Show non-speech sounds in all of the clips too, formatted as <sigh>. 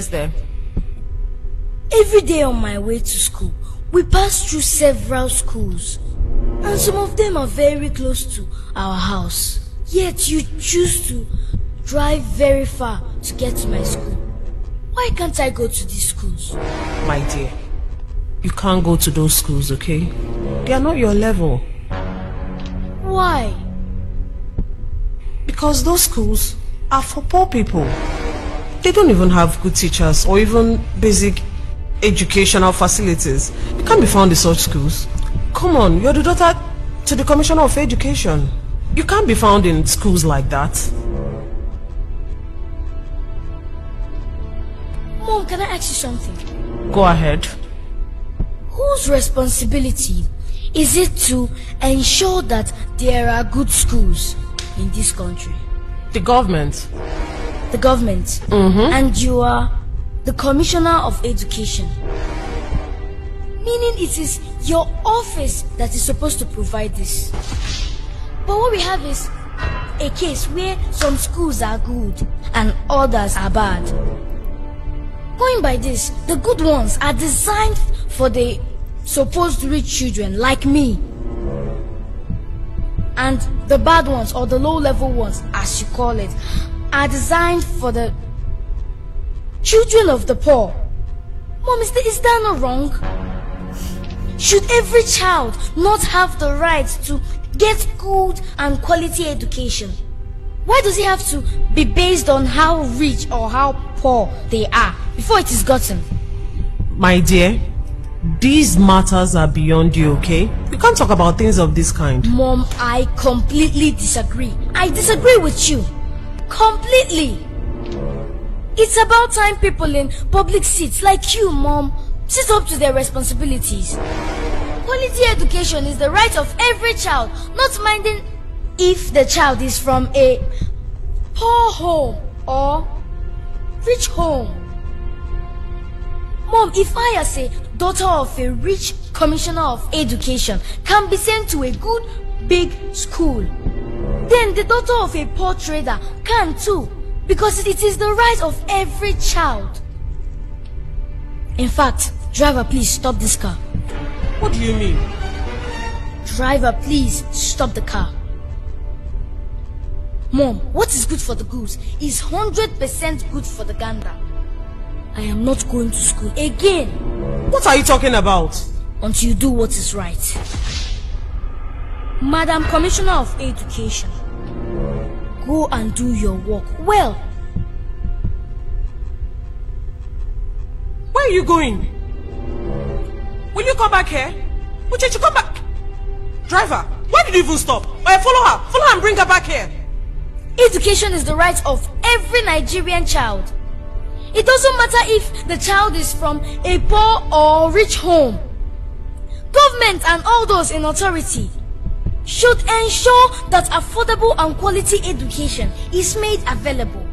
guys there? Every day on my way to school, we pass through several schools. And some of them are very close to our house. Yet you choose to drive very far to get to my school. Why can't I go to these schools? My dear, you can't go to those schools, okay? They are not your level. Why? Because those schools are for poor people they don't even have good teachers or even basic educational facilities. You can't be found in such schools. Come on, you're the daughter to the Commissioner of Education. You can't be found in schools like that. Mom, can I ask you something? Go ahead. Whose responsibility is it to ensure that there are good schools in this country? The government the government, mm-hmm. and you are the Commissioner of Education. Meaning it is your office that is supposed to provide this. But what we have is a case where some schools are good and others are bad. Going by this, the good ones are designed for the supposed rich children like me. And the bad ones or the low level ones, as you call it, are designed for the children of the poor. Mom, is, is that not wrong? Should every child not have the right to get good and quality education? Why does it have to be based on how rich or how poor they are before it is gotten? My dear, these matters are beyond you, okay? You can't talk about things of this kind. Mom, I completely disagree. I disagree with you. Completely. It's about time people in public seats like you, Mom, sit up to their responsibilities. Quality education is the right of every child, not minding if the child is from a poor home or rich home. Mom, if I as a daughter of a rich commissioner of education can be sent to a good big school, then the daughter of a poor trader can too, because it is the right of every child. In fact, driver, please stop this car. What do you mean? Driver, please stop the car. Mom, what is good for the goose is 100% good for the gander. I am not going to school again. What are you talking about? Until you do what is right. Madam Commissioner of Education, go and do your work well. Where are you going? Will you come back here? you come back. Driver, why did you even stop? Uh, follow her. Follow her and bring her back here. Education is the right of every Nigerian child. It doesn't matter if the child is from a poor or rich home. Government and all those in authority should ensure that affordable and quality education is made available.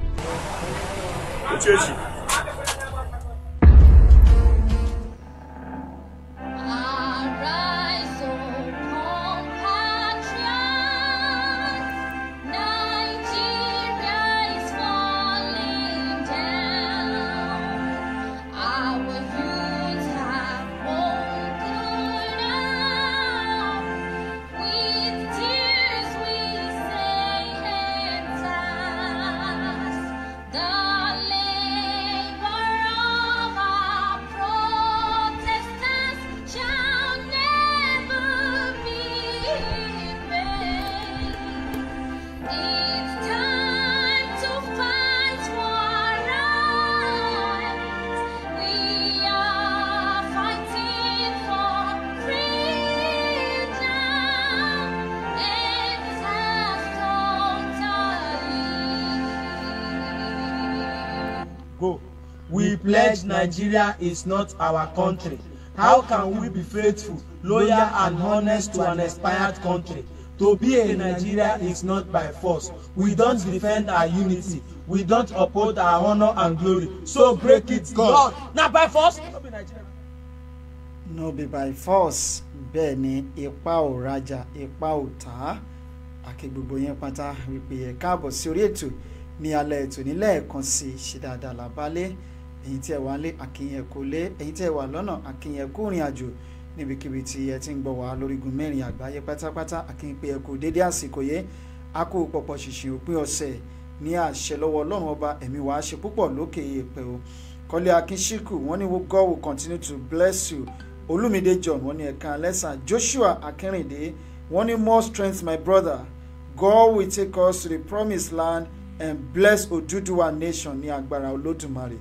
Pledge Nigeria is not our country. How can we be faithful, loyal, and honest to an expired country? To be a Nigeria is not by force. We don't defend our unity. We don't uphold our honor and glory. So break it, God. Na by force. No be by force. Bẹ́ẹ̀ ni ipa ò rajà, ipa ò tà. Àkè gbogbo yẹn pátá wípé ẹ̀ káàbọ̀ sí orí ètò ní alẹ́ ètò nílẹ̀ kan sí ṣe dáadáa lábálẹ́ ẹ̀yin tí ẹ wà lé àkìyẹn kò lé ẹ̀yin tí ẹ wà lọ́nà àkìyẹn kò rìn àjò níbikíbi tí ẹ ti ń gbọ́ wá lórígun mẹ́rin àgbáyé pátápátá àkìyẹnpé ẹ kò déédé àsìkò yẹ a kò pọ̀pọ̀ ṣìṣìn òpin ọ̀sẹ̀ ní àṣẹ lọ́wọ́ ọlọ́run ọba ẹ̀mí wàá ṣe púpọ̀ lókè èèpẹ̀ o kọ́lé akínṣíkù wọ́n ní God will continue to bless you olúmídé john wọ́n ní ẹ̀ka alẹ́sà joshua akínrìndé wọ́n ní more strength my brother God will take us to the promised land and bless Oduduwa nation ní agbára olódùmarè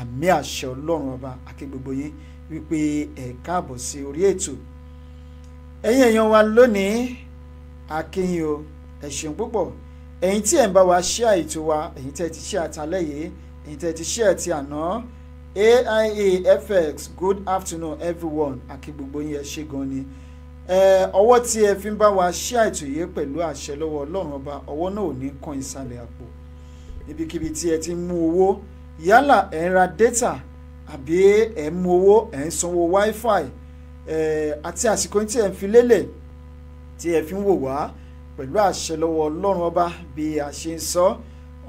àmì àṣẹ ọlọ́run ọba àti gbogbo yín wípé ẹ káàbọ̀ sí orí ètò ẹ̀yin èèyàn wa lónìí akínyìn o ẹ púpọ̀ ẹ̀yin tí ẹ̀ ń bá wa ṣe àìtò wa ẹ̀yin tẹ́ ti ṣe àtàlẹ́ yìí ẹ̀yin tẹ́ ti ṣe àti àná AIA good afternoon everyone àti gbogbo yín ẹ ṣe gan ni ọwọ́ tí ẹ fi ń bá wa ṣe àìtò yìí pẹ̀lú àṣẹ lọ́wọ́ ọlọ́run ọba ọwọ́ náà ò ní kan ìsàlẹ̀ àpò ibikíbi tí ẹ ti mú owó yálà ẹ̀ ń ra data àbí ẹ̀ ń mú owó ẹ̀ ń sanwó wifi àti àsìkò tí ẹ̀ ń fi lélẹ̀ tí ẹ̀ fi ń wò wá pẹ̀lú àṣẹ lọ́wọ́ ọlọ́run ọba bí a ṣe ń sọ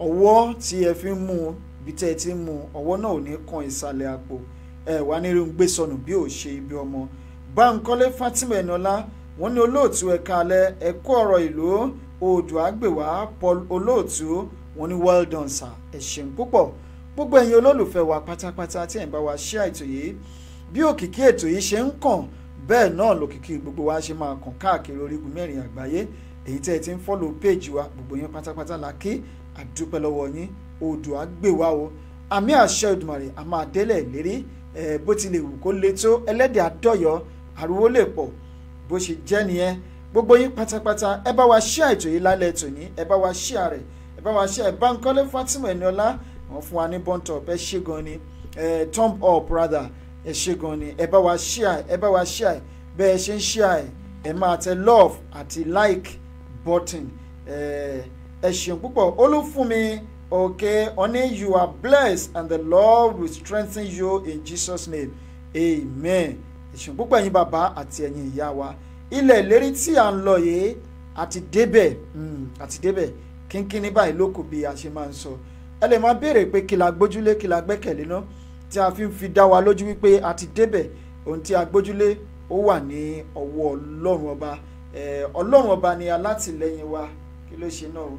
ọwọ́ tí ẹ fi ń mú bí tẹ́ ẹ ti ń mú ọwọ́ náà ò ní kan ìsàlẹ̀ àpò ẹ wà ní irun gbé sọnù bí ò ṣe ibi ọmọ. Bánkọ́lé Fatima Ẹnọlá wọ́n ní olóòtú ẹ̀ka alẹ́ ẹ̀kọ́ ọ̀rọ̀ ìlú Oòduà gbèwà Paul olóòtú wọ́n ní well done sir ẹ ṣeun púpọ̀ gbogbo ẹ̀yin olólùfẹ́ wa pátápátá tí ẹ̀ ń bá wa ṣe ètò yìí bí òkìkí ètò yìí ṣe ń kàn bẹ́ẹ̀ náà lòkìkí gbogbo wa ṣe máa kàn káàkiri orígun mẹ́rin àgbáyé èyí tẹ́ ẹ ti ń fọ́lọ̀ péèjì wa gbogbo yín pátápátá la kí àdúpẹ́ lọ́wọ́ yín odò gbé wa o àmì àṣẹ Èdùmàrè a máa délẹ̀ lérí bó ti lè wù kó le tó ẹlẹ́dẹ̀ àdọ́yọ̀ ariwo lè pọ̀ bó ṣe jẹ́ nìyẹn gbogbo yín pátápátá ẹ bá wa ṣe ètò yìí lálẹ́ tòní ẹ bá wa ṣe àrẹ̀ ẹ bá wa ṣe ẹ̀ Fatima Ẹniọlá wọ́n fún wa ní bond up ẹ ṣé gan ni ẹ thumb up rather ẹ ṣé gan ni ẹ bá wa share ẹ bá wa share bẹ́ ẹ ṣe ń share ẹ máa tẹ love àti like button ẹ ṣeun púpọ̀ olúfúnmi okay honey you are blessed and the Lord will strengthen you in Jesus name amen ẹ ṣeun púpọ̀ ẹ̀yin bàbá àti ẹ̀yin ìyá wa ilẹ̀ ìlérí tí à ń lọ yìí àti débẹ̀ àti hmm, débẹ̀ kínkínní báyìí ló kù bí a ṣe máa ń sọ. So ẹ lè máa béèrè pé kí la gbójúlé kí la gbẹ́kẹ̀lé ná tí a fi ń fi dá wa lójú wípé a ti débẹ̀ ohun tí a gbójúlé ó wà ní ọwọ́ ọlọ́run ọba ọlọ́run ọba ni alátìlẹ́yìn wa kí ló ṣe náà o.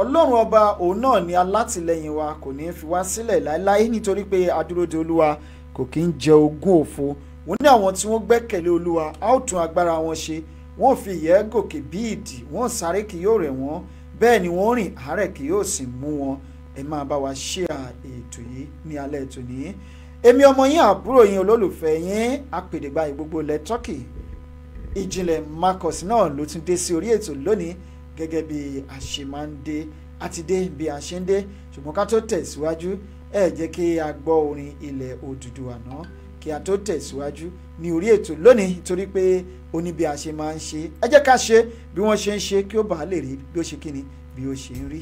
ọlọ́run ọba òun náà ni alátìlẹyìn wa kò ní í fi wá sílẹ̀ láéláé nítorí pé adúróde olúwa kò kí ń jẹ ogún òfo wọ́n ní àwọn tí wọ́n gbẹ́kẹ̀lé olúwa a ó tún agbára wọn ṣe wọ́n ò fi ìyẹ́ gòkè bí idì wọ́n sáré kì yóò rẹ̀ wọ́n bẹ́ẹ̀ ni wọ́n rìn àárẹ̀ kì yóò sì mú wọn ẹ máa bá wa share ètò yìí ní alẹ́ ètò nìyí èmi ọmọ yín àbúrò yín olólùfẹ́ yín apèdègbà ìgbogbo ilẹ̀ turkey ìjìnlẹ̀ marcus náà ló tún dé sí orí ètò lónìí gẹ́gẹ́ bí a ṣe máa ń dé a ti dé bí a ṣe ń dé ṣùgbọ́n ká tó tẹ̀síwájú ẹ jẹ́ kí a gbọ́ orin ilẹ̀ Odùduwà náà kí a tó tẹ̀síwájú ní orí ètò lónìí torí pé ó ní bí a ṣe máa ń ṣe ẹ jẹ́ ká ṣe bí wọ́n ṣe ń ṣe kí ó bàa lè rí bí ó ṣe kíni bí ó ṣe ń rí.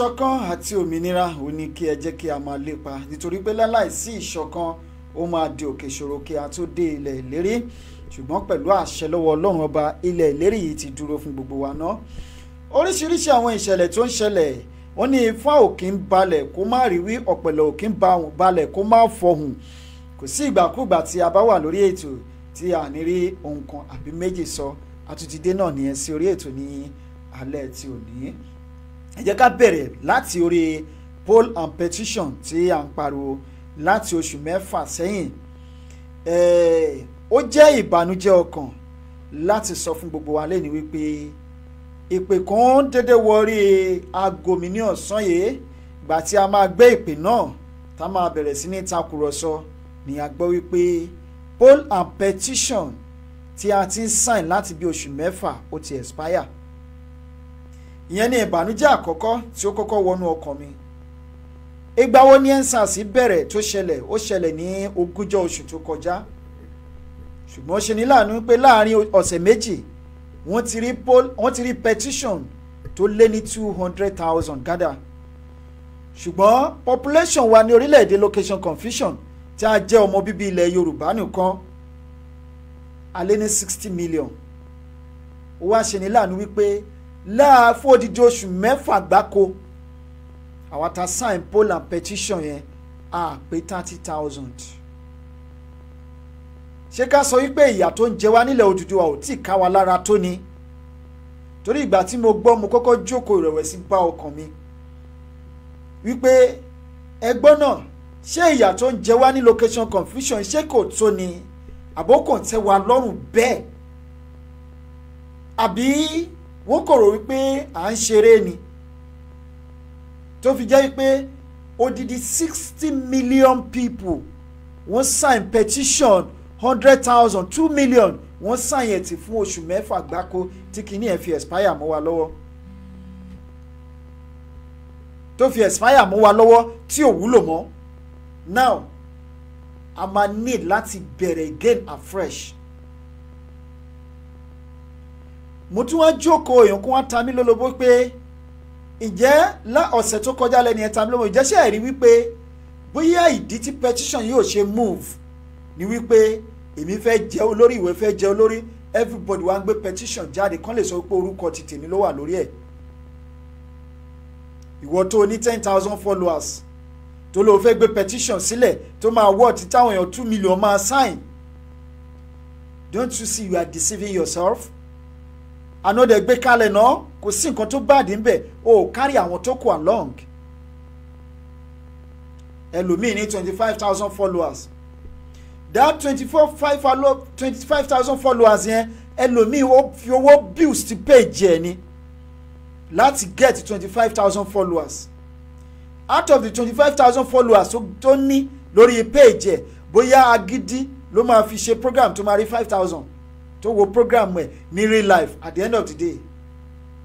ìṣọ̀kan àti òmìnira ò ní kí ẹ jẹ́ kí a máa lépa nítorí pé láláìsí ìṣọ̀kan ó máa di òkè ìṣòro kí a tó dé ilẹ̀ ìlérí ṣùgbọ́n pẹ̀lú àṣẹ lọ́wọ́ ọlọ́run ọba ilẹ̀ ìlérí yìí ti dúró fún gbogbo wa ná oríṣiríṣi àwọn ìṣẹ̀lẹ̀ tó ń ṣẹlẹ̀ wọ́n ní ifá ò kí ń balẹ̀ kó má rí wí ọ̀pẹ̀lẹ̀ ò ń balẹ̀ kó má fọhùn kò sí ìgbàkúgbà tí a bá wà lórí ètò tí a ní rí ohun kan àbí méjì sọ àtúntìdé náà nìyẹn sí orí ètò ní alẹ́ tí ò ní ẹ jẹ́ ká bẹ̀rẹ̀ láti orí poll and petition tí à ń pariwo láti oṣù mẹ́fà sẹ́yìn ó jẹ́ ìbànújẹ́ ọkàn láti sọ fún gbogbo wa lẹ́ni wípé ìpè kan dédé wọrí aago mi ní ọ̀sán yìí ìgbà tí a máa gbé ìpè náà tá a máa bẹ̀rẹ̀ sí ní takùrọ̀sọ ni a gbọ́ wípé poll and petition tí a ti ń sign láti bí oṣù mẹ́fà ó ti expire ìyẹn ni ìbànújẹ́ àkọ́kọ́ tí ó kọ́kọ́ wọnú ọkàn mi ìgbà wo ni ensars bẹ̀rẹ̀ tó ṣẹlẹ̀ ó ṣẹlẹ̀ ní ogúnjọ́ oṣù tó kọjá ṣùgbọ́n ṣe ní láàánú pé láàárín ọ̀sẹ̀ méjì wọ́n ti rí poll wọ́n ti rí petition tó lé ní two hundred thousand gada ṣùgbọ́n population wa ní orílẹ̀-èdè location confusion tí a jẹ́ ọmọ bíbí ilẹ̀ Yorùbá nìkan a lé ní sixty million ó wá ṣe ní láàánú wípé láàfó odidi oṣù mẹ́fà gbáko àwọn ta sign poll and petition yẹn a pé thirty thousand. ṣé ká sọ wípé ìyà tó ń jẹ wá nílẹ̀ Odùduwà ò tí ì ká wa lára tó ni torí ìgbà tí mo gbọ́ mo kọ́kọ́ jókòó ìrẹ̀wẹ̀sì bá ọkàn mi wípé ẹgbọ́n náà ṣé ìyà tó ń jẹ wá ní location confusion ṣé kò tó ni àbókò tẹ́ wa lọ́rùn bẹ́ẹ̀ àbí wọ́n kò rò wípé à ń ṣeré ni tó fi jẹ́ wípé odidi sixty million people wọ́n sign petition hundred thousand two million wọ́n sign ẹ̀tì fún oṣù mẹ́fà gbáko tí kìíní ẹ̀ fi expire mọ́ wa lọ́wọ́ tó fi expire mọ́ wa lọ́wọ́ tí ò wúlò mọ́ now a máa need láti bẹ̀rẹ̀ again afresh mo tún wá jókòó èèyàn kó wá ta mí lólobó pé ǹjẹ́ lá ọ̀sẹ̀ tó kọjá lẹ́ni ẹ̀ ta mí lólobó ǹjẹ́ ṣe ẹ̀rí wípé bóyá ìdí tí petition yóò ṣe move ni wípé èmi fẹ́ jẹ́ olórí ìwé fẹ́ jẹ́ olórí everybody wá ń gbé petition jáde kán lè sọ pé orúkọ ti tèmi ló wà lórí ẹ̀ ìwọ tó ní ten thousand followers tó lóò fẹ́ gbé petition sílẹ̀ tó máa wọ́ ti táwọn èèyàn two million máa sign don't you see you are deceiving yourself àná dẹ̀ gbé kalẹ̀ náà kò sí nǹkan tó bàdí ń bẹ̀ o ò kárí àwọn tó kù along ẹlòmíì ní twenty five thousand followers that twenty four five twenty five thousand followers yẹn ẹlòmíì ó fi owó bills ti pay, ẹ ni láti get twenty five thousand followers out of the twenty five thousand followers tó ní lórí page ẹ bóyá agídí ló máa fi ṣe program tó máa rí five thousand tó wo program ẹ̀ ní real life at the end of the day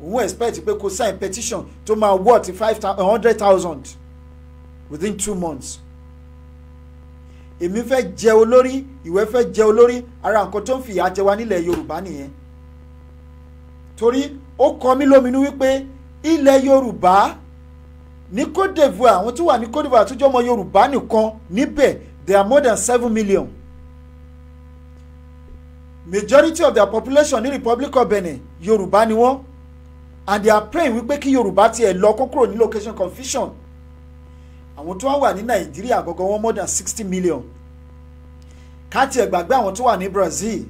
òun expect pé kó sign petition tó máa worth five hundred thousand within two months èmi fẹ́ jẹ olórí ìwé fẹ́ jẹ olórí ara nǹkan tó ń fìyà jẹ wá nílẹ̀ yorùbá nìyẹn torí ó kọ mí lóminú wípé ilẹ̀ yorùbá ní cote d'ivoire àwọn tó wà ní cote d'ivoire àtúnjọ́ ọmọ yorùbá nìkan níbẹ̀ there are more than seven million majority of their population ní Republic of Benin Yorùbá ni wọ́n and they are praying wípé kí Yorùbá tiẹ̀ lọ kó kúrò ní location confusion àwọn tó wà ní Nàìjíríà gọ́gọ́ wọn more than sixty million ká tiẹ̀ gbàgbé àwọn tó wà ní Brazil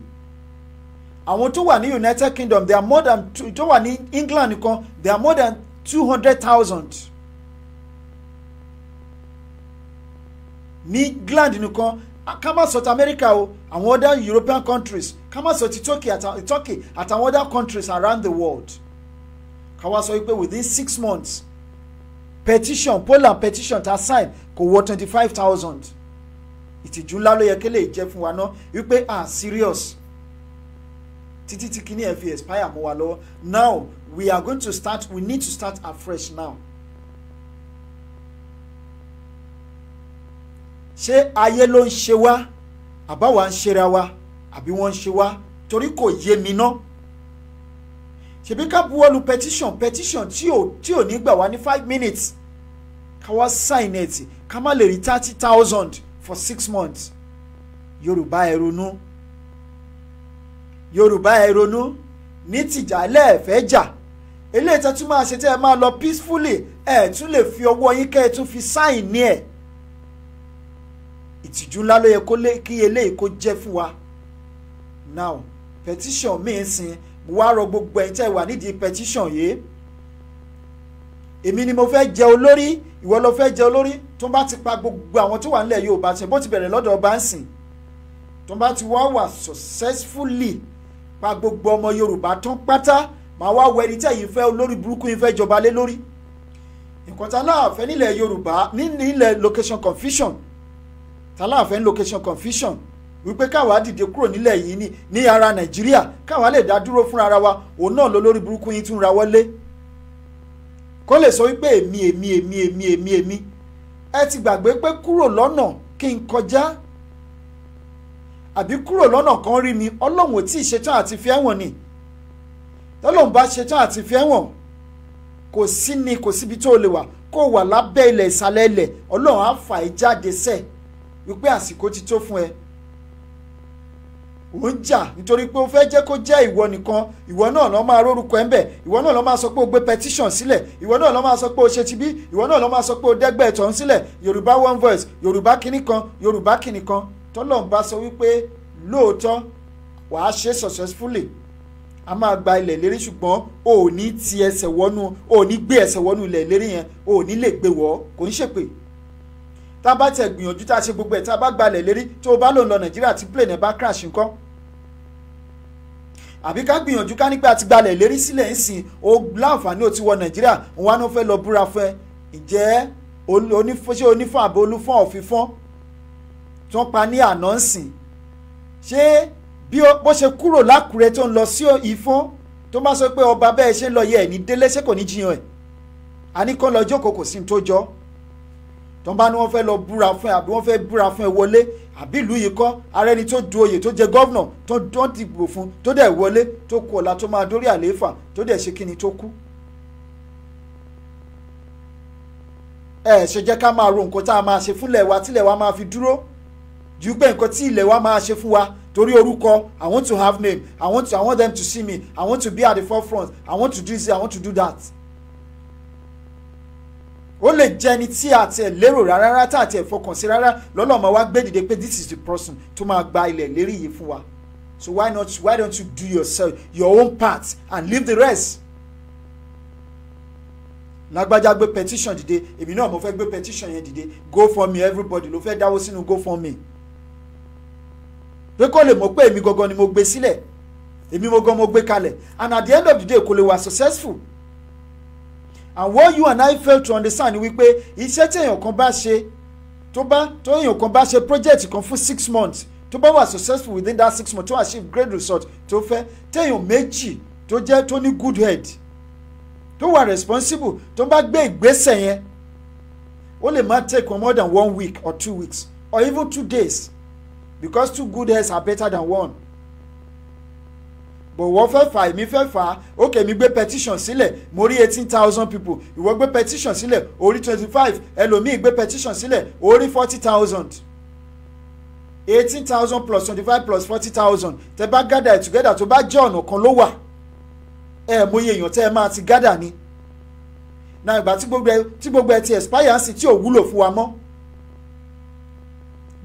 àwọn tó wà ní United Kingdom they are more than two tó wà ní England nìkan they are more than two hundred thousand ní England nìkan Kama South america o àwọn other european countries Kama South sọ ti turkey àtàwọn other countries around the world ká wá sọ wípé within six months petition poland petition ta sign kò wọ twenty five thousand ìtìjú ńlá ló yẹ kí lè jẹ́ fún wa náà wípé ah serious títí tí kíní ẹ̀ fi expire mọ́ wa lọ́wọ́ now we are going to start we need to start afresh now ṣé ayé ló ń ṣe wá àbáwá ń ṣera wa àbí wọ́n ń ṣe wá torí kò yé mi ná ṣebí ká buwọ́lu petition petition tí ò tí ò ní gbà wá ní five minutes ká wá sign it ká má lè rí thirty thousand for six months yorùbá ẹ ronú yorùbá ẹ ronú ní tìjà lẹ́ẹ̀fẹ́ jà eléyìí tó tún máa ṣe tẹ́ ẹ máa lọ peacefully ẹ̀ tún lè fi ọwọ́ yín kẹ́ ẹ tún fi sign ní ẹ̀ ìtìjú ńlá ló yẹ kí eléyìí kó jẹ́ fún wa now petition mi sin mo wá rọ gbogbo ẹ̀ tẹ́ wà nídìí petition yìí èmi ni mo fẹ́ jẹ olórí ìwọ ló fẹ́ jẹ olórí tó bá ti pa gbogbo àwọn tó wà nílẹ̀ Yorùbá ṣe bó ti bẹ̀rẹ̀ lọ́dọ̀ ọba ń sìn tó bá ti wá wà successfully pa gbogbo ọmọ Yorùbá tán pátá màá wá wọ ẹni tẹ́ yìí fẹ́ olórí burúkú yìí fẹ́ jọba lé lórí nǹkan tá a náà fẹ́ nílẹ̀ Yorùbá nílẹ̀ location confusion taláàfẹ́ ń location confusion wípé káwa dìde kúrò nílẹ̀ yìí ni ní ara nàìjíríà káwa lè dá dúró fúnra ara wa òun náà ló lórí burúkú yín tún ra wọlé kó lè sọ wípé èmi èmi èmi èmi èmi èmi ẹ ti gbàgbé pé kúrò lọ́nà kí n kọjá àbí kúrò lọ́nà kan rí mi ọlọ́run ò tí ì ṣetán àti fi ẹ̀wọ̀n ni tọ́lọ́run bá ṣetán àti fi ẹ̀wọ̀n kò sí ni kò síbi tó o lè wà kó o wà lábẹ́ ilẹ̀ ìsàlẹ̀ ilẹ̀ ọlọ́run á fà é jáde sẹ́ẹ̀ wípé àsìkò ti tó fún ẹ ò ń jà nítorí pé ó fẹ́ jẹ́ kó jẹ́ ìwọ nìkan ìwọ náà lọ́ máa rórúkọ ẹ̀ ń bẹ̀ ìwọ náà lọ́ máa sọ pé o gbé petition sílẹ̀ ìwọ náà lọ́ máa sọ pé o ṣe ti bí ìwọ náà lọ́ máa sọ pé o dẹ́gbẹ́ ẹ̀tọ́ ń sílẹ̀ yorùbá one voice yorùbá kìíní kan yorùbá kìíní kan tọ́lọ̀ ń bá sọ wípé lóòótọ́ wàá ṣe successfully a máa gba ilẹ̀ lérí ṣùgbọ́n o ò ní ti ẹsẹ̀ wọnú o ò ní gbé ẹsẹ̀ wọnú ilẹ̀ lérí yẹn o ò ní lè gbé wọ́ kò ní ṣèpè tá a bá tẹ̀ gbìyànjú tá a ṣe gbogbo ẹ̀ tá a bá gbalẹ̀ lérí tó o bá lò ń lọ nàìjíríà tí plane ẹ̀ bá crash ńkọ́ àbí ká gbìyànjú ká ní pé a ti gbalẹ̀ lérí sílẹ̀ ń sìn o láǹfààní ò ti wọ nàìjíríà òun wá ní ó fẹ́ lọ búra fún ẹ ǹjẹ́ ṣé onífọ̀n àbí olúfọ̀n òfìfọ́n tó ń pa ní ànánsìn ṣé bí ó ṣe kúrò lákùrẹ́ tó ń lọ sí ìfọ́n tó bá sọ pé ọba bẹ́ẹ̀ ṣe ń lọ yẹ ẹ̀ ní délé ṣé kò ní jiyàn ẹ̀ àníkàn lọ jókòó kò sí ní tó jọ́ tó ń bá ní wọ́n fẹ́ lọ búra fún ẹ àbí wọ́n fẹ́ búra fún ẹ wọlé àbí ìlú yìí kọ́ ara ẹni tó du oyè tó jẹ gọ́vnà tó ń dìbò fún tó dẹ̀ wọlé tó kú ọ̀la tó máa dórí àlééfà tó dẹ̀ ṣe kíni tó kú. ẹ ṣe jẹ́ ká máa ro nǹkan tá a máa ṣe fúnlẹ̀ wa tílẹ̀ wa máa fi dúró ju pé nǹkan tí ilẹ̀ wa máa ṣe fún wa torí orúkọ i want to have name i want to i want them to see me i want to be at the forefront i want to do this i want to do that ó lè jẹ́ ẹni tí a tiẹ̀ lérò rárá tá a tiẹ̀ fọkàn sí rárá lọ́lọ́mọ wa gbé dìde pé this is the person tó máa gba ilẹ̀ lérí yìí fún wa so why not why don't you do yourself your own part and leave the rest lágbájá gbé petition dìde èmi náà mo fẹ́ gbé petition yẹn dìde go for me everybody ló fẹ́ dáwó sínú go for me pé kó lè mọ̀ pé èmi gangan ni mo gbé sílẹ̀ èmi mo gan mo gbé kalẹ̀ and at the end of the day kò lè wà successful and what you and I fail to understand ni wípé iṣẹ́ tí èèyàn kan bá ṣe tó bá tó èèyàn kan bá ṣe project kan fún six months tó bá wà successful within that six months tó achieve great result tó fẹ́ téèyàn méjì tó jẹ́ tó ní good head tó wà responsible tó bá gbé ìgbésẹ̀ yẹn ó lè má take more than one week or two weeks or even two days because two good heads are better than one but wọ́n fẹ́ fà èmi fẹ́ fà ókè mi gbé petition sílẹ̀ mo rí eighteen thousand people ìwọ gbé petition sílẹ̀ orí twenty five ẹlòmíì gbé petition sílẹ̀ orí forty thousand eighteen thousand plus twenty five plus forty thousand tẹ bá gada ẹ̀ together tó bá jẹ́ ọ̀nà kan ló wà ẹ̀ mọ iye èèyàn tẹ́ ẹ máa ti gada ni na ìgbà tí gbogbo ẹ tí gbogbo ẹ ti expire sí tí ò wúlò fún wa mọ́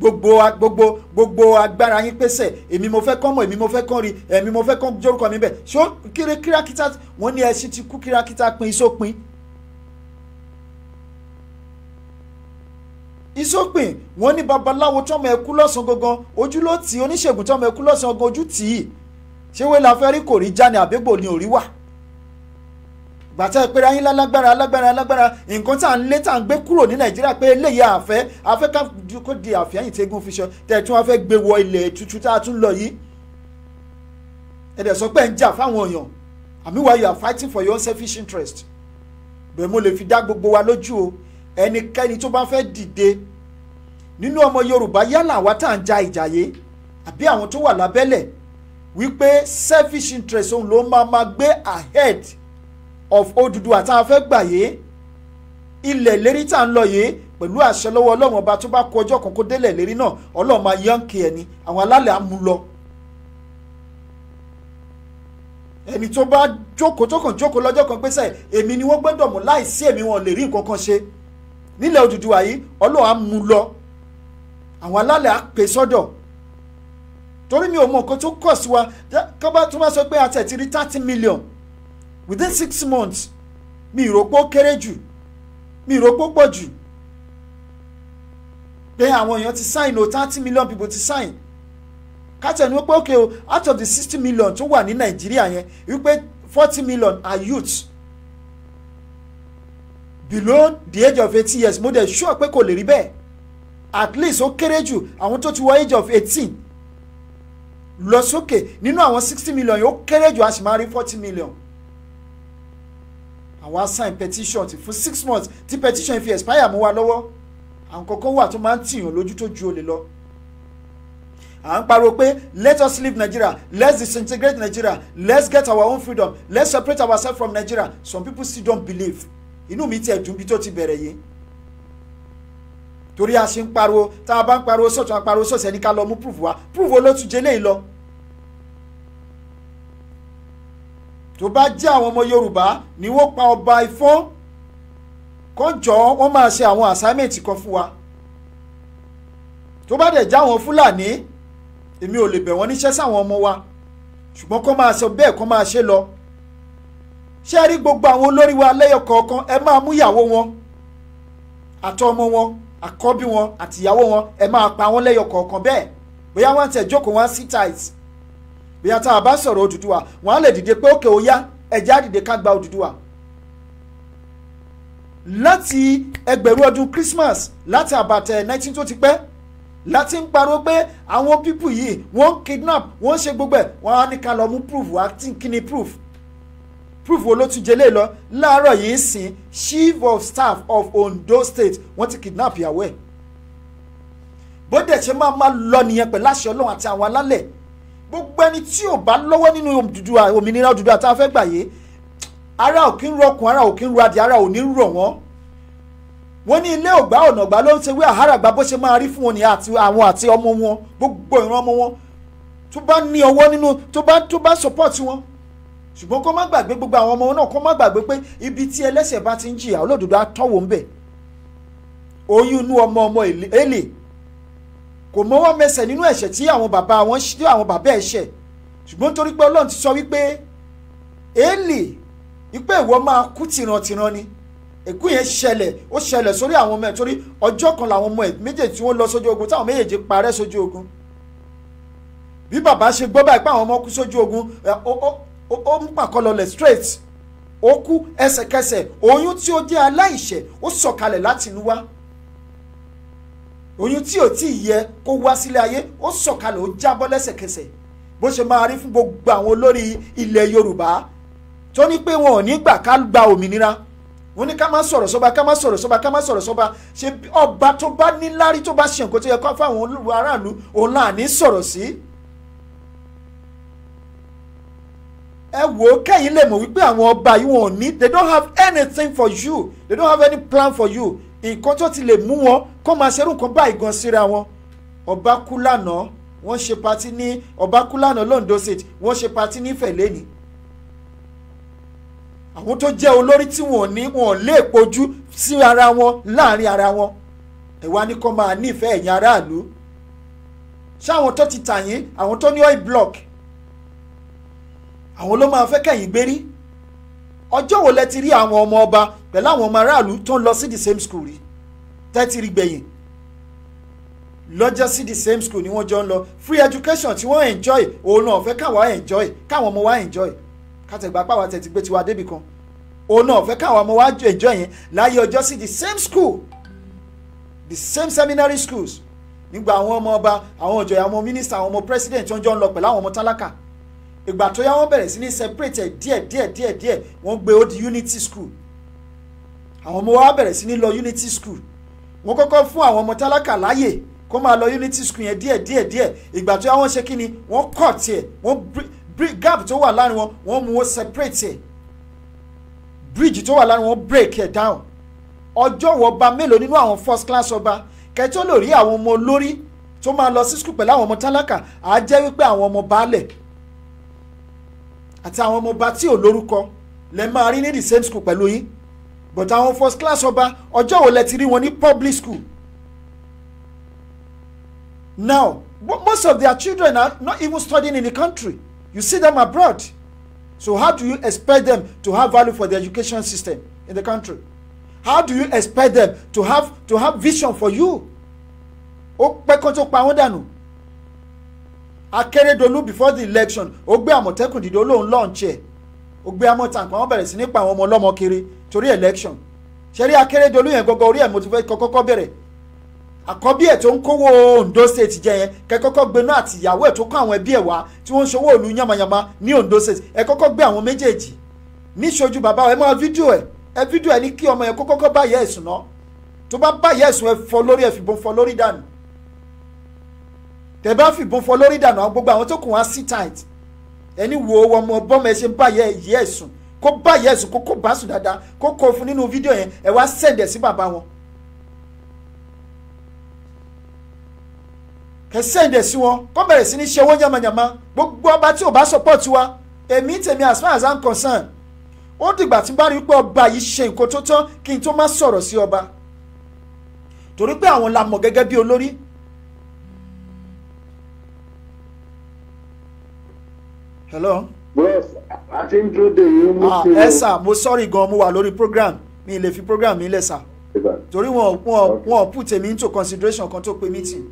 gbogbo gbogbo gbogbo agbára yín pèsè èmi mo fẹ́ kán mọ̀ èmi mo fẹ́ kán rí èmi mo fẹ́ kán jórúkọ mi bẹ̀ ṣó kéré kírakítà wọ́n ní ẹṣin ti kú kírakítà pin ìsópin. ìsópin wọ́n ní babaláwo tọ́mọ ẹkú lọ́sàn gangan ojú ló tì oníṣègùn tọ́mọ ẹkú lọ́sàn gangan ojú tì í ṣé wẹ́ẹ́ la fẹ́ rí kò rí já ni àbẹ́gbò ni ò wà gbàtẹ́ pé ráyín lálágbára lágbára lágbára nǹkan tá à ń lé tá à ń gbé kúrò ní nàìjíríà pé eléyìí àfẹ́ afẹ́ ká kó di àfẹ́yìn tẹ́gùn fiṣọ tẹ̀tún afẹ́ gbé wọ ilẹ̀ tútù tá a tún lọ yìí ẹ̀dẹ̀ sọ pé ń jà fáwọn èèyàn àmì why you are fighting for your own selfish interest bẹ́ẹ̀ mo lè fi dá gbogbo wa lójú o ẹnikẹ́ni tó bá fẹ́ dìde nínú ọmọ yorùbá yálà àwa tá à ń ja ìjàyè àbí àwọn tó wà lábẹ́lẹ̀ wípé selfish interest òun ló máa máa gbé ahead of Odùduwà tá a fẹ́ gbà yé ilẹ̀ lérí tá à ń lọ yé pẹ̀lú àṣẹ lọ́wọ́ ọlọ́run ọba tó bá kọ ọjọ́ kan kó délẹ̀ lérí náà ọlọ́run máa yánkì ẹ̀ ni àwọn alálẹ̀ á mú lọ. ẹni tó bá jókòó tó kàn jókòó lọ́jọ́ kan pẹ́sẹ̀ èmi ni wọ́n gbọ́dọ̀ mú láìsí èmi wọn lè rí nǹkan kan ṣe nílẹ̀ Odùduwà yìí ọlọ́run á mú lọ àwọn alálẹ̀ á pè sọ́dọ̀ torí mi ò mọ̀ nǹkan tó kọ̀ sí wa tó bá sọ pé a tẹ̀ ti rí thirty million within six months mi rò pé ó kéré jù mi rò pé ó pọ̀ jù pé àwọn èèyàn ti sign o thirty million people ti sign kátà ni wọ́n pé okay o out of the sixty million tó wà ní nàìjíríà yẹn wípé forty million are youths below the age of eighteen years mo dẹ̀ sure pé kò lè rí bẹ́ẹ̀ at least ó kéré jù àwọn tó ti wọ age of eighteen lọ sókè nínú àwọn sixty million yìí ó kéré jù a sì máa rí forty million àwa sign petition ti fún six months tí petition fi expire mú wa lọ́wọ́ àwọn kankan wà tó máa ń tìyàn lójú tó ju olè lọ à ń pariwo pé let us leave Nigeria let's disintegrate Nigeria let's get our own freedom let's separate ourselves from Nigeria some people still don't believe inú mi tiẹ̀ dùn bí tó ti bẹ̀rẹ̀ yìí torí a ṣe ń pariwo tá a bá ń pariwo sọ̀tún a pariwo sọ̀sẹ̀ ní ká lọ mú proof wa proof wo ló lọ tó bá jẹ́ àwọn ọmọ yorùbá ni wọ́n pa ọba ifó kọ́njọ́ wọ́n máa ṣe àwọn assignment kan fún wa tó bá dẹ̀ já àwọn fúlàní èmi ò lè bẹ̀ wọ́n níṣẹ́ sáwọn ọmọ wa ṣùgbọ́n kó máa ṣe bẹ́ẹ̀ kó máa ṣe lọ ṣé ẹ rí gbogbo àwọn olórí wa lẹ́yọ̀ kọ̀ọ̀kan ẹ máa mú ìyàwó wọn àtọmọ wọn àkọ́bí wọn àtìyàwó wọn ẹ máa pa wọn lẹ́yọ̀ bẹ́ẹ̀ bóyá wọ́n ti ẹ̀ jókòó wọn sí tight bí ata àbá sọ̀rọ̀ Odùduwà wọ́n á lè dìde pé òkè ó yá ẹ̀jẹ̀ á dìde ká gba Odùduwà láti ẹgbẹ̀rún ọdún Christmas láti àbàtẹ̀ 19 tó ti pẹ́ láti ń parọ́ pé àwọn pípù yìí wọ́n ń kidnap wọ́n ń ṣe gbogbo ẹ̀ wọ́n á ní ká lọ mú proof wá tí kí ni proof proof wo ló tún jẹ léè lọ láàárọ̀ yìí sìn chief of staff of Ondo State wọ́n ti kidnap ìyàwó ẹ̀ bó dẹ̀ ṣe máa máa lọ nìyẹn pẹ̀lú àṣẹ Ọlọ́run àti àwọn alálẹ̀ gbogbo ẹni tí ò bá lọ́wọ́ nínú òmìnira Odùduwà tá a fẹ́ gbà yé ara ò kí ń rọkùn ara ò kí ń radì ara ò ní rọ̀ wọ́n wọ́n ní ilé ògbà ọ̀nà ọ̀gbà ló ń ṣe wí àhárà gba bó ṣe máa rí fún wọn ní àti àwọn àti ọmọ wọn gbogbo ìran ọmọ wọn tó bá ní ọwọ́ nínú tó bá tó bá support wọn ṣùgbọ́n kó má gbàgbé gbogbo àwọn ọmọ náà kó má gbàgbé pé ibi tí ẹlẹ́ṣẹ̀ bá ti ń jìyà olódodo á tọ́wò ń bẹ̀ oyún inú ọmọ ọmọ èlé kò mọ́wọ́ mẹsẹ̀ nínú ẹ̀ṣẹ̀ tí àwọn bàbá wọn tí àwọn bàbá ẹ̀ ṣẹ̀ ṣùgbọ́n torí pé ọlọ́run ti sọ wípé èèlì wípé ìwọ máa kú tìrantìran ni èkú yẹn ṣẹlẹ̀ ó ṣẹlẹ̀ sórí àwọn ọmọ ẹ̀ torí ọjọ́ kan làwọn ọmọ ẹ̀ méjèèjì tí wọ́n lọ sójú ogun táwọn méjèèjì parẹ́ sójú ogun bí bàbá ṣe gbọ́ báyìí pé àwọn ọmọ kú sójú ogun ó ń pàkọ́ straight ó kú ẹsẹ̀kẹsẹ̀ oyún tí ó jẹ́ aláìṣẹ̀ ó sọ̀kalẹ̀ láti inú wá oyún tí ò tí ì yẹ kó wá sílé ayé ó sọ̀kalẹ̀ ó jábọ́ lẹ́sẹ̀kẹsẹ̀ bó ṣe máa rí fún gbogbo àwọn olórí ilẹ̀ Yorùbá tó ní pé wọn ò ní gbà ká gba òmìnira wọn ní ká má sọ̀rọ̀ sọ́ba ká má sọ̀rọ̀ sọ́ba ká má sọ̀rọ̀ sọ́ba ṣe ọba tó bá níláárí tó bá ṣe nǹkan tó yẹ kó fáwọn olùwà aráàlú òun náà ní sọ̀rọ̀ sí. ẹ wò ó kẹ́yìn lè mọ̀ wípé àwọn ọba yìí wọn ò ní they don't have anything for you they don't have any plan for you nǹkan tó ti lè mú wọn kó máa ṣerú nǹkan báyìí gan síra wọn ọba kú lánàá wọ́n ṣe patí ní ọba kú lánàá londo state wọ́n ṣe patí ní fẹ̀lẹ́ni àwọn tó jẹ́ olórí tí wọ́n ní wọ́n lè pojú sí ara wọn láàrin ara wọn ẹ̀wá ní kó máa nífẹ̀ẹ́ ẹ̀yin aráàlú ṣáwọn tó ti tà àwọn tó ní oil block àwọn ló máa fẹ́ kẹ̀yìn gbérí ọjọ́ wo lẹ ti rí àwọn ọmọ ọba pẹ̀lú àwọn ọmọ aráàlú tó ń lọ sí the same school rí tẹ́tì rí gbẹ̀yìn lọ́jọ́ sí the same school ni wọ́n jọ ń lọ free education tí wọ́n enjoy òun náà fẹ́ káwa enjoy káwọn ọmọ wa enjoy kátẹ̀gbá pàwọ́ tẹ̀tí gbé tiwa débì kan òun náà fẹ́ káwọn ọmọ wa enjoy yẹn láyé ọjọ́ sí the same school the same seminary schools nígbà àwọn ọmọ ọba àwọn ọ̀jọ̀yà àwọn mínísítà àwọn ọmọ president tó ń jọ ń lọ pẹ̀lú àwọn ọmọ tálákà ìgbà tó yá wọ́n bẹ̀rẹ̀ sí ní separate díẹ̀ díẹ̀ díẹ̀ díẹ̀ wọ́n gbé ó di unity school àwọn ọmọ wa bẹ̀rẹ̀ sí ní lọ unity school wọ́n kọ́kọ́ fún àwọn ọmọ tálákà láàyè kó máa lọ unity school yẹn díẹ̀ díẹ̀ díẹ̀ ìgbà tó yà wọ́n ṣe kínni wọ́n kọ̀ tiẹ̀ wọ́n gap tó wà láàrin wọn wọ́n mú wọn separate ẹ̀ bridge tó wà láàrin wọn break ẹ̀ down ọjọ́ wọ ọba mélòó nínú àwọn first class ọba kẹtọ́ lórí àwọn ọmọ olórí tó máa lọ sí skul pẹ̀lú àwọn ọmọ tálákà á jẹ́ wípé àwọn ọmọ baálẹ̀ àti àwọn ọmọ ọba tí ò lórúkọ lè máa rí ní the same school pẹ̀lú yín but àwọn first class ọba ọjọ́ wo lẹ ti rí wọn ní public school now most of their children are not even studying in the country you see them abroad so how do you expect them to have value for the education system in the country how do you expect them to have to have vision for you ó pẹ́ kó tó pa wọ́n dànù Akérédolú before the election ó gbé Àmọ̀tẹ́kùn dìde ó lóun lọ́ọ̀nchẹ́ ògbé amọ̀tàǹkà wọn bẹ̀rẹ̀ sí ní pa àwọn ọmọ ọlọ́mọ kiri torí election ṣẹ́rí akérèdọ́lù yẹn gọ́gọ́ orí ẹ̀ mo ti fẹ́ kọ́kọ́ bẹ̀rẹ̀ àkọ́bí ẹ̀ tó ń kówó Ondo state jẹ yẹn kẹ́ kọ́kọ́ gbé náà àtìyàwó ẹ̀ tó kọ́ àwọn ẹbí ẹ̀ wá tí wọ́n ń ṣòwò òlu yamayama ní Ondo state ẹ kọ́kọ́ gbé àwọn méjèèjì níṣojú bàbá ẹ máa fídíò ẹ ẹ fídíò ẹ ní kí ọmọ yẹn kó kọ́kọ́ bá ẹ̀sùn náà tó bá bá ẹ̀sùn ẹ fọ lórí ẹ fìbọn fọ lórí dànù tẹ bá fìbọn fọ lórí dànù àwọn gbogbo àwọn tó kù wá sí tight ẹni wo ọmọ bọ́mọ ẹ ṣe ń bá yẹ ẹ̀sùn kó bá yẹ ẹ̀sùn kó kó bá sùn dáadáa kó kó fún nínú fídíò yẹn ẹ wá sẹ̀dẹ̀ sí bàbá wọn. kẹ sẹ̀dẹ̀ sí wọn kó bẹ̀rẹ̀ sí ní ṣe owó yamayama gbogbo ọba tí ò bá support wa èmi tèmi as far as i'm concerned ó dìgbà tí n bá rí pé ọba yìí ṣe nǹkan tó tán kí n tó má sọ̀rọ̀ sí ọba torí pé àwọn la mọ̀ gẹ́gẹ́ bí olórí hello. yes àti ń dúró de yín mú sí i. ẹ ah, sà mo sọ́ọ̀rì gan mo wà lórí program mi lè fi program mi lẹ̀ sà torí wọn wọn wọn put èmi into consideration kan tó pe meeting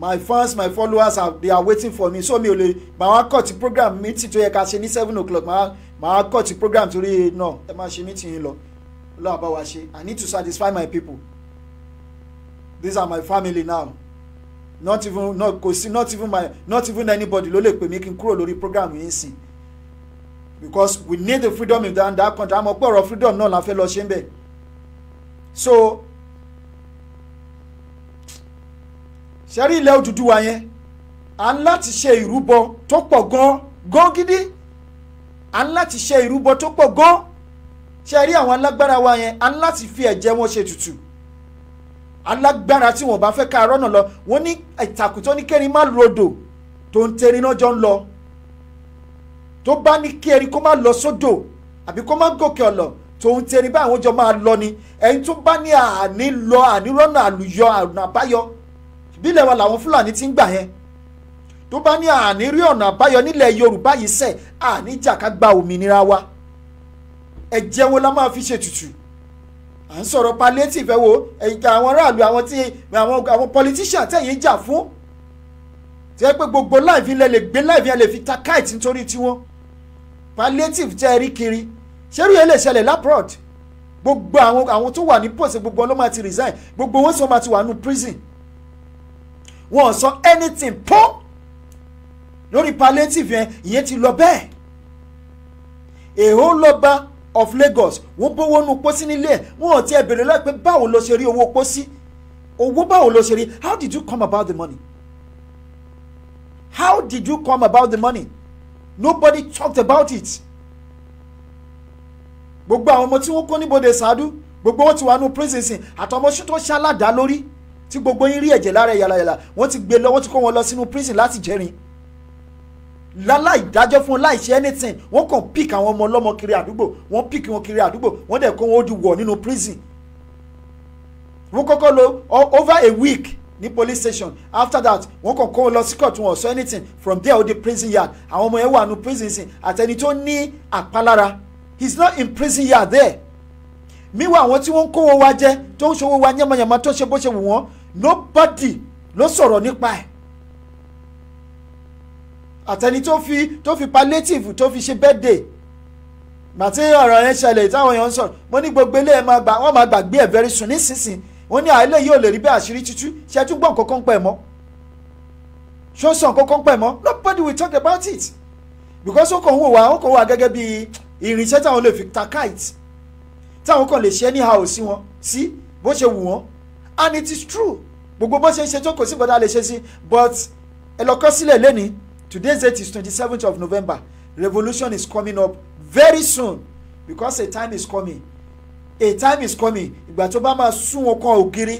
my fans my followers are they are waiting for me so mi ò lè mà wá cut program meeting tó yẹ ká ṣe ní seven o'clock mà wá cut program torí náà ẹ má ṣe meeting yín lọ lọ́wọ́ bá wa ṣe i need to satisfy my people these are my family now not even not kò sí not even my not even anybody ló lè pè mí kí n kúrò lórí program yìí sìn because we need the freedom in that, that country àmọ́ pé ọ̀rọ̀ freedom náà la fẹ́ lọ ṣe ń bẹ̀ so ṣẹ́rí ilẹ̀ Odùduwà yẹn à ń láti ṣe ìrúbọ tó pọ̀ gan gan gidi à ń láti ṣe ìrúbọ tó pọ̀ gan ṣẹ́rí àwọn alágbára wa yẹn à ń láti fi ẹ̀jẹ̀ wọn ṣe tutù alágbára tí wọn bá fẹ́ ká arọ́nà lọ wọn ní ìtàkùn tó ní kẹrin má rodò tó ń tẹrin náà jọ ń lọ tó bá ní kí erin kó má lọ sódò àbí kó má gòkè ọ̀lọ̀ tó ń tẹrin bá àwọn jọ máa lọ ni ẹni tó bá ní àní lọ àní rọ́nà àlùyọ àrùn àbáyọ ìbílẹ̀ wa làwọn fúlàní ti ń gbà yẹn tó bá ní àní rí ọ̀nà àbáyọ nílẹ̀ yorùbá yìí sẹ̀ àní jà ká gba òmìnira wa ẹ̀jẹ̀ wo la máa fi ṣètùtù à ń sọ̀rọ̀ palliative ẹ wo àwọn aráàlú àwọn tí àwọn àwọn politician tẹ̀yìn jà fún tẹ́ pé gbogbo láìfi ilẹ̀ lè gbé láìfi ilẹ̀ fi ta kite nítorí tiwọn palliative tẹ́ ẹ rí kiri ṣerú yẹn lè ṣẹlẹ̀ laprod gbogbo àwọn àwọn tó wà ní post gbogbo wọn ló máa ti resign gbogbo wọn sọ máa ti wà nù prison wọn ò sọ anything pọ́ lórí palliative yẹn ìyẹn ti lọ bẹ́ẹ̀ èhó lọ́ba of Lagos wọ́n bówó nu pósí nílé ẹ̀ wọ́n ò tiẹ̀ bèrè lọ́ọ̀ pé báwo ló ṣe rí owó pósí owó báwo ló ṣe rí how did you come about the money how did you come about the money nobody talked about it gbogbo àwọn ọmọ tí wọ́n kó níbodè ṣáádú gbogbo wọn ti wà nù prison àtọmọṣú tó ṣe aládàá lórí tí gbogbo yín rí ẹ̀jẹ̀ lára ẹ̀yàlàyàlà wọ́n ti gbé lọ wọ́n ti kó wọn lọ sínú prison láti jẹrin láláì dájọ́ fún láì ṣe anything wọ́n kàn pick àwọn ọmọ ọlọ́mọ kiri àdúgbò wọ́n pick wọn kiri àdúgbò wọ́n dẹ̀ kó wọn ó di wọ̀ nínú prison wọ́n kọ́kọ́ lò over a week ní police station after that wọ́n kàn kó wọn lọ sí court wọn ò sọ anything from there ó di prison yard àwọn ọmọ yẹn wà nù prison sin àtẹni tó ní àpalára he is not in prison yard there miwa àwọn tí wọ́n ń kówó wa jẹ tó ń ṣòwò wa yamayama tó ṣe bó ṣe wù wọ́n nobody ló sọ̀rọ̀ nípa ẹ̀ àtẹni tó fi tó fi palliative tó fi ṣe birthday màtí ọ̀rọ̀ yẹn ṣẹlẹ̀ táwọn èèyàn ń sọ̀rọ̀ mo ní gbogbo ilé ẹ̀ máa gbà wọ́n máa gbàgbé ẹ̀ very soon nísinsìnyí wọ́n ní àìlè yìí ò lè rí bẹ́ẹ̀ àṣírí tútú ṣe é tún gbọ́n kankan pẹ̀ mọ́ ṣó sàn kankan pẹ̀ mọ́ nobody will talk about it because ó kàn wò wá ó kàn wò wá gẹ́gẹ́ bí irinṣẹ́ táwọn lè fi ta kite táwọn kàn lè ṣe anyhow sí wọn sí bó ṣe wù wọ́n and it is true gbogbo bó ṣe ń ṣe tó kò sí gbọ́dá lè ṣe sí but ẹ lọ kọ́ sílẹ̀ lẹ́nìí today's date is 27th of november revolution is coming up very soon because a time is coming a time is coming ìgbà tó bá máa sún wọn kan ògiri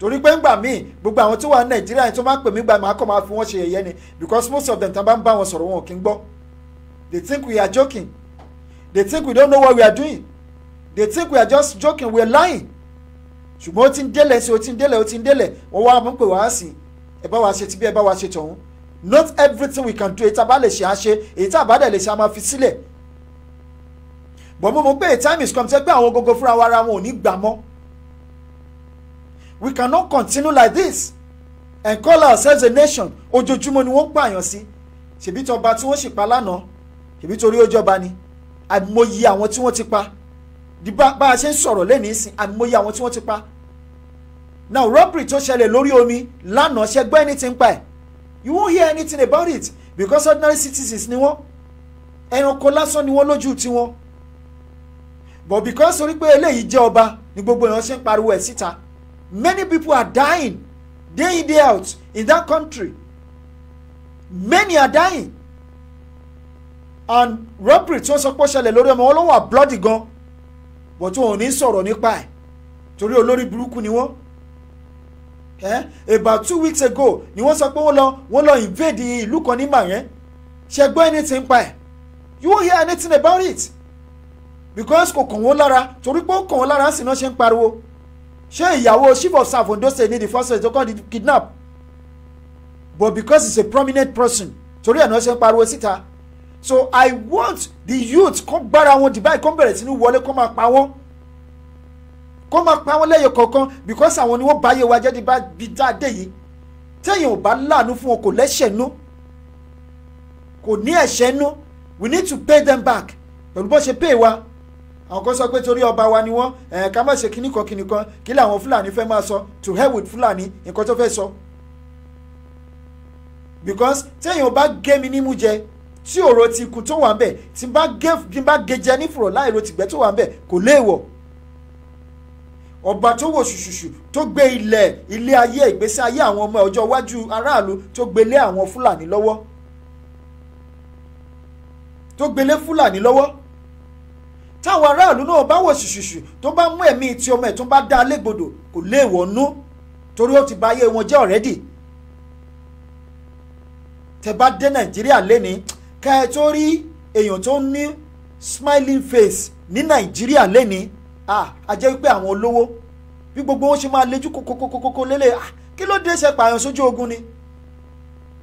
torí pé ńgbà míì gbogbo àwọn tó wà ní nàìjíríà yẹn tó máa ń pè mí gbà máa kọ́ máa fi wọ́n ṣe yẹ̀yẹ́ ni because most of them tá a bá ń bá wọn sọ̀rọ̀ wọn ò kí gbọ́ they think we are joking they think we don't know what we are doing they think we are just joking we are lying ṣùgbọ́n ó ti ń délẹ̀ sí ó ti ń délẹ̀ ó ti ń délẹ̀ wọ́n wá mú pé wàá sìn ẹ bá wa ṣe ti bí ẹ bá wa ṣe tọ̀hún not everything we can do èyí tá a bá lè ṣe á ṣe èyí tá a bá dẹ̀ lè ṣe á máa fi sílẹ̀ but mo mọ̀ pé a time is come tẹ́ pé àwọn gógó fúnra wa wọn ò ní gbà mọ́ we cannot continue like this and call ourselves a nation ojoojúmọ́ ni wọ́n pààyàn sí ṣèbí tí ọba tí wọ́n sì pa lánàá ṣèbí torí ó jọba ni àìmọye àwọn tí wọ́n ti pa di bá a ṣe ń sọ̀rọ̀ lẹ́nìí sìn àìmọye àwọn tí wọ́n ti pa now robbery tó ṣẹlẹ̀ lórí omi lánàá ṣẹgbẹ́ ẹni tí ń pa ẹ̀ you won't hear anything about it because ordinary citizens ni wọ́n ẹranko lásán ni wọ́n lójú tiwọn but because orí pé eléyìí jẹ́ ọba ni gbogbo èèyàn ṣe ń pariwo ẹ̀ síta many people are dying day in day out in that country many are dying and robbery tí wọ́n sọ pé ó ṣẹlẹ̀ lórí ọmọ wọn ló wà bloody gan but wọn ò ní sọ̀rọ̀ nípa ẹ̀ torí olórí burúkú ni wọ́n eh? about two weeks ago ni wọ́n sọ pé wọ́n lọ wọ́n lọ invade ìlú kan ní màyẹn ṣe gbọ́ anything pa ẹ̀ you won't hear anything about it because kò kàn wọ́n lára torí pé ó kàn wọ́n lára sì náà ṣe ń pariwo ṣé ìyàwó chief of staff Ondo ní the first place tó kàn di kidnap but because he's a prominent person torí ẹ̀ náà ṣe ń pariwo síta so I want the youth kó gbára wọn dìbà kó bẹ̀rẹ̀ sí ní wọlé kó máa pa wọ́n kó máa pa wọn lẹ́yìn kọ̀ọ̀kan because àwọn ni wọ́n báyé wa jẹ́ nípa bí dáadé yìí téèyàn ò bá láàánú fún wọn kò lẹ́ṣẹ̀ nú kò ní ẹ̀ṣẹ̀ nú we need to pay them back pẹ̀lú bó ṣe pay wa àwọn kan sọ pé torí ọba wa ni wọ́n ẹ̀ ká má ṣe kíní kan kíní kan kí làwọn fúlàní fẹ́ máa sọ to hell with fúlàní nǹkan tó fẹ́ sọ because téèyàn bá gé mi nímú jẹ tí ọ̀rọ̀ ti ikú tó wà ń bẹ̀ tí bá gé jẹ nífùrọ̀ láì ro tìgbẹ́ tó wà ń bẹ̀ kò léèwọ̀ ọba tó wò ṣùṣùṣù tó gbé ilẹ̀ ilé ayé ìgbésí ayé àwọn ọmọ ọjọ́ iwájú aráàlú tó gbélé àwọn fúlàní lọ́wọ́ tó gbélé fúlàní lọ́wọ́ táwọn aráàlú náà bá wò ṣùṣùṣù tó bá mú ẹ̀mí tí ọmọ ẹ̀ tó bá dá légbodò kò léèwọ̀ nú torí ó ti bà ayé wọn jẹ́ ọ̀rẹ́dì tẹ́ bá dé nàìjíríà lẹ́ni ká ẹ tó rí èèyàn tó ní smiling face ní nàìjíríà lẹ́ni a jẹ́ wípé àwọn olówó bí gbogbo wọn ṣe máa lejú kókókókókó lélẹ̀ kí ló dé ṣe pààyàn sójú ogun ni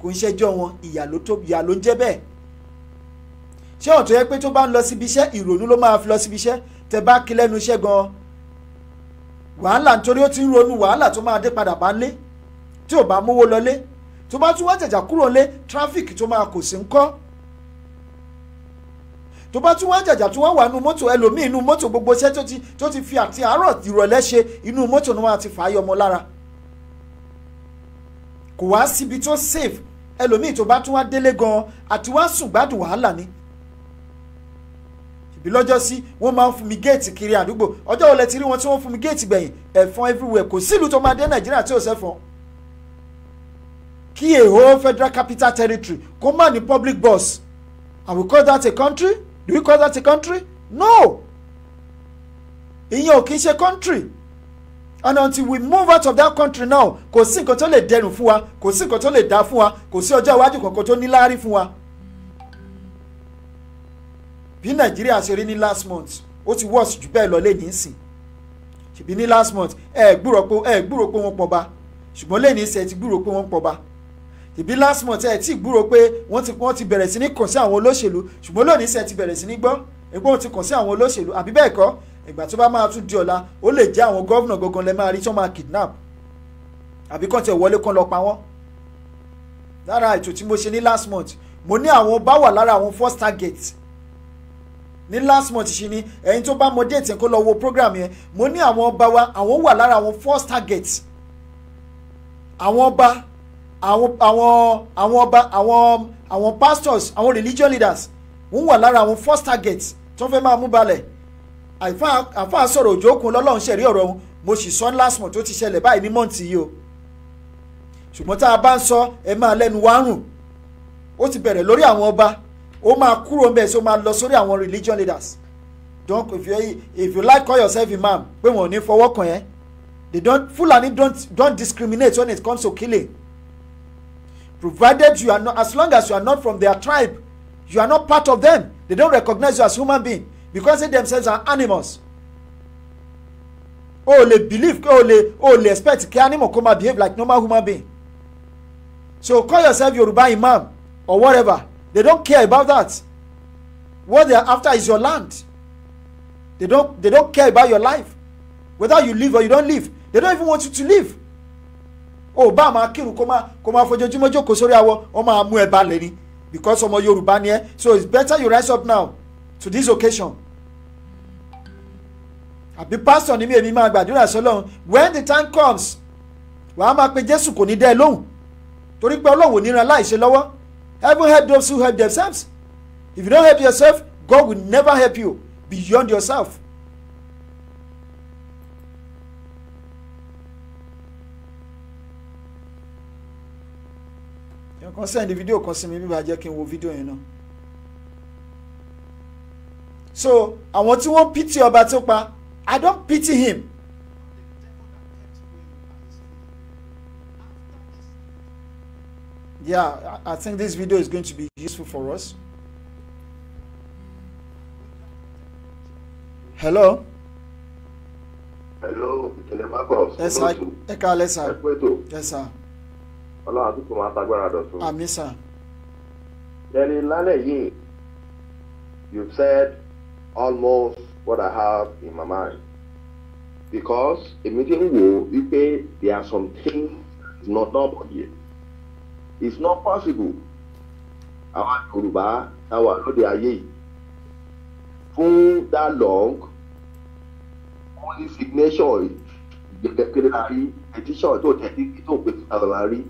kò ń ṣẹjọ́ wọn ìyà ló tó ìyà ló ń jẹ́ bẹ́ẹ̀ ṣé ọ̀tọ̀ yẹ pé tó bá ń lọ síbi iṣẹ́ ìrònú ló máa fi lọ síbi iṣẹ́ tẹ bá kí lẹ́nu iṣẹ́ gan-an wàhálà nítorí ó ti ń ronú wàhálà tó máa dé padà bá lé tí ò bá mówó lọlé tó bá tún wá jàjà kúrò lé tráfíìkì tó máa kò sí ń kọ́ tó bá tún wá jàjà tún wá wà nínú mọ́tò ẹlòmíì inú mọ́tò gbogbo iṣẹ́ tó ti tó ti fi àti àárọ̀ ìrọ̀lẹ́ ṣe inú mọ́tò ni wọ́n ti fà á yọmọ lára kò wá síbi tó safe ẹlòmíì tó bá tún wá délé gan-an àti wá sùn gbádùn wàhálà ni ìbí lọ́jọ́ sí wọ́n máa ń fumigate kiri àdúgbò ọjọ́ olè ti rí wọn tí wọ́n fumigate gbẹ̀yìn ẹ̀fọn everywhere kò sílùú tó máa dé nàìjíríà tí ò sẹ́fọn kí èho federal capital territory kó má ní public bus and we call that a country do we call that a country? no ìyẹn ò kì í ṣe country and until we move out of that country now kò sí nǹkan tó lè dẹrùn fún wa kò sí nǹkan tó lè dá fún wa kò sí ọjọ́ iwájú kankan tó níláárí fún wa bí nàìjíríà ṣe rí ní last month ó ti worse jù bẹ́ẹ̀ lọ lé nísìn ṣèbí ní last month ẹ gbúrò pé ẹ gbúrò pé wọ́n pọ̀ ba ṣùgbọ́n lé nísìn ẹ ti gbúrò pé wọ́n pọ̀ ba ìbí last month ẹ tí gbúrò pé wọ́n ti wọ́n ti bẹ̀rẹ̀ sí ní kàn sí àwọn olóṣèlú ṣùgbọ́n lónìí sẹ́ ti bẹ̀rẹ̀ sí ní gbọ́ ẹgbẹ́ wọn ti kàn sí àwọn olóṣèlú àbí bẹ́ẹ̀ kọ́ ìgbà tó bá máa tún di ọ̀la ó lè jẹ́ àwọn gọ́vnà gangan lẹ́ máa rí tí wọ́n máa kidnap àbí kàn tẹ̀ wọlé kan lọ pa wọ́n. lára ètò tí mo ṣe ní last month mo ní àwọn bá wà lára àwọn first target ní last month ṣì ni ẹ̀yin tó bá mọ déètì kó lọ wo program yẹn mo ní àwọn ọba wa àwọn wà lára àwọn first target àwọn ọba àwọn àwọn àwọn ọba àwọn àwọn pastors àwọn religious leaders wọ́n wà lára àwọn first targets tó fẹ́ máa mú balẹ̀ àfa sọ̀rọ̀ òjòkun lọ́lọ́run ṣẹ̀rí ọ̀rọ̀ wọn mo sì sọ last month tó ti ṣẹlẹ̀ báyìí ní mọ́ǹtì yìí o ṣùgbọ́n tá a bá ń sọ ẹ máa lẹ́nu wá rùn ó ti bẹ̀rẹ̀ lórí àwọn ọba ó máa kúrò ń bẹ̀ sí ó máa lọ sórí àwọn religious leaders Don't if you if you like call yourself imam pé wọn ò ní fọwọ́ kàn ẹ́ they don't Fulani don't don't discriminate when it comes to killing provided you are not as long as you are not from their tribe you are not part of them they don't recognize you as human being because they themselves are animals o le believe o le o le expect kí animal come and behave like normal human being so call yourself Yoruba imam or whatever they don't care about that what they are after is your land they don't they don't care about your life whether you live or you don't live they don't even want you to live ò bá máa kírun kó máa kó máa fojoojúmọ́ jókòó sórí awọ wọ́n máa mú ẹ balẹ̀ ni because ọmọ yorùbá ni ẹ so it's better you rise up now to this occasion àbí pastor ni mi èmi máa gbàdúrà sọ́lọ́run when the time comes wàá máa pe jésù kò ní dẹ́ ẹ lóhùn torí pé ọlọ́run ò ní ran láìṣe lọ́wọ́ heaven help those who help themselves if you don't help yourself God will never help you beyond yourself. wọ́n sẹ́ndì fídíò kan sí mi bíbá jẹ́ kí n wo fídíò yẹn náà. so àwọn tí wọ́n pity ọba tó pa I don't pity him. Yeah, I think this video is going to be useful for us. Hello. Hello, Yes, sir. Ẹ káalẹ́ sir. Yes, sir ọlọ́run àtúntò máa tagbára dọ̀tun. àmín sà. yẹni lálẹ́ yìí you said almost what I have in my mind because èmi ti ń wò wípé there are some things not done for it's not possible àwa Yorùbá táwa lóde ayé yìí fún that long only signation ìgbẹ́kẹ̀lé la rí petition tó tẹ̀lé tó pè fún àwọn rí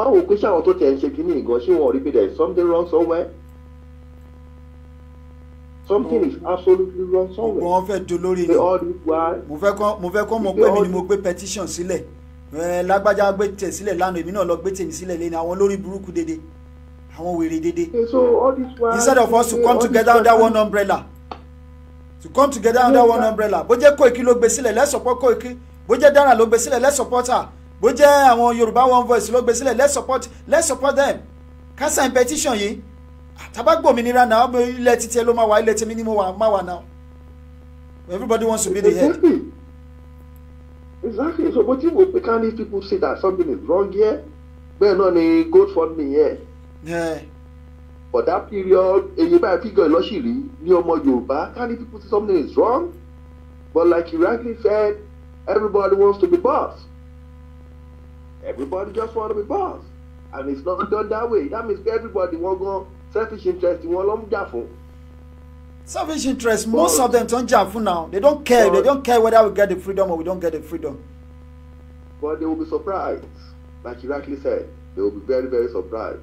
wọ́n á wò pé tó tiẹ̀ ń ṣe kínní nǹkan ṣé wọn ò rí pé something wrong somewhere something is absolutely wrong somewhere. wọ́n fẹ́ dolórí ni mo mo fẹ́ kọ́ mọ̀ pé mi ni mo gbé petition sílẹ̀ eh, lágbájá gbé tẹ̀ sílẹ̀ lánàá èmi náà lọ gbé tèmi sílẹ̀ lẹ́nu àwọn olórí burúkú dédé àwọn wèrè dédé instead of us to come together under one umbrella to come together under one umbrella bó jẹ́ Koiki ló gbé sílẹ̀ lẹ́sọ̀pọ̀ Koiki bó jẹ́ Dara ló gbé sílẹ̀ lẹ́sọ̀pọ̀ ta bó jẹ́ àwọn yorùbá one voice ló gbé sílẹ̀ let's support let's support them ká sign petition yìí tabagbòmìnira náà ilẹ̀ títí ẹ ló máa wà ilẹ̀ tèmi ni mo máa wà náà everybody wants to be the head. exactly so wetin we we can if people say that something is wrong here bẹ́ẹ̀ náà ni me here. Yeah. for that period èyí báyìí figure ìlọ́sìrì ní ọmọ yorùbá can if people say something is wrong but like you rightly said everybody wants to be boss everybody just want to be boss and it's not done that way that means everybody want go selfish interest wọn ló ń jà fún. selfish interest but, most of them don't jà now they don't care but, they don't care whether we get the freedom or we don't get the freedom. but they will be surprised like you rightly said they will be very very surprised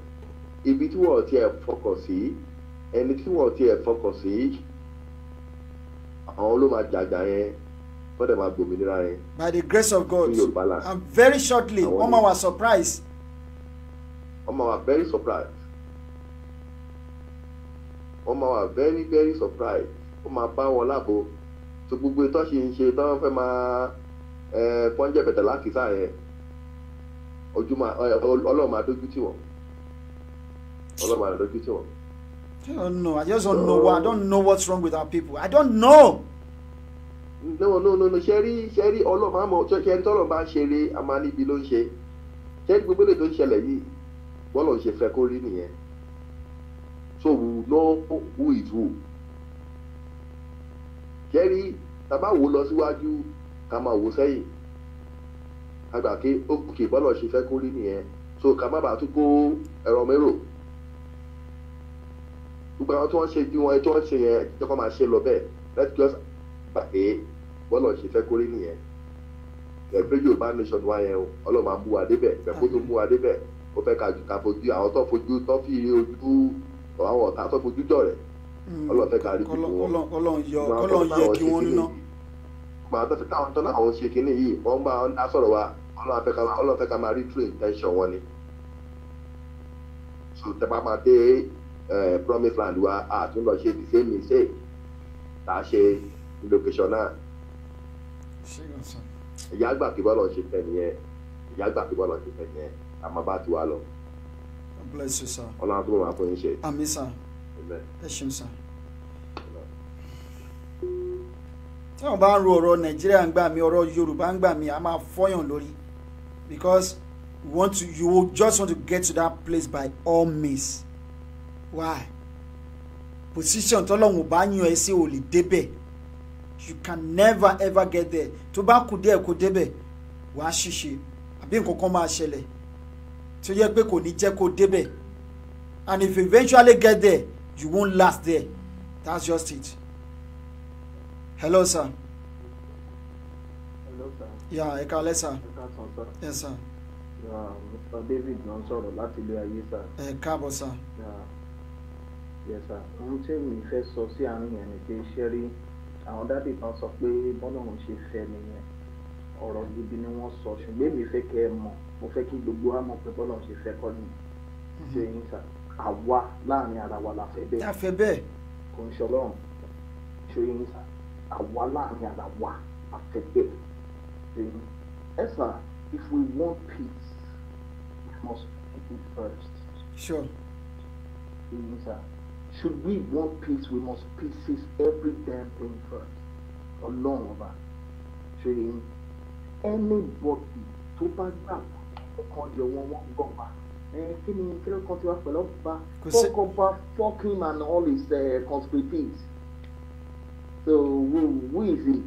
If it wọn ti ẹ fọkàn sí ẹni tí wọn ti ẹ fọkàn sí wọ́n dẹ̀ máa gbòmìnira yẹn. by the grace of God and very shortly wọ́n máa wà surprise. wọ́n máa very surprise. wọ́n máa very very surprise. wọ́n máa bá wọn láàbò tó gbogbo ìtọ́ ṣe ń ṣe tó wọ́n fẹ́ máa pọ́njẹ́ bẹ̀tẹ̀ láti sáà yẹn ọlọ́run máa dójú tì wọ́n ọlọ́run máa dójú tì wọ́n. I don't know. I just don't know. I don't know what's wrong with our people. I don't know no no no no ṣẹ́rí ṣẹ́rí ọlọ́mọ àmọ́ ṣẹ́rí tọ́lọ̀ bá ń ṣeré àmọ́ níbi ló ń ṣe ṣẹ́rí gbogbo èdè tó ń ṣẹlẹ̀ yìí bọ́lọ̀ ń ṣe fẹ́ kó rí nìyẹn so we know who is who ṣẹ́rí tàbá wò lọ síwájú ká máa wò sẹ́yìn àgbà pé òkè bọ́lọ̀ ṣe fẹ́ kó rí nìyẹn so ká má bàa tún kó ẹ̀rọ mérò gbogbo àwọn tí wọ́n ṣe bí wọ́n tí wọ́n ṣe yẹn jẹ́ kó máa ṣe lọ bẹ́ẹ̀ let's just gbà pé bọ́lọ̀ ṣe fẹ́ kórè nìyẹn ẹgbẹ́ yorùbá nation wa yẹn o ọlọ́run máa mú wa débẹ̀ ẹ̀kó tó mú wa débẹ̀ ó fẹ́ ká ká fojú àwọn tó fojú tó fi ojú àwọn ọ̀tá tó fojú jọ rẹ̀ hmm. ọlọ́run fẹ́ ká rí gbogbo wọn ọlọ́run yọ ọlọ́run yẹ kí wọ́n níná. màá tó fi táwọn tó náà wọ́n ṣe kínní yìí wọ́n bá a sọ̀rọ̀ wa ọlọ́run fẹ́ ká máa rí true intention wọn ni. so tẹ́pá máa dé eh, promise land wa àtúndọ̀ṣe the same mistake tá a ṣe location náà ìyá àgbà kí bọ́lọ̀ ṣe fẹ́ nìyẹn ìyá àgbà kí bọ́lọ̀ ṣe fẹ́ nìyẹn àmọ́ bá ti wá lọ. bless you sir. ọlọ́run tó máa fún yín ṣe. àmì sà ẹ ṣeun sà. tí wọ́n bá ń ro ọ̀rọ̀ nàìjíríà ń gbà mí ọ̀rọ̀ yorùbá ń gbà mí a máa fọyàn lórí because you want to you just want to get to that place by all means why position tọ́lọ́hún ò bá yan ẹ sí ò lè débẹ̀ you can never ever get there tó bá kù díẹ̀ kó débẹ̀ wàá ṣìṣe àbí nǹkan kan máa ṣẹlẹ̀ tí yẹ pé kò ní jẹ́ kó débẹ̀ and if you eventually get there you won't last there that's just it hello sir. hello sir. yà ẹ kálẹ́ sir. ẹ sir. yes sir. Yeah, mr david náà sọ̀rọ̀ láti ilé ayé sir. ẹ káàbọ̀ sir. Yeah. yes sir ohun tí èmi fẹ́ sọ sí àárín yẹn pé ṣẹ́rí àwọn dádì kan sọ pé bọ́lọ́run ṣe fẹ́ nìyẹn ọ̀rọ̀ gidi ni wọ́n sọ ṣùgbọ́n èmi fẹ́ kẹ́ ẹ mọ̀ mo fẹ́ kí gbogbo wa mọ̀ pé bọ́lọ́run ṣe fẹ́ kọ́ nìyẹn ṣe yín sà àwa láàrin ara wa la fẹ́ bẹ́ẹ̀ la fẹ́ bẹ́ẹ̀ kò ń ṣọlọ́run ṣe yín sà àwa láàrin ara wa la fẹ́ bẹ́ẹ̀ ṣe yín ẹ if we want peace we must put first. sure. ṣe yín sà should we want peace we must pieces every damn thing first ọlọ́run ọba ṣe é anybody to bá gbà ọkàn jẹ wọn wọn gbọ pa kí ni kí ti wá pẹ̀lú ọba fọ́kọ̀ bá fuck him and all his uh, conspiracies so who, who is he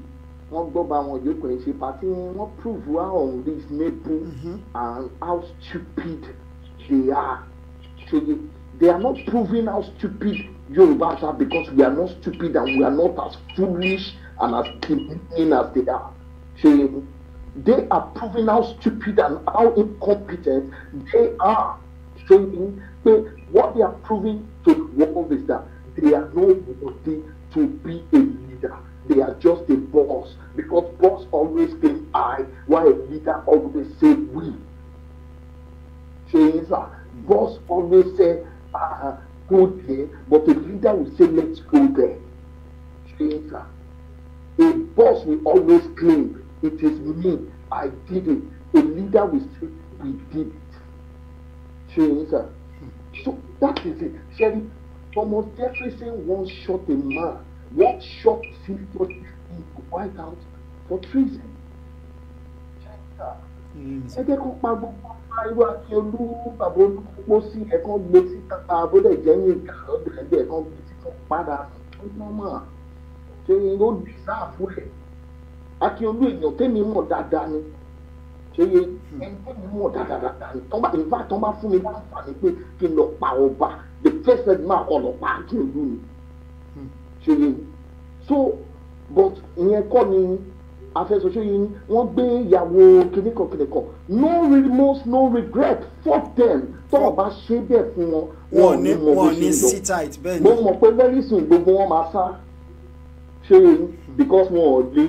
wọ́n gbọ́ bá wọn yòókù ẹ̀ ṣe pàtí wọ́n prove how unreasonable mm-hmm. and how stupid they are ṣe yìí. They are not proving how stupid Yorubas are because we are not stupid and we are not as foolish and as demeaning as they are. they are proving how stupid and how incompetent they are. Showing so what they are proving to the world is that they are worthy to be a leader. They are just a boss because boss always claim I, while a leader always say we. Showing boss always say uh, go there, but a leader will say, let's go there. Traitor. A boss will always claim, it is me, I did it. A leader will say, we did it. Traitor. So that is it. Sherry, Thomas Jefferson once shot a man, once shot seriously in the White House for treason. Check that. ẹ jẹ́ pa gbogbo irú akí olú bàbá olúkúpó sí ẹ̀kan gbé síta abódé jẹ́yìn ìgbà lọ́dọ̀ ẹgbẹ́ ẹ̀kan gbé síta padà mọ́ ṣé ló dì sáàfù ẹ̀ akí èèyàn tẹ́mi mọ̀ dáadáa ni ṣé yẹ ẹni tẹ́mi mọ̀ dáadáa ni tọ́ba ìfà tọ́ba fún mi láǹfààní pé kí n lọ pa ọba the first head man ọlọ́pàá akí olú ni hmm. ṣé yẹ so but ìyẹn kọ́ ni afẹsọsọ yìí wọ́n gbé ìyàwó kìnìkan kìnìkan no remorse no regret fuck them tọ́wọ́ bá ṣe bẹ́ẹ̀ fún wọn wọn ní mọ̀ bí ṣe ń lọ mo mọ̀ pé very soon gbogbo wọn máa sá ṣe yìí because wọn ò lé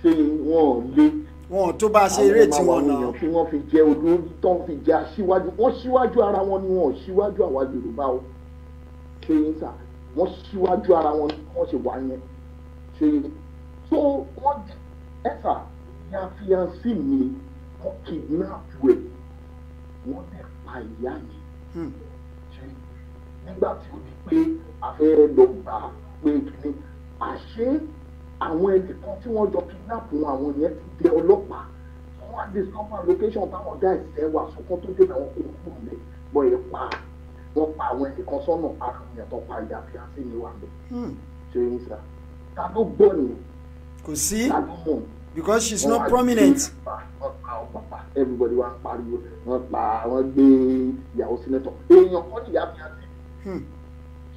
ṣe yìí wọn ò lé wọn tó bá ṣe eré tí wọn náà. àwọn tí wọ́n fi jẹ́ olórí tó ń fi jẹ́ aṣíwájú wọ́n ṣíwájú ara wọn ni wọn ò ṣíwájú àwa yorùbá o ṣe yín sà wọ́n ṣíwájú ara wọn ni wọ́n ṣe wà yẹn ṣe yín so wọ́n di ẹ̀fà ìyá fiancé mi wọ́n kidnap ẹ̀ wọ́n dẹ̀ pa ìyá mi hmm. nígbà tí ó di pé afẹ́ lọ gbà pé kìíní àṣé àwọn ẹnìkan tí wọ́n jọ kidnap wọn àwọn yẹn ti dé ọlọ́pàá wọ́n á discover location táwọn guys ẹ̀ wà sọ́kàn tó dé àwọn kò kúrò lẹ̀ bọ́ ẹ̀ pa wọ́n pa àwọn ẹnìkan sọ́nà àrùn yẹn tó pa ìyá fiancé mi wà lọ ṣe é ń sà ta ló gbọ́ nìyẹn kò sí because she is not prominent. everybody wa ń pariwo wọn pa wọn gbé ìyàwó sínẹtọ èèyàn kan ní ìyá mi hmm.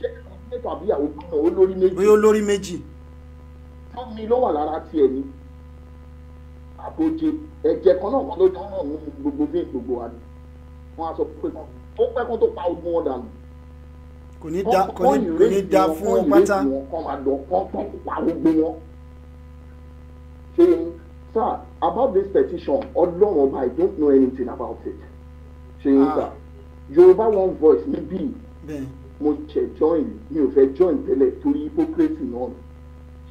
ṣé sínẹtọ àbí ìyàwó gómìnà olórí méjì. bóyá olórí méjì. fún mi ló wà lára tiẹ̀ ni àbójé ẹ̀jẹ̀ kan náà wọn ló tán náà gbogbo bí gbogbo wa ni wọn á sọ pé ó pẹ́ kó tó pa ogun wọn dànù kò ní da fún wọn pátá. wọ́n ìrètí wọn kọ́ máa lọ kọ́ pọ̀ pa gbogbo wọn saying sir about this petition ọlọ́run ọba i don't know anything about it ṣeun sir ah. yorùbá one voice níbí mo ṣe join mi ò fẹ́ join tẹ́lẹ̀ torí hypocrisy náà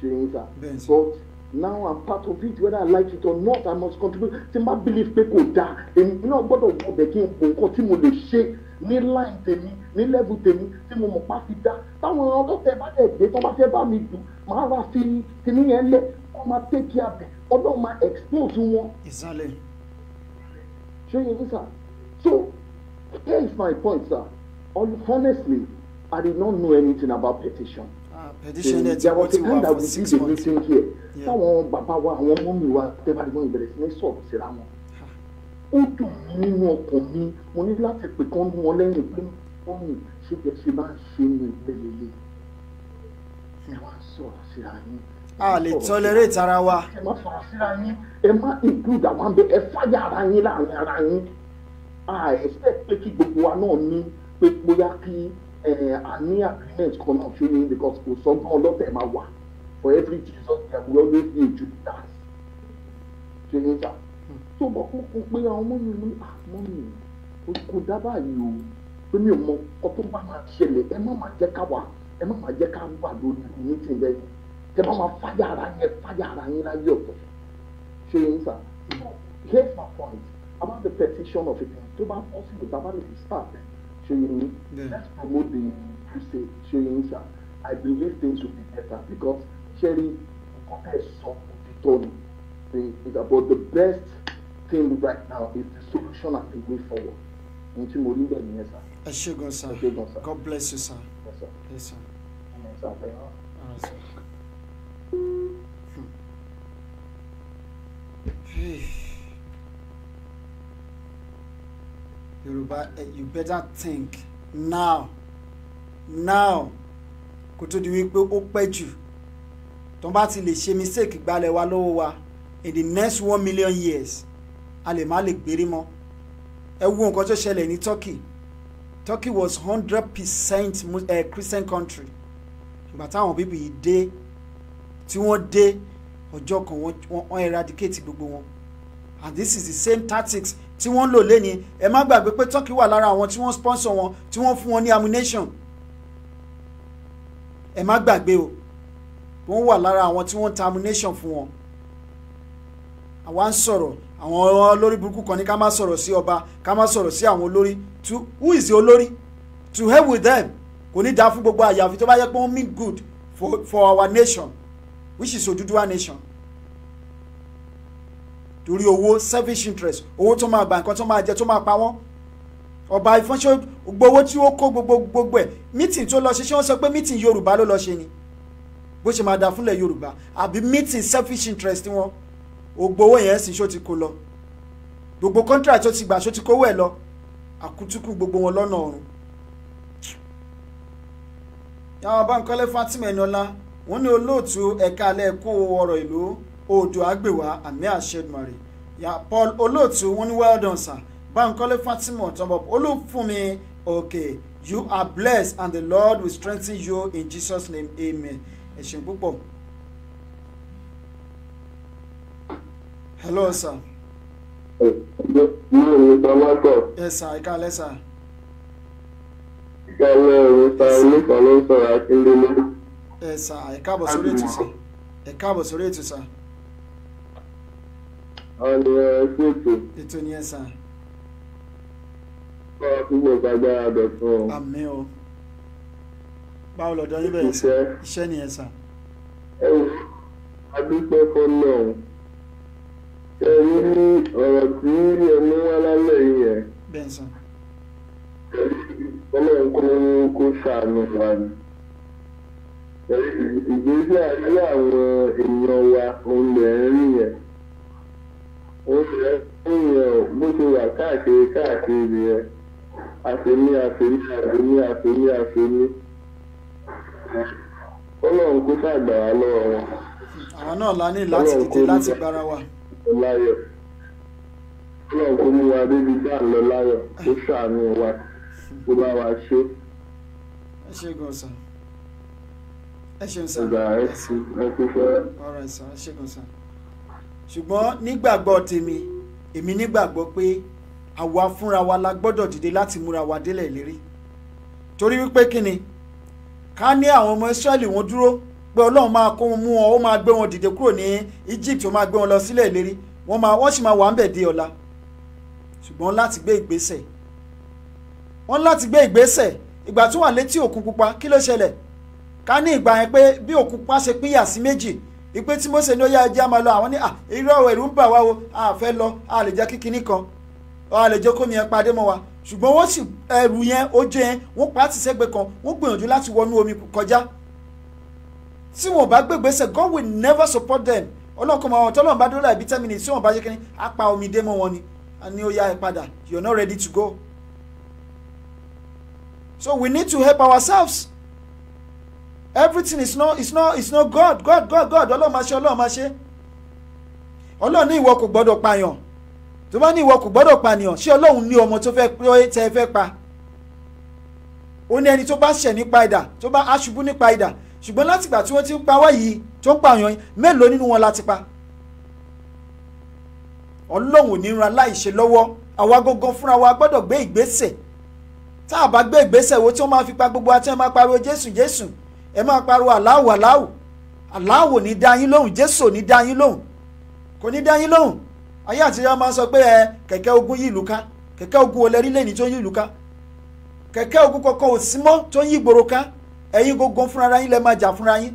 ṣeun sir but now i'm part of it whether i like it or not i must contribute tí n bá believe pé kò dáa èmi náà gbọ́dọ̀ wọ ọbẹ̀ kí n kò nǹkan tí mo lè ṣe ní line tèmi ní level tèmi tí mo mọ̀ pa fi dá táwọn ọlọ́tẹ̀ bá dẹ̀ gbé tó bá fẹ́ bá mi dùn màá ra fi kíní yẹn lẹ̀ máa take care bẹ̀ ọlọ́run máa expose wọn. ìsàlẹ̀. ṣé yẹn ní so here is my point sir honestly I did not know anything about petition. Ah, petition ẹ ti wọ́n ti wà for six months. there was a time that we did a meeting here. táwọn bàbá wa àwọn ọmọ mi wa tẹ́bàdìmọ́ ìbẹ̀rẹ̀ sí ní sọ̀rọ̀ síra wọn. ó dùn mí nínú ọkàn mi mo ní láti pè kán mú wọn lẹ́yìn pé wọ́n mi ṣe bẹ́ẹ̀ ṣe máa ń ṣe ní ìgbẹ́lẹ́lẹ́. tí wọ́n sọ̀rọ̀ síra yín a lè tolerate ara wa. ẹ má sọ̀rọ̀ síra yín ẹ má include àwọn abẹ ẹ fàyà ara yín láàrin ara yín a expect pé kí gbogbo wa náà ní pé bóyá kí a ní agreement kan náà fún mi because kò sọgbọ́n ọlọ́tẹ̀ máa wà for every Jesus there will always be a Judas ṣe ń ta tó bọ́ kó kó pé àwọn ọmọ mi ní àmọ́ ah, mi kò dá báyìí o pé mi ò mọ ọtún bá máa ṣẹlẹ̀ ẹ má máa jẹ́ ká wà ẹ má máa jẹ́ ká wà lórí meeting bẹ́ẹ̀ tẹ bá máa fájà ara yẹn fájà ara yẹn láyé ọ̀tọ̀ ṣe yín sá here is my point about the petition of a thing tó bá possible tàbá lè fi start ṣe yín ní let's promote the crusade ṣe yín sá I believe things will be better because ṣẹ́rí ọ̀tá ẹ̀ sọ òtítọ́ It's about the best thing right now is the solution and the way forward n tí mo rí bẹ́ẹ̀ nìyẹn sá. ẹ ṣé gan sá God bless you sir. Yes, sir. Yes, sir. Yes, sir. Yes, sir. <sighs> Yorùbá eh, you better think now now kó tó di wípé ó pẹ́ jù tó bá ti lè ṣe mistake gbalẹ̀ wa lọ́wọ́ wa in the next one million years a lè má lè gbérí mọ́ ẹ wo nǹkan tó ṣẹlẹ̀ ní Turkey Turkey was hundred percent eh, Christian country ìgbà táwọn bíbí yìí dé tí wọ́n dé ọjọ́ kan wọ́n eradicate gbogbo wọn and this is the same tactics tí wọ́n lò lẹ́ni ẹ má gbàgbé pé turkey wà lára àwọn tí wọ́n sponsor wọn tí wọ́n fún wọn ní ammunition ẹ má gbàgbé o wọ́n wà lára àwọn tí wọ́n ta ammunition fún wọn àwa ń sọ̀rọ̀ àwọn olórí burúkú kan ní ká má sọ̀rọ̀ sí ọba ká má sọ̀rọ̀ sí àwọn olórí to who is the olórí to help with them kò ní dáa fún gbogbo àyàfi tó bá yẹ pé wọ́n mean good for, for our nation which is Oduduwa nation torí owó selfish interest owó tó máa gba nǹkan tó máa jẹ tó máa pa wọ́n ọba ìfọ́nṣẹ́ gbowó tí ó kó gbogbo gbogbo ẹ̀ meeting tó lọ ṣe ṣé wọ́n sọ pé meeting Yorùbá ló lọ ṣe ni bó ṣe máa da fúnlẹ̀ Yorùbá àbí meeting selfish interest wọn ògbówó yẹn sì ṣó ti kó lọ gbogbo contract tó ti gbà ṣó ti kówó ẹ̀ lọ àkútúkù gbogbo wọn lọ́nà ọ̀run. yàrá bá Fatima Eniola wọ́n ní olóòtú ẹ̀ka alẹ́ kó ọ̀rọ̀ ìlú odò àgbèwà àmì àṣẹdùmarè ya Paul olóòtú wọ́n ní well done sir Bankole Fatima ọ̀tọ̀bọ̀ olúfúnmi òkè you are blessed and the Lord will strengthen you in Jesus name amen ẹ ṣé púpọ̀. hello sir. mi ò sọ mọ́tò. ẹ sà ìkàlẹ̀ sà. ìkàlẹ̀ òun ta oníkan ló ń sọ̀rọ̀ akíndélé ẹ sà ẹ káàbọ̀ sórí ètò sà ẹ káàbọ̀ sórí ètò sà. ọ̀nì ẹ̀kú ètò. ètò ni ẹ sà. kọ́ àtúbọ̀ gbàgbára dọ̀tún o. àmín o. báwo lọ́dọ̀ yín bẹ̀rẹ̀ sà iṣẹ́ ni ẹ sà. ẹ wò adúpẹ́ fọ́nà o. ṣe ní ọ̀rọ̀ tí ẹ mú wá lálẹ́ yìí yẹn. bẹ́ẹ̀ sà. ọlọ́run kò kó sàánú wa ni. ìgbésí ayé àwọn èèyàn wa òun lè rí yẹn òun yẹn bó ṣe wà káàkiri káàkiri nìyẹn àfẹ́mí àfẹ́mí àfẹ́mí àfẹ́mí àfẹ́mí ọlọ́run kó ṣàgbà wá lọ́wọ́ wọn. àwọn náà la ní láti dìde láti gbára wa. ọlọ́run kó mú wa débi bá láyọ̀ kó wa kó bá wa ṣe. ẹ ṣe gan ẹ ṣeun sá ìgbà ẹ ti ẹ pípẹ́. ọ̀rọ̀ ìsàn ẹ ṣe kan sá ṣùgbọ́n nígbàgbọ́ tèmi èmi nígbàgbọ́ pé àwa fúnra wa la gbọ́dọ̀ dìde láti múra wa délẹ̀ ìlérí torí wípé kí ká ní àwọn ọmọ Ísírẹ́lì wọn dúró pé Ọlọ́run máa kó mú wọn ó máa gbé wọn dìde kúrò ní Egypt ó máa gbé wọn lọ sílẹ̀ ìlérí wọ́n máa wọ́n sì máa wà ń bẹ̀ dé ọ̀la ṣùgbọ́n láti gbé ìgbésẹ̀ wọ́n láti gbé ìgbésẹ̀ ìgbà tó wà létí Òkun Pupa kí ló ṣẹlẹ̀ ká ní ìgbà yẹn pé bí òkú ṣe pínyà sí méjì ìpè tí Mósè ní ó yá ẹjẹ́ máa lọ àwọn ní irọ́ ẹ̀rù ń bà wá o a fẹ́ lọ a lè jẹ́ kíkiní kan a lè jẹ́ kómi yẹn padé mọ́ wa ṣùgbọ́n wọ́n sì ẹrù yẹn ó jẹ́ yẹn wọ́n pa á ti sẹ́gbẹ́ kan wọ́n gbìyànjú láti wọnú omi kọjá tí wọn bá gbégbèsè God will never support them ọlọ́kùnrin àwọn tọ́lọ́run bá dúró láì bí ten minutes tí wọ́n bá ṣe kíní á pa you are not ready to go so we need to help ourselves everything is not is not is not God God God God ọlọ́run máa ṣe ọlọ́run máa ṣe ọlọ́run ní ìwọ kò gbọ́dọ̀ pààyàn tó bá ní ìwọ kò gbọ́dọ̀ pààyàn ṣé ọlọ́run ní ọmọ tó fẹ́ tẹ fẹ́ pa ó ní ẹni tó bá ṣẹ̀ nípa idà tó bá aṣubú nípa idà ṣùgbọ́n látìgbà tí wọ́n ti ń pa yìí tó ń pààyàn mélòó nínú wọn la ti pa ọlọ́run ò ní ran aláìṣe lọ́wọ́ àwa gangan fúnra wa gbọ́dọ̀ gbé ìgbésẹ̀ tá a bá gbé ìgbésẹ̀ wo tí wọ́n máa fi pa gbogbo àti máa pariwo jésù jésù ẹ máa pariwo aláwò aláwò aláwò ní dáyín lóhùn jésù ní dáyín lóhùn kò ní dáyín lóhùn ayé àtijọ́ máa sọ pé ẹ kẹ̀kẹ́ ogun yìí ìlú ká kẹ̀kẹ́ ogun olè rí lẹ́ni tó ń yí ìlú ká kẹ̀kẹ́ ogun kankan ò sí mọ́ tó ń yí ìgboro ká ẹ̀yin gbogbo fúnra yín lẹ́ máa jà fúnra yín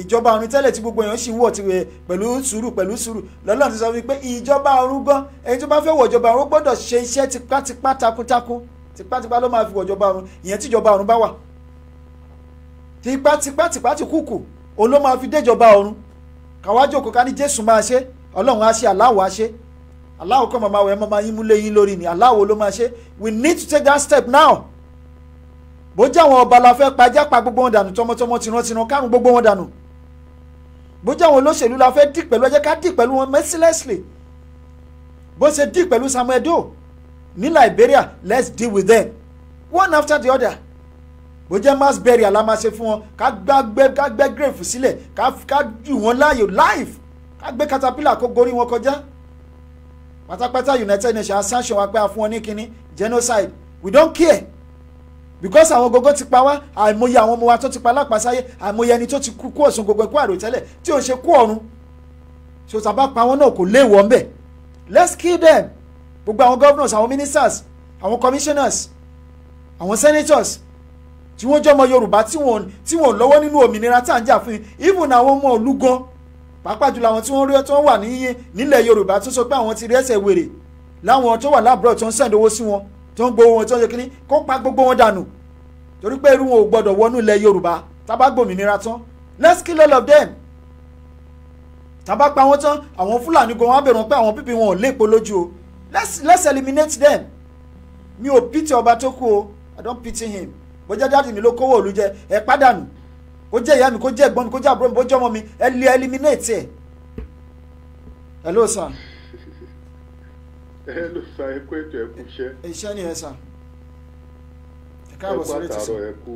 ìjọba ọ̀run tẹ́lẹ̀ tí gbogbo èèyàn sì ń wọ̀ ti pẹ̀lú sùúrù pẹ̀lú sùúrù lọ́lọ́run ti sọ wípé ìjọba ọ̀run gan ẹni tó bá fẹ́ wọ̀ ìjọba ọ̀run gbọ́dọ̀ ṣe iṣẹ́ tipátipá takuntakun tipátipá ló máa fi wọ̀ ìjọba ọ̀run ìyẹn tí ìjọba ọ̀run bá wà tipá tipá tipá ti kúkù òun ló máa fi déjọba ọ̀run káwá jókòó ká ní jésù máa ṣe ọlọ́run á ṣe aláwọ̀ á ṣe aláwọ̀ kọ́ màmá wẹ̀ ẹ́ máa yín múlé yín lórí ni aláwọ̀ ló máa ṣe we need to take that step now bó jẹ́ àwọn ọba la fẹ́ pajá pa gbogbo wọn dànù tọmọtọmọ tìrantìran kárùn gbogbo wọn dànù bó jẹ́ àwọn olóṣèlú la fẹ́ dì pẹ̀lú ẹ jẹ́ ká dì pẹ̀lú wọn mercilessly bó ṣe dì pẹ̀lú Samuel Doe ní Liberia let's deal with them one after the other bó jẹ́ mass burial la máa ṣe fún wọn ká gbẹ́ ká gbẹ́ grave sílẹ̀ ká jù wọ́n láàyò live ká gbé caterpillar kó gorí wọn kọjá pátápátá united nations sanction wa pé a fún wọn ní kínní genocide we don't care because àwọn gogo ti pa wá àìmọye àwọn ọmọ wa tó ti pa lápasáyé àìmọye ẹni tó ti kú kú ọ̀sùn gbogbo ẹ̀kú àròtẹ́lẹ̀ tí ò ń ṣe kú ọ̀run so tá a bá pa wọn náà kò léèwọ̀ ńbẹ̀ let's kill them gbogbo àwọn governors àwọn ministers àwọn commissioners àwọn senators tí wọ́n jọmọ yorùbá tí wọ́n tí wọ́n lọ́wọ́ nínú òmìnira tá à ń jà fún even àwọn ọmọ ìlú gan pàápàá jùlọ àwọn tí wọ́n rí ẹ tí wọ́n wà ní nílẹ̀ yorùbá tó sọ pé àwọn ti rí ẹsẹ̀ wèrè láwọn tó wà láàbúrò tó ń sẹ̀dọ̀wọ́ sí wọn tó ń gbowó wọn tó ń yẹ kínní kó pa gbogbo wọn dànù torí pé irú wọn ò gbọdọ̀ wọnú ilẹ̀ yorùbá tábà gbòmìnira tán let's kill all of them tábà pa wọn tán àwọn fúlàní gan wọn á bẹ̀rù pé àwọn pípì wọn ò lè polójú o let's let's eliminate them mi ò pity ọba tó kú o i don't pity him bó jẹ́ dáàdì mi ló kówó òlu jẹ ẹ pàdánù kó jẹ́ ìyá mi kó jẹ́ ẹ̀gbọ́n mi kó jẹ́ àbúrò mi kó jẹ́ ọmọ mi ẹ lé eliminate ẹ̀. hello sir. hello sir ẹ kú ètò ẹ kú iṣẹ́. iṣẹ́ ni ẹ sà. ẹ káàbọ̀ sí létí sà. ẹ kú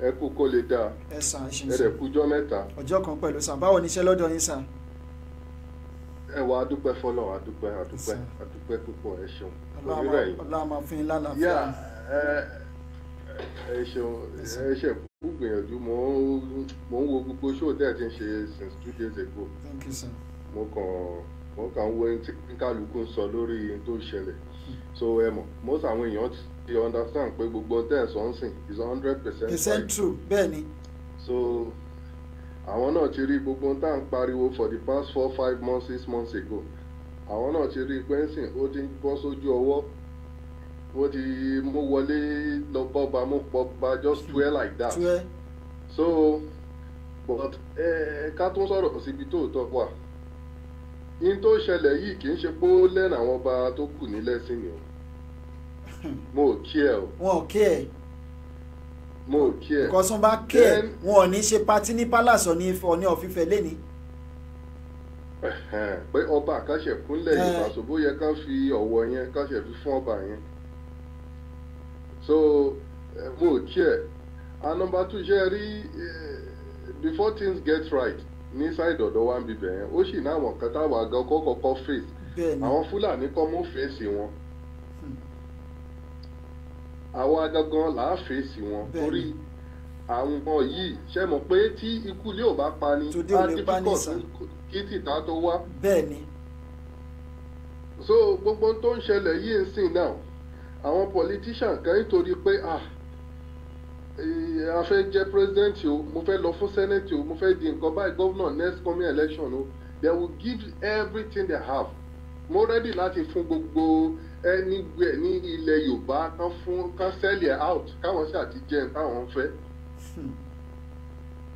ẹ kú kó lè dáa. ẹ sà ẹ ṣe ń sà. ẹ rẹ̀ kújọ́ mẹ́ta. ọjọ́ kan pẹ̀lú sà báwo ni iṣẹ́ lọ́dọ̀ yín sà ẹ wà adúpẹ́ fọlọ́ adúpẹ́ adúpẹ́ adúpẹ́ púpọ̀ ẹ ṣeun onírẹ̀ ẹ ṣeun ẹ ṣe kú gbìyànjú mo ń wo gbogbo show tẹ́ ẹ ti ń ṣe since two days ago mo kàn mo kàn ń wo ẹni tí kálukú ń sọ lórí ohun tó ṣẹlẹ̀ so ẹ mọ̀ most àwọn èèyàn ti understand pé gbogbo tẹ́ ẹ ń sìn is hundred percent right percent true bẹ́ẹ̀ ni. so àwọn náà ti rí gbogbo tá à ń pariwo for the past four five months six months ago àwọn náà ti rí pẹ́ńsìn ó ti ń bọ́ sójú ọwọ́ wọ́n ti mú wọlé lọ bọ́ba mú pọ́ba just swear like that swear. so but ká tún sọ̀rọ̀ síbi tó tọ́ wà yín tó ṣẹlẹ̀ yìí kì í ṣe pé ó lẹ́nu àwọn ọba tó kù ní lẹ́sìn ni o mo ò kí ẹ o. wọn ò kí ẹ mo ò kí ẹ. kọ́sùn bá kí ẹ wọn ò ní ṣe patí ní palace ọ̀ní ọ̀fífẹ́ lẹ́ni. pé ọba àkàṣẹ̀kúnlẹ̀ Yorùbá ṣòbó yẹ ká fi ọ̀wọ̀ yẹn ká ṣẹ̀ fi fún ọba yẹn so mo ò kí and number two ṣe rí eh, before things get right ní side ọ̀dọ̀ wa ń bibẹ̀ yẹn ó sì náà wọ̀n kan táwa gan kọ́kọ́kọ́ face àwọn fúlàní kọ́ mú fèsì wọn hmm. àwa gangan là á fèsì wọn torí àwọn yìí ṣe mọ̀ pé tí ikú ilé ò bá pa ni á difficult kí tìta tó wá. so gbogbo tó ń ṣẹlẹ̀ yìí ń sìn náà àwọn politician kan nítorí pé ah a fẹ́ jẹ́ president o mo fẹ́ lọ fún senate o mo fẹ́ di nǹkan báyìí governor next coming election o they will give everything they have mo ready láti fún gbogbo ẹni gbẹ ní ilẹ̀ yorùbá kan fún kan sell it out káwọn sì àti jẹun káwọn fẹ́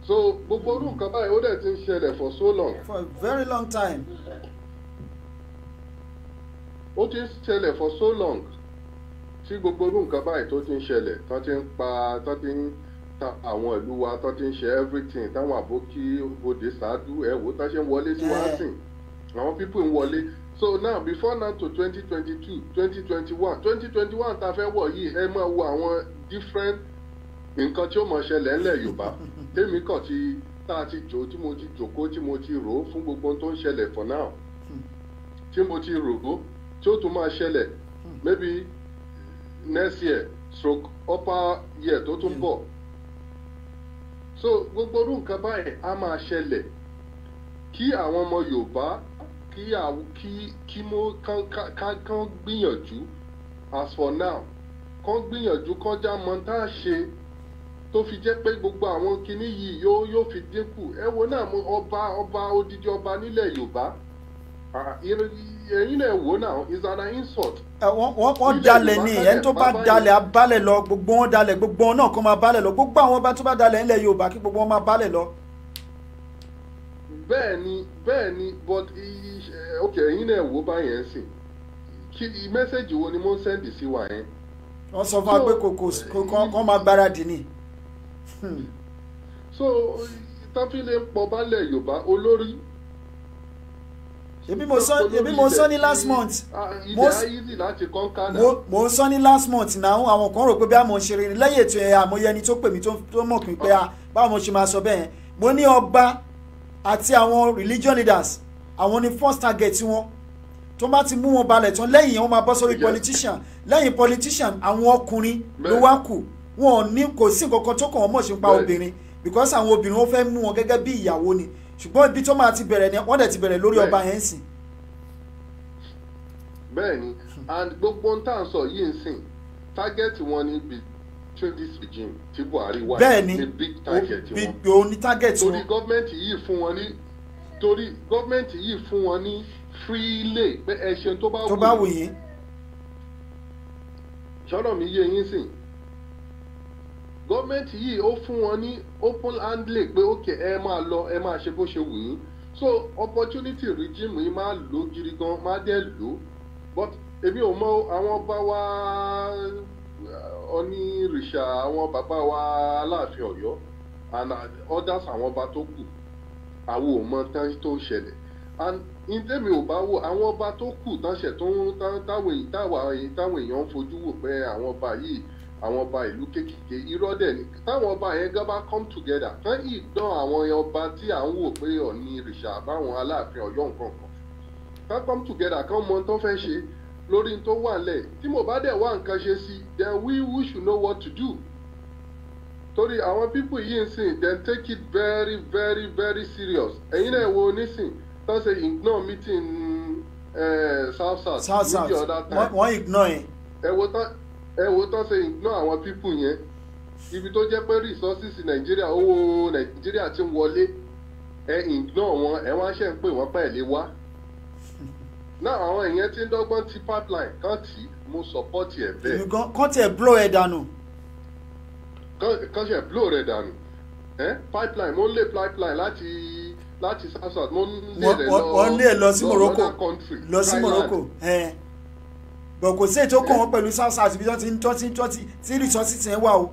so gbogbo orú nǹkan báyìí ó dẹ̀ ti ń ṣẹlẹ̀ for so long. for a very long time. ó ti ń ṣẹlẹ̀ for so long tí gbogbo irú nǹkan báyìí tó ti ń ṣẹlẹ̀ tó ti ń pa tó ti ń ta àwọn ìlú wa tó ti ń ṣe everything táwọn àbókí bòde ṣáájú ẹ̀ wò tó ṣe ń wọlé sí wá sìn àwọn people ń wọlé so now before now to twenty twenty two twenty twenty one twenty twenty one ta fẹ́ wọ̀ yìí ẹ máa wo àwọn different nǹkan tí ó mọ̀ ṣẹlẹ̀ ńlẹ̀ Yorùbá tèmi kàn ti tá a ti jò tí mo ti jòkó tí mo ti rò ó fún gbogbo ohun tó ń ṣẹlẹ̀ for now tí mo ti rò ó tí ó tún máa ṣẹlẹ̀ maybe next year stroke upper year tó tún bọ̀ so gbogbo orú nǹkan báyìí á máa ṣẹlẹ̀ kí àwọn ọmọ Yorùbá kí àwọn kí kí mo kán kán gbìyànjú as for now kán gbìyànjú kán já mọ tá a ṣe tó fi jẹ́ pé gbogbo àwọn kinní yìí yóò yóò fi dínkù ẹ wo náà ọba ọba odidi ọba nílẹ̀ Yorùbá Ah, ẹ̀yin náà eh, wọ́n wọ́n dalẹ̀ ni ẹni tó bá dalẹ̀ abalẹ̀ lọ gbogbo wọn dalẹ̀ gbogbo wọn náà kó máa balẹ̀ lọ gbogbo àwọn ọba tó bá dalẹ̀ ńlẹ̀ Yorùbá kí gbogbo wọn máa balẹ̀ lọ. bẹ́ẹ̀ni bẹ́ẹ̀ni but eh, ok ẹ̀yin náà wò báyẹn sìn kí mẹ́sẹ̀gì wo ni mo ń sẹ́ndì sí wa yẹn. wọ́n sọ fún wa pé kò eh, kò máa gbáradì ni. Hmm. so táfílẹ̀ ń pọ̀ balẹ̀ Yorùbá olórí èmi mo sọ èmi mo sọ ní last month ah, mo sọ ní last month náà àwọn kan rò pé bí a mọ̀ ṣe rere lẹ́yìn ètò ẹ̀ àmọye ẹni tó pè mí tó mọ̀ pín pé báwo mo ṣe máa sọ bẹ́ẹ̀ mo ní ọba àti àwọn religion leaders àwọn ni first target wọn tó bá ti mú wọn balẹ̀ tán lẹ́yìn yẹn wọ́n máa bọ́ sórí politician lẹ́yìn politician àwọn ọkùnrin ló wá kù wọn ò ní kò sí nǹkan kan tó kàn wọ́n mọ̀ ṣe ń pa obìnrin because àwọn obìnrin wọn fẹ́ mú wọn gẹ́gẹ́ bí ìyàwó ni ṣùgbọ́n ibi tó máa ti bẹ̀rẹ̀ ni wọ́n dẹ̀ ti bẹ̀rẹ̀ lórí ọba yẹn sìn. bẹ́ẹ̀ni and gbogbo ohun tá à ń sọ yìí ń sìn tágẹ́ẹ̀tì wọn ni between this regime ti Buhari wà ní big target wọn bẹ́ẹ̀ni òun ni tágẹ́ẹ̀tì wọn torí gọ́ọ̀mẹ̀ntì yìí fún wọn ní torí gọ́ọ̀mẹ̀ntì yìí fún wọn ní fírílẹ̀ pé ẹ ṣeun tó bá wù yín sọ́dọ̀ mi yé yín sìn gọ́ọ̀mẹ̀ntì yìí ó fún wọn ní open handle pé ok ẹ máa lọ ẹ máa ṣe bó ṣe wù yín so opportunity regime yìí máa lò gidi gan máa dẹ̀ lò but èmi ò mọ àwọn ọba wa onírìṣà àwọn bàbá wa aláàfin Ọ̀yọ́ and others àwọn ọba tó kù àwọn ò mọ tán tó ṣẹlẹ̀ and ìdẹ́mi ò bá wò àwọn ọba tó kù tánṣẹ̀ tó ń táwọn èèyàn ń fojú wò pé àwọn ọba yìí àwọn ọba ìlú kékèké irọ́ dẹ̀ ni táwọn ọba yẹn gan bá come together tán ìdán àwọn ọba tí à ń wò pé ọ̀ní ìrìṣà báwọn aláàfin ọ̀yọ́ nǹkan kan tán come together kán mọ tó fẹ́ ṣe lórí tó wà lẹ̀ tí mo bá dẹ̀ wá nǹkan ṣe sí then we we should know what to do torí àwọn pípù yìí ń sìn then take it very very very serious ẹ̀yin náà wo nísìn tán ṣe ignore meeting eh, south south ní the other time wọ́n ignore ẹ̀. ẹ wo tán e wo tó ṣe ignore àwọn people yẹn ibi tó jẹ́ pé resources nàìjíríà owó nàìjíríà ti ń wọlé ẹ ignore wọn ẹ wá ṣe ń pè wọ́n wá náà àwọn èèyàn ti ń dọ́gbọ́n ti pipeline kan tí mo support ẹ̀ bẹ́ẹ̀. kán tiẹ̀ blow danu. dànù. kán tiẹ̀ blow rẹ̀ dànù pipeline mo ń pipeline láti láti south south mo ń lé rẹ̀ lọ lọ lọ sí Morocco. but kò sí ètò kàn wọ́n pẹ̀lú south south ibi tó ti ń tọ́ ti ń tọ́ ti tí resources yẹn wà o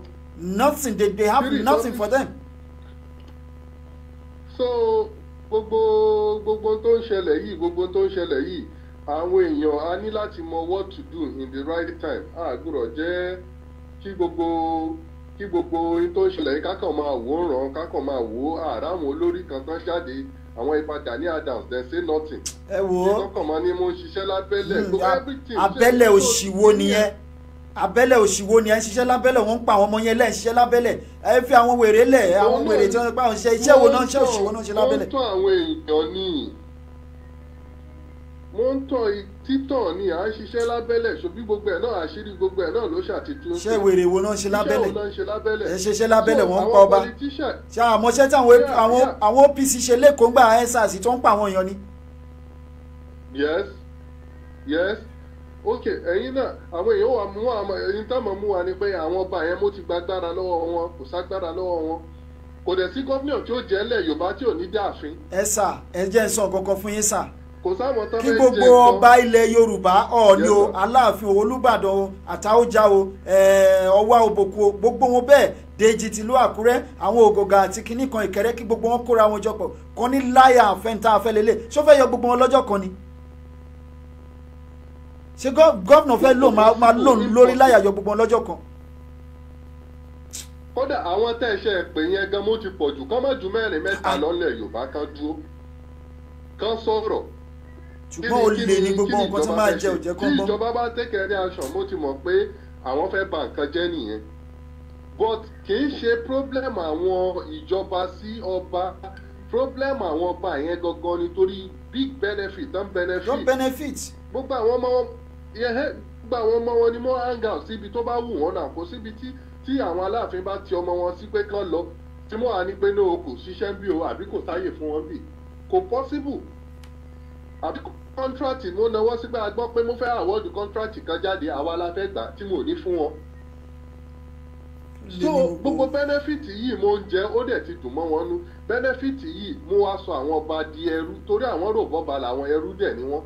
nothing they they have nothing for them. so gbogbo gbogbo tó ń ṣẹlẹ̀ yìí gbogbo tó ń ṣẹlẹ̀ yìí àwọn èèyàn a ní láti mọ what to do in the right time àgùrọ̀ jẹ́ kí gbogbo kí gbogbo ohun tó ń ṣẹlẹ̀ yìí kákan máa wò ó ràn kákan máa wò ó àrà àwọn olórí kan tán jáde àwọn ibà Gani Adams dem say nothing. ẹ wo ìdọ́kànmọ́ ni mo ń ṣiṣẹ́ lábẹ́lẹ̀ hmm, abẹ́lẹ̀ òṣìwò nìyẹn abẹ́lẹ̀ òṣìwò nìyẹn ṣiṣẹ́ lábẹ́lẹ̀ wọ́n ń pa àwọn ọmọ yẹn lẹ́ẹ̀ ṣiṣẹ́ lábẹ́lẹ̀ ẹ fi àwọn wèrè lẹ̀ àwọn wèrè tí wọ́n pa àwọn iṣẹ́ iṣẹ́ wo náà ṣe òṣìwò náà ṣe lábẹ́lẹ̀. wọ́n ń tọ́ àwọn èèyàn ní wọ́n ń tọ́ títàn ni à ń ṣiṣẹ́ lábẹ́lẹ̀ ṣòbí gbogbo ẹ̀ náà àṣírí gbogbo ẹ̀ náà ló ṣàtìtú. ṣé wèrè wo náà ṣe lábẹ́lẹ̀ ẹ ṣe ṣe lábẹ́lẹ̀ wọ́n ń pa ọba ṣe àmọ́ṣẹ́ tí àwọn OPC ṣe lẹ́kọ̀ọ́ gbà ẹ́sàs tó ń pa àwọn èèyàn ni. yes yes ok ẹ̀yin náà àwọn èèyàn wà mú àwọn ẹ̀yin táwọn mú wa ni pé àwọn ọba yẹn mo ti gbàgbára lọ́wọ́ wọn kò ságbára lọ́wọ́ wọn kò dẹ̀ sí gómìnà tí ó jẹ́ lẹ̀ Yorùbá tí ò ní dáàfin. ẹ sà ẹ jẹ́ ń sọ kọ́kọ́ fún yín sà kò sáwọn tó fẹ́ ṣe nǹkan. kí gbogbo ọba ilẹ̀ yorùbá ọ̀ọ́ni o aláàfin olùbàdàn o àtàwọ̀já o eh, ọwá òbòkú o gbogbo wọn bẹ́ẹ̀ dèjì tìlú àkúrẹ́ àwọn ògògà àti kinní kan ìkẹrẹ́ kí gbogbo wọn kóra wọn jọpọ̀ kan ní láyà àfẹ́ntà àfẹ́lélẹ̀ ṣó fẹ́ yọ gbogbo wọn lọ́jọ́ kan ni ṣé gọ́ọ̀nà fẹ́ lò máa lò lórí láyà yọ gbogbo wọn lọ́jọ́ kan kódà àwọn tẹ́ ẹ ṣe pè yẹn gan mo ti pọ̀ jù kán má ju mẹ́rin mẹ́ta lọ́lẹ̀ yorùbá kan dúró kán sọ̀rọ̀ ṣùgbọ́n ó lè ní gbogbo nǹkan tó máa jẹ òjẹ́ kọ́ńbọ́n. ìjọba bá tẹ́kẹ̀rẹ́ ní aṣọ mo ti mọ̀ pé àwọn fẹ́ bà nǹkan jẹ́ nìyẹn but kì í ṣe problem àwọn ìjọba sí ọba problem àwọn ọba yẹn gangan nítorí big benefit don benefit. don benefit. gbogbo àwọn ọmọ wọn gbogbo àwọn ọmọ wọn ni mo hang out síbi tó bá wù wọ́n náà kó síbi tí tí àwọn aláàfin bá ti ọmọ wọn sí pé kán lọ tí mo wà ní pé náà kò ṣiṣẹ́ bí o àbí kò sáyè fún wọn bí kò possible àbí kọ́ńtrátì mo náwó sígbà gbọ́ pé mo fẹ́ àwọ́dù kọ́ńtrátì kan jáde àwa la fẹ́ gbà tí mo ní fún wọn. so gbogbo bẹ́nẹ́fìtì yìí mo ń jẹ ó dẹ̀ ti dùn mọ́ wọn nú bẹ́nẹ́fìtì yìí mo wá sọ àwọn ọba di ẹrú torí àwọn rògbọ́ba làwọn ẹrú dẹ̀ ni wọ́n.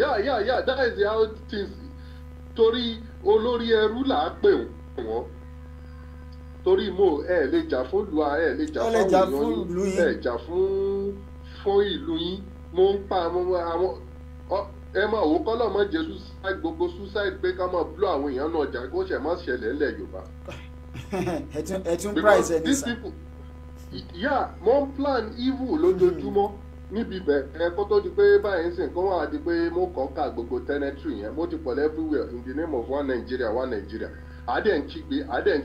yà yà yà that is how things torí olórí ẹrú là á pè wọ́n torí mo ẹ lè jà fún lu ẹ lè jà fún àwọn èèyàn jà fún. fún ìlú yín mo ń pa àwọn ẹ máa wò kọ́ lọ́mọ jẹ́ suicide gbogbo suicide pé ká máa blow àwọn èèyàn náà jà kó ṣẹ̀ má ṣẹlẹ̀ ńlẹ̀ Yorùbá. <laughs> ẹ tún price ẹni sá. yà mo ń plan evil lójoojúmọ́ hmm. níbi bẹ̀rẹ̀ kó tó di pé báyìí ń sìn kó wà á di pé mo kàn ká gbogbo territory yẹn mo ti pọ̀ everywhere in the name of one Nigeria one Nigeria àdẹ̀ ń kígbe àdẹ̀ ń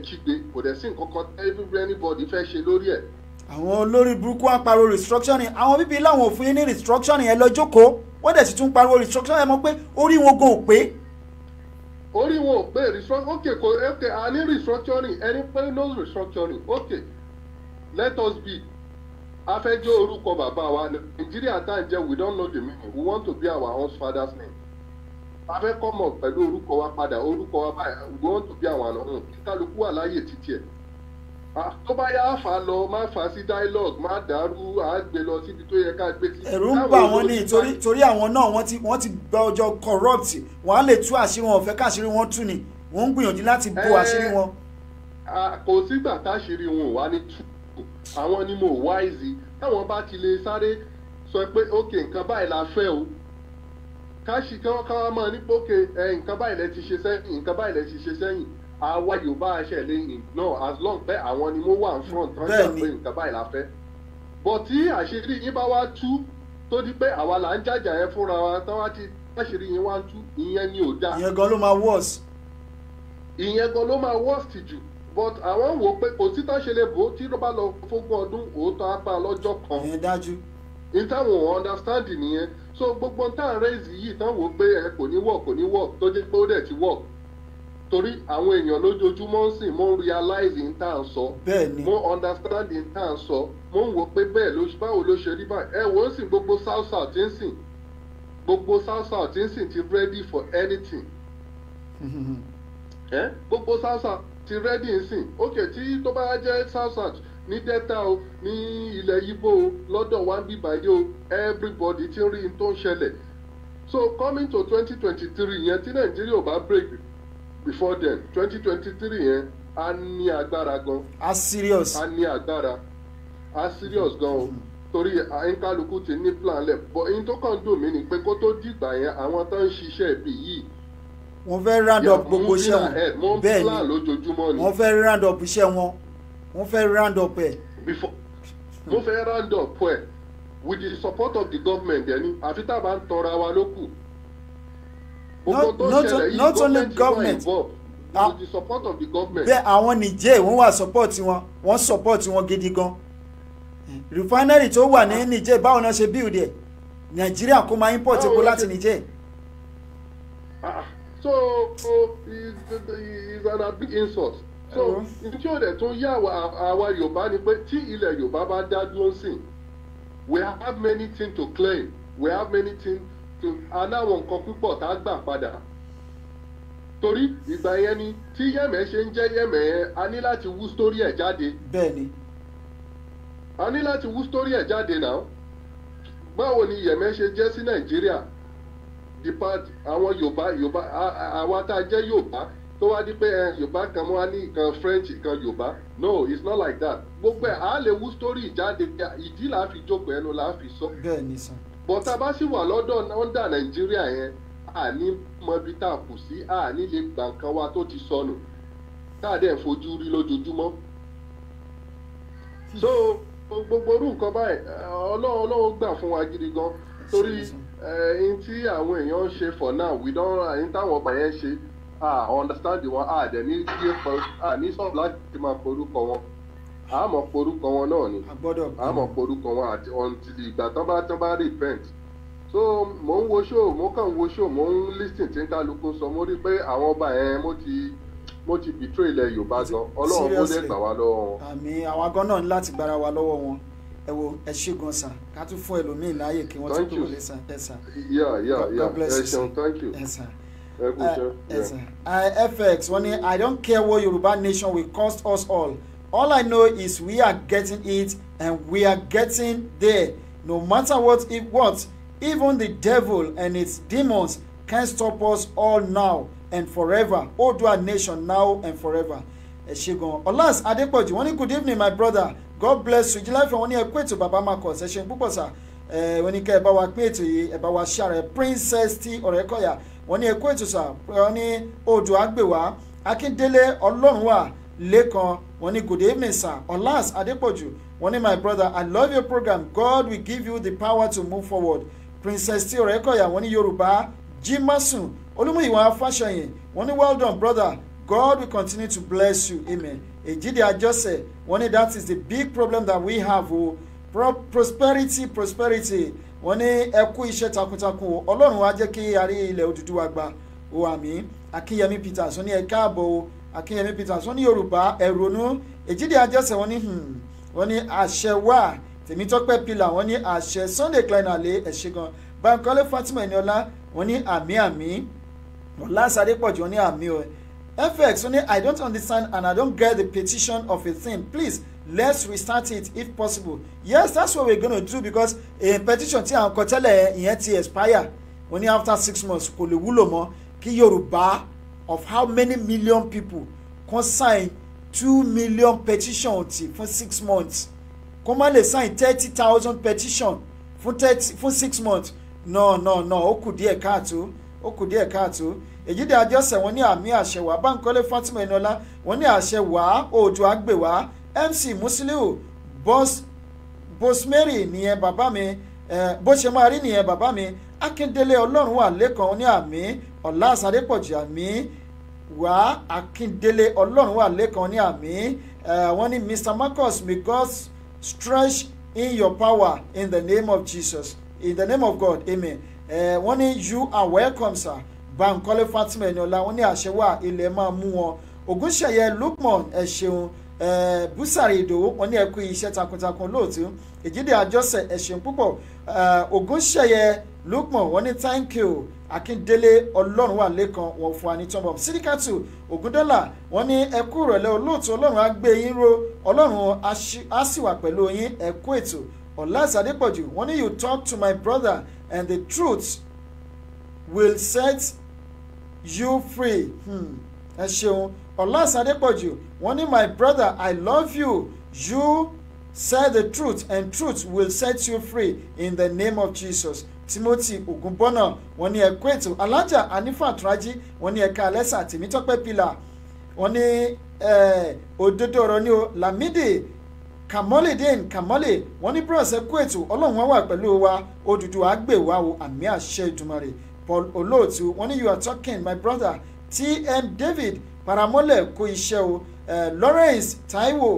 kò dẹ̀ sí nǹkan kan everywhere anybody fẹ́ ṣe lórí ẹ̀ àwọn olórí burúkú wa ń pariwo restructuring àwọn bíbí láwọn ò fún yín ní restructuring ẹ lọ jókòó wọ́n dẹ̀ sì tún pariwo restructuring ẹ mọ̀ pé orí wọn gan ò pé orí wọn ò pé restructuring ok kò ok a ní restructuring ẹni pé no restructuring ok let us be a fẹ́ jẹ́ orúkọ bàbá wa Nigeria tá à ń jẹ́ we don't know the meaning we want to be our own father's name a fẹ́ kọ́ mọ̀ pẹ̀lú orúkọ wa padà orúkọ wa báyìí we want to be our own kíkálukú wà láyè títí ẹ̀. Ah, tó bá yá fà lọ má fà sí dialogue má dàrú à á gbé lọ síbi tó yẹ ká gbé sí. ẹ̀rù ń bà wọ́n ní torí torí àwọn náà wọ́n ti wọ́n ti gba ọjọ́ corrupt wọ́n á lè tú àṣírí wọn ọ̀fẹ́ káṣírí wọn tú ni wọ́n ń gbìyànjú láti bo eh, àṣírí wọn. kò sígbà táṣírí wọn ò wá ní tù àwọn ni mo wáìzì táwọn bá ti lè sáré sọ pé ókè nǹkan báyìí la fẹ́ o káṣí kí wọ́n máa ní pókè eh, nǹkan báyìí lẹ ti ṣe sẹ́yìn nǹkan báyìí lẹ ti ṣe sẹ́yìn àwa yorùbá àṣẹlẹ ignore as long bẹ́ẹ̀ àwọn ni mo wà ń front tán ṣe pé nǹkan báyìí la fẹ́ bọ̀ tí àṣírí yín bá wá tú tó di pé àwa là ń jàjà yẹn fúnra wa tán wá ti àṣírí yín wá ń tú ìyẹn ni ò dáa. ìyẹn gan ló máa worse. ìyẹn gan ló máa worse jù but àwọn wò pé kò sí táṣe lè bò ó tí ló bá lọ fógún ọdún òótọ́ apá lọ́jọ́ kan. ìyẹn dájú. ní táwọn understand nìyẹn so gbogbo tá à raise rẹ́ẹ̀sì yìí tán wò pé ẹ kò ní work kò ní work tó jẹ́ pé ó dẹ̀ ti work torí àwọn èèyàn lójoojúmọ́ ń sìn mo ń realize in tá à ń sọ mo understand in tá à ń sọ mo ń wò pé bẹ́ẹ̀ ló báwo ló ṣe rí báyìí ẹ wò ó sìn gbogbo south south ń sìn gbogbo south south ń sìn ti ready for anything <laughs> ẹ gbogbo south south ti ready ń sìn ok tí tó bá jẹ́ south south ní delta o ní ilẹ̀ Ìgbò o lọ́dọ̀ wa ń bí báyìí o everybody ti rí n tó ń ṣẹlẹ̀ so coming to twenty twenty three yẹn tí Nàìjíríà ò bá break before then twenty twenty three yẹn á ní agbára gan. a serious. a ní agbára a serious gan o torí àyínkálukú ti ní plan lẹ̀ bọ̀ eyín tó kàn dùn mí ni pé kó tó dìgbà yẹn àwọn tó ń ṣiṣẹ́ ibi yìí wọ́n fẹ́ round up gbogbo iṣẹ́ wọn bẹ́ẹ̀ ni wọ́n fẹ́ round up iṣẹ́ wọn wọ́n fẹ́ round up ẹ̀. wọ́n fẹ́ round up ẹ̀ with the support of the government ẹni àfi tá a bá ń tọra wa lókù not not not only government ah. with the support of the government. bẹ́ẹ̀ àwọn Niger wọ́n wà support wọn wọ́n support wọn gidi gan refinery tó wà ní Niger báwo náà ṣe build ẹ̀ Nàìjíríà kó máa import epo láti Niger. Ah, ah. so is an big insult so tí ó dẹ̀ tó yá àwa Yorùbá ni pé tí ilẹ̀ Yorùbá bá dá dúró sí we have many things to claim we have many things aláwọn nǹkan púpọ̀ tá a gbà padà torí ìgbà yẹn ni tí yẹ̀mẹ̀ ṣe ń jẹ́ yẹ̀mẹ̀ yẹn a ní láti wú sítórí ẹ̀ jáde. bẹ́ẹ̀ni. a ní láti wú sítórí ẹ̀ jáde náà báwo ni yẹ̀mẹ̀ ṣe jẹ́ sí nàìjíríà depart àwọn yorùbá yorùbá àwa tá a jẹ́ yorùbá tó wá di pé yorùbá kan mọ́ á ní nǹkan french nǹkan yorùbá no it's not like that gbogbo ẹ̀ á lè wú sítórí jáde ìdí làá fi jókòó ẹnu làá fi sọ. bẹ́ẹ̀ni sàn bọ́tà bá sì wà lọ́dọ̀ ọ̀ndà nàìjíríà yẹn àní mọbi tá a kù sí àní lè gbà nǹkan wa tó ti sọnù tá a dẹ̀ fojú rí lójoojúmọ́. so gbogbo orú nǹkan báyìí ọlọ́run ọlọ́run gbà fún wa gidi gan torí ẹyin tí àwọn èèyàn ń ṣe for now we don ẹyin táwọn ọba yẹn ṣe ah understand wọn ah need Ah, need some sọ̀rọ̀ láti máa forúkọ wọn àmọ́ porúkọ wọn náà ni àmọ́ porúkọ wọn àti ọ̀ntìlì ìgbà tán bá tán bá repent so mò ń wo show mo kàn wo show mo ń listen tí ń kálukú sọ mo rí pé àwọn ọba yẹn mo ti mo ti betray ilẹ̀ yorùbá gan ọlọ́run kó lè gbà wá lọ́wọ́ wọn. àmì àwọn agán náà ní láti gbára wa lọ́wọ́ wọn ẹ wo ẹ ṣe gan san ká tún fún ẹlòmíín láàyè kí wọ́n tún kúrò lè san ẹ san. yà yà yà ẹ thank you. ẹ san ẹ kú iṣẹ́. fx wọ́n ní i don't care what yorùbá nation will cost us all All I know is we are getting it and we are getting there. No matter what if what, even the devil and its demons can stop us all now and forever. Odua nation now and forever. Ẹ ṣe gan. Olas Adepoju wọ́n ní good evening my brother. God bless you. July fún wọn ní ẹ̀kú ètò bàbá Marcus. Ẹ ṣe púpọ̀ sà. Ẹ wọ́n ní kẹ́ ẹ bá wa pín ètò yìí ẹ bá wa ṣe ààrẹ Princess T Ọ̀rẹ́kọ̀yà. Wọ́n ní ẹ̀kú ètò sà. Wọ́n ní Odua gbè wá. Akíndélé Ọlọ́run wà lẹ́kan wọ́n ní good evening sir olas adepoju wọ́n ní my brother i love your program god will give you the power to move forward princess tí ọ̀rẹ́ kọ̀yà wọ́n ní yorùbá jimasun olúmúyìwá fàṣẹyìn wọ́n ní well done brother god will continue to bless you amen èjìdí àjọsẹ̀ wọ́n ní that is the big problem that we have o oh. Pro prosperity prosperity wọ́n ní ẹ kú iṣẹ́ takuntakun o ọlọ́run wa jẹ́ kí a rí ilẹ̀ Odùduwà gbà o oh, àmín akínyẹmí peters wọ́n ní ẹ káàbọ̀ o oh akínyẹmí peter sọ ní yorùbá ẹ̀rọ̀nù èjìdí ajẹ́sẹ̀ wọn ní hmm, wọn ní àṣẹ wà tèmítọ́pẹ́ pila wọn ní àṣẹ sunday klein alẹ́ ẹ̀ṣẹ̀ gan bankole fatima eniola wọn ní àmì àmì wọn lásàdé pọ̀jù wọn ní àmì o fx wọn ní i don't understand and i don't get the petition of a thing please let's restart it if possible yes that's what we're gonna do because a petition tí à ń kọ tẹ́lẹ̀ ìyẹn ti expire wọn ní after six months kò lè wúlò mọ́ kí yorùbá of how many million people kan sign two million petition ti fún six months kó má lè sign thirty thousand petition fún thirty fún six months no no no O kù díẹ̀ káàtó O kù díẹ̀ káàtó èyí dé àjọsẹ̀ wọn ní àmì àṣẹ wá Bánkọ́lé Fatima Eniola wọn ní àṣẹ wá Oòduà gbè wá MC Musiliu bosmeri nìyẹn bàbá mi eh, bó ṣe máa rí nìyẹn bàbá mi akíndélé ọlọ́run wà lẹ́kàn ní àmì ọ̀la àsàdépọ̀jù àmì wá akíndélé ọlọ́run wà lẹ́kàn ní àmì wọ́n ní mr marcus may god stretch in your power in the name of jesus in the name of god amen wọ́n ní you are welcome sir bankole fatima eniola wọ́n ní àṣẹ wà ilẹ̀ máa mú wọn ògúnṣẹ̀yẹ lukman ẹ ṣeun búsàrì ìdòwò wọ́n ní ẹ kú iṣẹ́ takuntakun lóòtú èjídé àjọṣe ẹ ṣeun púpọ̀ ògúnṣẹ̀yẹ Lukman wọ́n ní thank you Akíndélé ọlọ́run wà lẹ́kan wọ́n fún wa ní tọ́bọ̀ síríkàtù ògúndọ́là wọ́n ní ẹkú ìrọ̀lẹ́ olóòtú ọlọ́run á gbé yín ró ọlọ́run á sì wà pẹ̀lú yín ẹkú ètò ọ̀làsàdépọ̀jù wọ́n ní you talk to my brother and the truth will set you free hmm, ẹ ṣeun ọ̀làsàdépọ̀jù wọ́n ní my brother I love you you say the truth and truth will set you free in the name of Jesus timothy ògúnbọ́nà wọ́n ní ẹ̀kọ́ ètò alájà anífàtúrájí Túnrájí wọ́n ní ẹ̀ka alẹ́sà tèmítọ́pẹ́ pìlà wọ́n ní òdodo ọ̀rọ̀ ni o lamidi kamolidin kamole wọ́n ní bros ẹ̀kọ́ ètò ọlọ́run wà pẹ̀lú wa òdùdú àgbèwà o àmì àṣẹ ìdùmarè paul olóòtú wọ́n ní you are talking my brother tm david paramọ́lẹ̀ kó iṣẹ́ o lawrence taiwo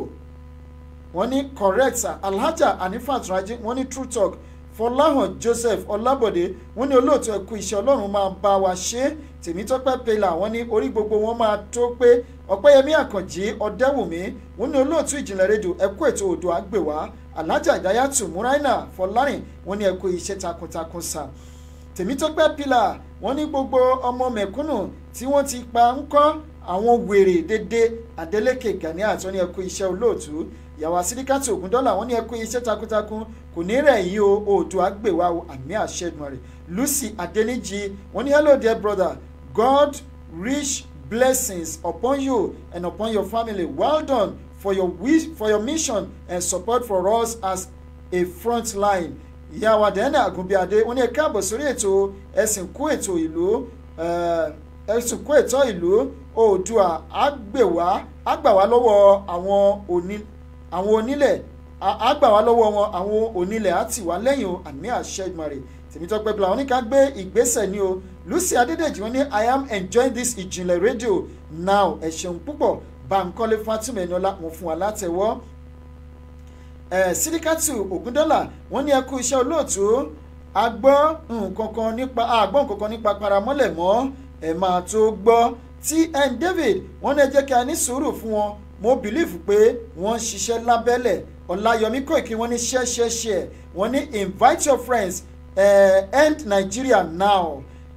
wọ́n ní correct alhaja anifa Túnrájí wọ́n ní true talk fọláhàn joseph ọlábọ̀dé wọ́n ní olóòtú ẹ̀kú iṣẹ́ ọlọ́run máa bá wa ṣe tèmítọ́pẹ́ pẹ̀lá wọ́n ní orí gbogbo wọn máa tó pé ọpẹ́yẹmí àkànjí ọ̀dẹ́wùmí wọ́n ní olóòtú ìjìnlẹ̀ rédíò ẹ̀kú ètò odò àgbèwá alájà ìdáyàtù múráìnà fọlárìn wọ́n ní ẹ̀kú iṣẹ́ takuntakun sàn tèmítọ́pẹ́ pẹ̀lá wọ́n ní gbogbo ọmọ mẹ̀kúnnù tí wọ́n ti pa ń kọ́ àwọn wèrè déédéé adeleke gani àtọ́ni ẹ̀kú iṣẹ́ olóòtú ìyàwó sílíkàtì ògùn dọ́là wọn ní ẹkú iṣẹ́ takuntakun kò ní rẹ̀ yí o òòtú àgbèwà àmì àṣẹgun rẹ̀ Lucy Adeliji wọn ní hello dear brother God rich blessings upon you and upon your family well done for your wish for your mission and support for us as a front line ìyàwó àdéhùn àgùnbíàdé wọn ní ẹ̀ka àbọ̀ sórí ètò ẹ̀sìn kú ètò ìlú ẹ̀sìn kú ètò ìlú Oòduà àgbèwà àgbàwà lọ́wọ́ àwọn àwọn onílẹ̀ á gbà wá lọ́wọ́ wọn àwọn onílẹ̀ á tì wá lẹ́yìn o àmì àṣẹ ìmọ̀ràn Tèmítọ́pẹ́ bla oníkà gbé ìgbésẹ̀ ni o Lucy Adédèjì wọn ní I am enjoying this ìjìnlẹ̀ radio now ẹ ṣeun púpọ̀ Bankole Fatima Eniola wọn fún wa látẹ̀wọ́ sídíkàtù Ògúndọ́là wọn ní ẹ kú iṣẹ́ olóòtú a gbọ́ nǹkan kan nípa a gbọ́ nǹkan kan nípa paramọ́lẹ̀ mọ́ ẹ̀ máa tó gbọ́ T.N. David wọn ní ẹ jẹ́ kí a ní sùúrù fún wọn mo believe pé wọ́n ń ṣiṣẹ́ lábẹ́lẹ̀ ọláyọmí kòìkì wọ́n ní ṣẹ́ṣẹ́ṣẹ́ wọ́n ní invite your friends uh, end Nigeria now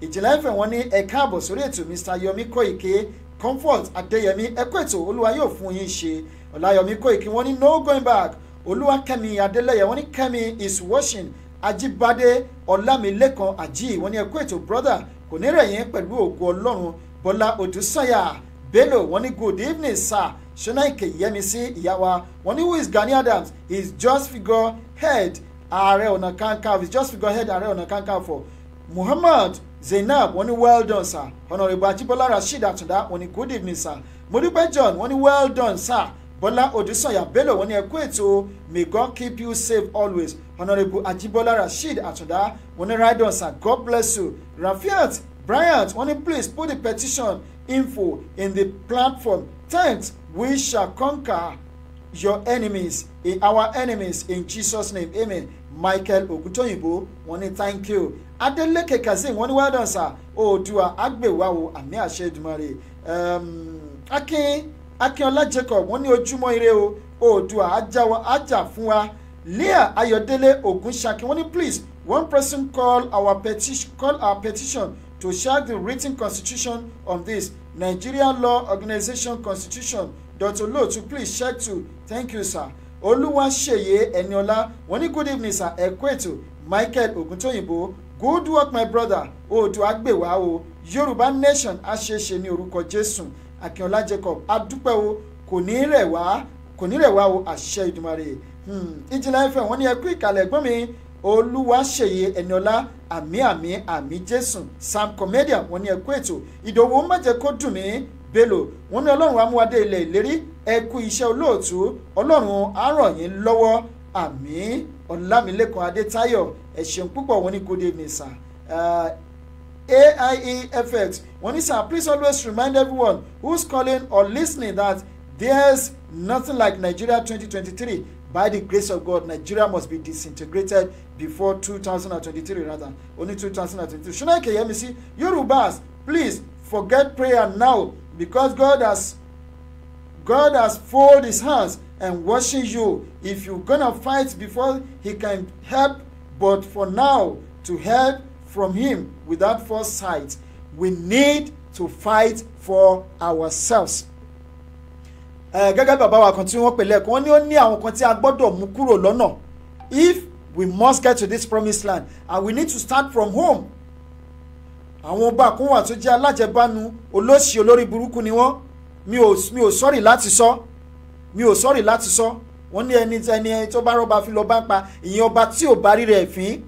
ìjìnlẹ̀ ìfẹ́ wọ́n ní ẹ káàbọ̀ sórí ètò Mr Yomi Koiki comfort adéyẹmí ẹ kú ètò olúwa yóò fún yín ṣe ọláyọmí Koiki wọ́n ní no going back olúwakẹ́mi adélẹ́yẹ wọ́n ní kẹ́mi is washing Ajibade ọlámilẹ́kan ají wọ́n ní ẹ kú ètò brother kò ní rẹ̀ pẹ̀lú ògo ọlọ́run bọ́lá odùsànyà bello wọ́n ní good evening sir Shonaike Yemisi Iyawa wọ́n ní who is Gani Adams he is just figure head Ààrẹ Ọ̀nà Kakanfò he is just figure head Ààrẹ Ọ̀nà for Muhammad Zainab wọ́n ní well done sir Honourable Ajibola Rasheed Atunda wọ́n ní good evening sir Modupe John wọ́n ní well done sir Bọ́lá Odusanya Bello wọ́n ní ẹ kú ètò may God keep you safe always Honourable Ajibola Rasheed Atunda wọ́n ní right on sir God bless you Rafiat Bryant wọ́n ní please put the petition info in the platform. Thanks, we shall conquer your enemies, eh, our enemies, in Jesus' name. Amen. Michael Ogutoyinbo one thank you Adeleke Kazeem wọ́n ní well done sir Oh, agbe Oòdùà agbèwàwò àmì Um, Èdùmàrè Akin Akinola Jacob one ní ojúmọ́ ire o Oòdùà ajá fún wa Leah Ayọ̀délé Ogunṣakin wọ́n ní please one person call our petition call our petition to check the written constitution on this Nigerian Law Organization Constitution Dr. Lotu please check too thank you sir Olúwaṣeyẹ Eniola. wọ́n ní good evening sir ẹ ètò Michael Oguntoyinbo. good work my brother oòdùà gbèwà o Yorùbá nation àṣeṣe ní orúkọ Jésù Akínọlá Jacob adúpẹ́ o kò ní rẹ̀ wá kò ní rẹ̀ wá o àṣẹ Ìdùmarè hmm. Ìjìnlẹ̀ FM wọ́n ní ẹ kú ìkàlẹ̀ ẹ̀gbọ́n mi olúwaṣeyẹ ẹniọlá àmì àmì àmì jésù sam comedian wọ́n ní ẹkú ètò ìdòwò má jẹ́ kó dùn mí bello wọ́n ní ọlọ́run amúwadé ilẹ̀ ìlérí ẹkú iṣẹ́ olóòtú ọlọ́run á yín lọ́wọ́ àmì ọlámilẹ́kan adétayọ̀ ẹ púpọ̀ wọ́n ní good evening sir uh, AIEFX e wọ́n ní sir please always remind everyone who's calling or listening that there's nothing like Nigeria 2023 by the grace of God Nigeria must be disintegrated before two thousand and twenty-three, rather only two thousand and twenty-three. 2023 Shunake Yemisi Yorubas please forget prayer now because God has God has folded his hands and watching you if you gonna fight before he can help but for now to help from him without foresight we need to fight for ourselves Eh, gẹ́gẹ́ bàbá wa kan tí wọ́n pè lẹ́kọ̀ọ́ wọ́n ní ó ní àwọn kan tí a gbọ́dọ̀ mú kúrò lọ́nà if we must get to this promised land and we need to start from home àwọn ọba kan wà tó jẹ́ alájẹbánu olóṣì olórí burúkú ni wọ́n mi ò mi ò sọ́rì láti sọ mi ò sọ́rì láti sọ wọ́n ní ẹni ẹni ẹni tó bá rọ́ba fi lọ́ba ń pa ìyẹn ọba tí ò bá rí rẹ̀ fín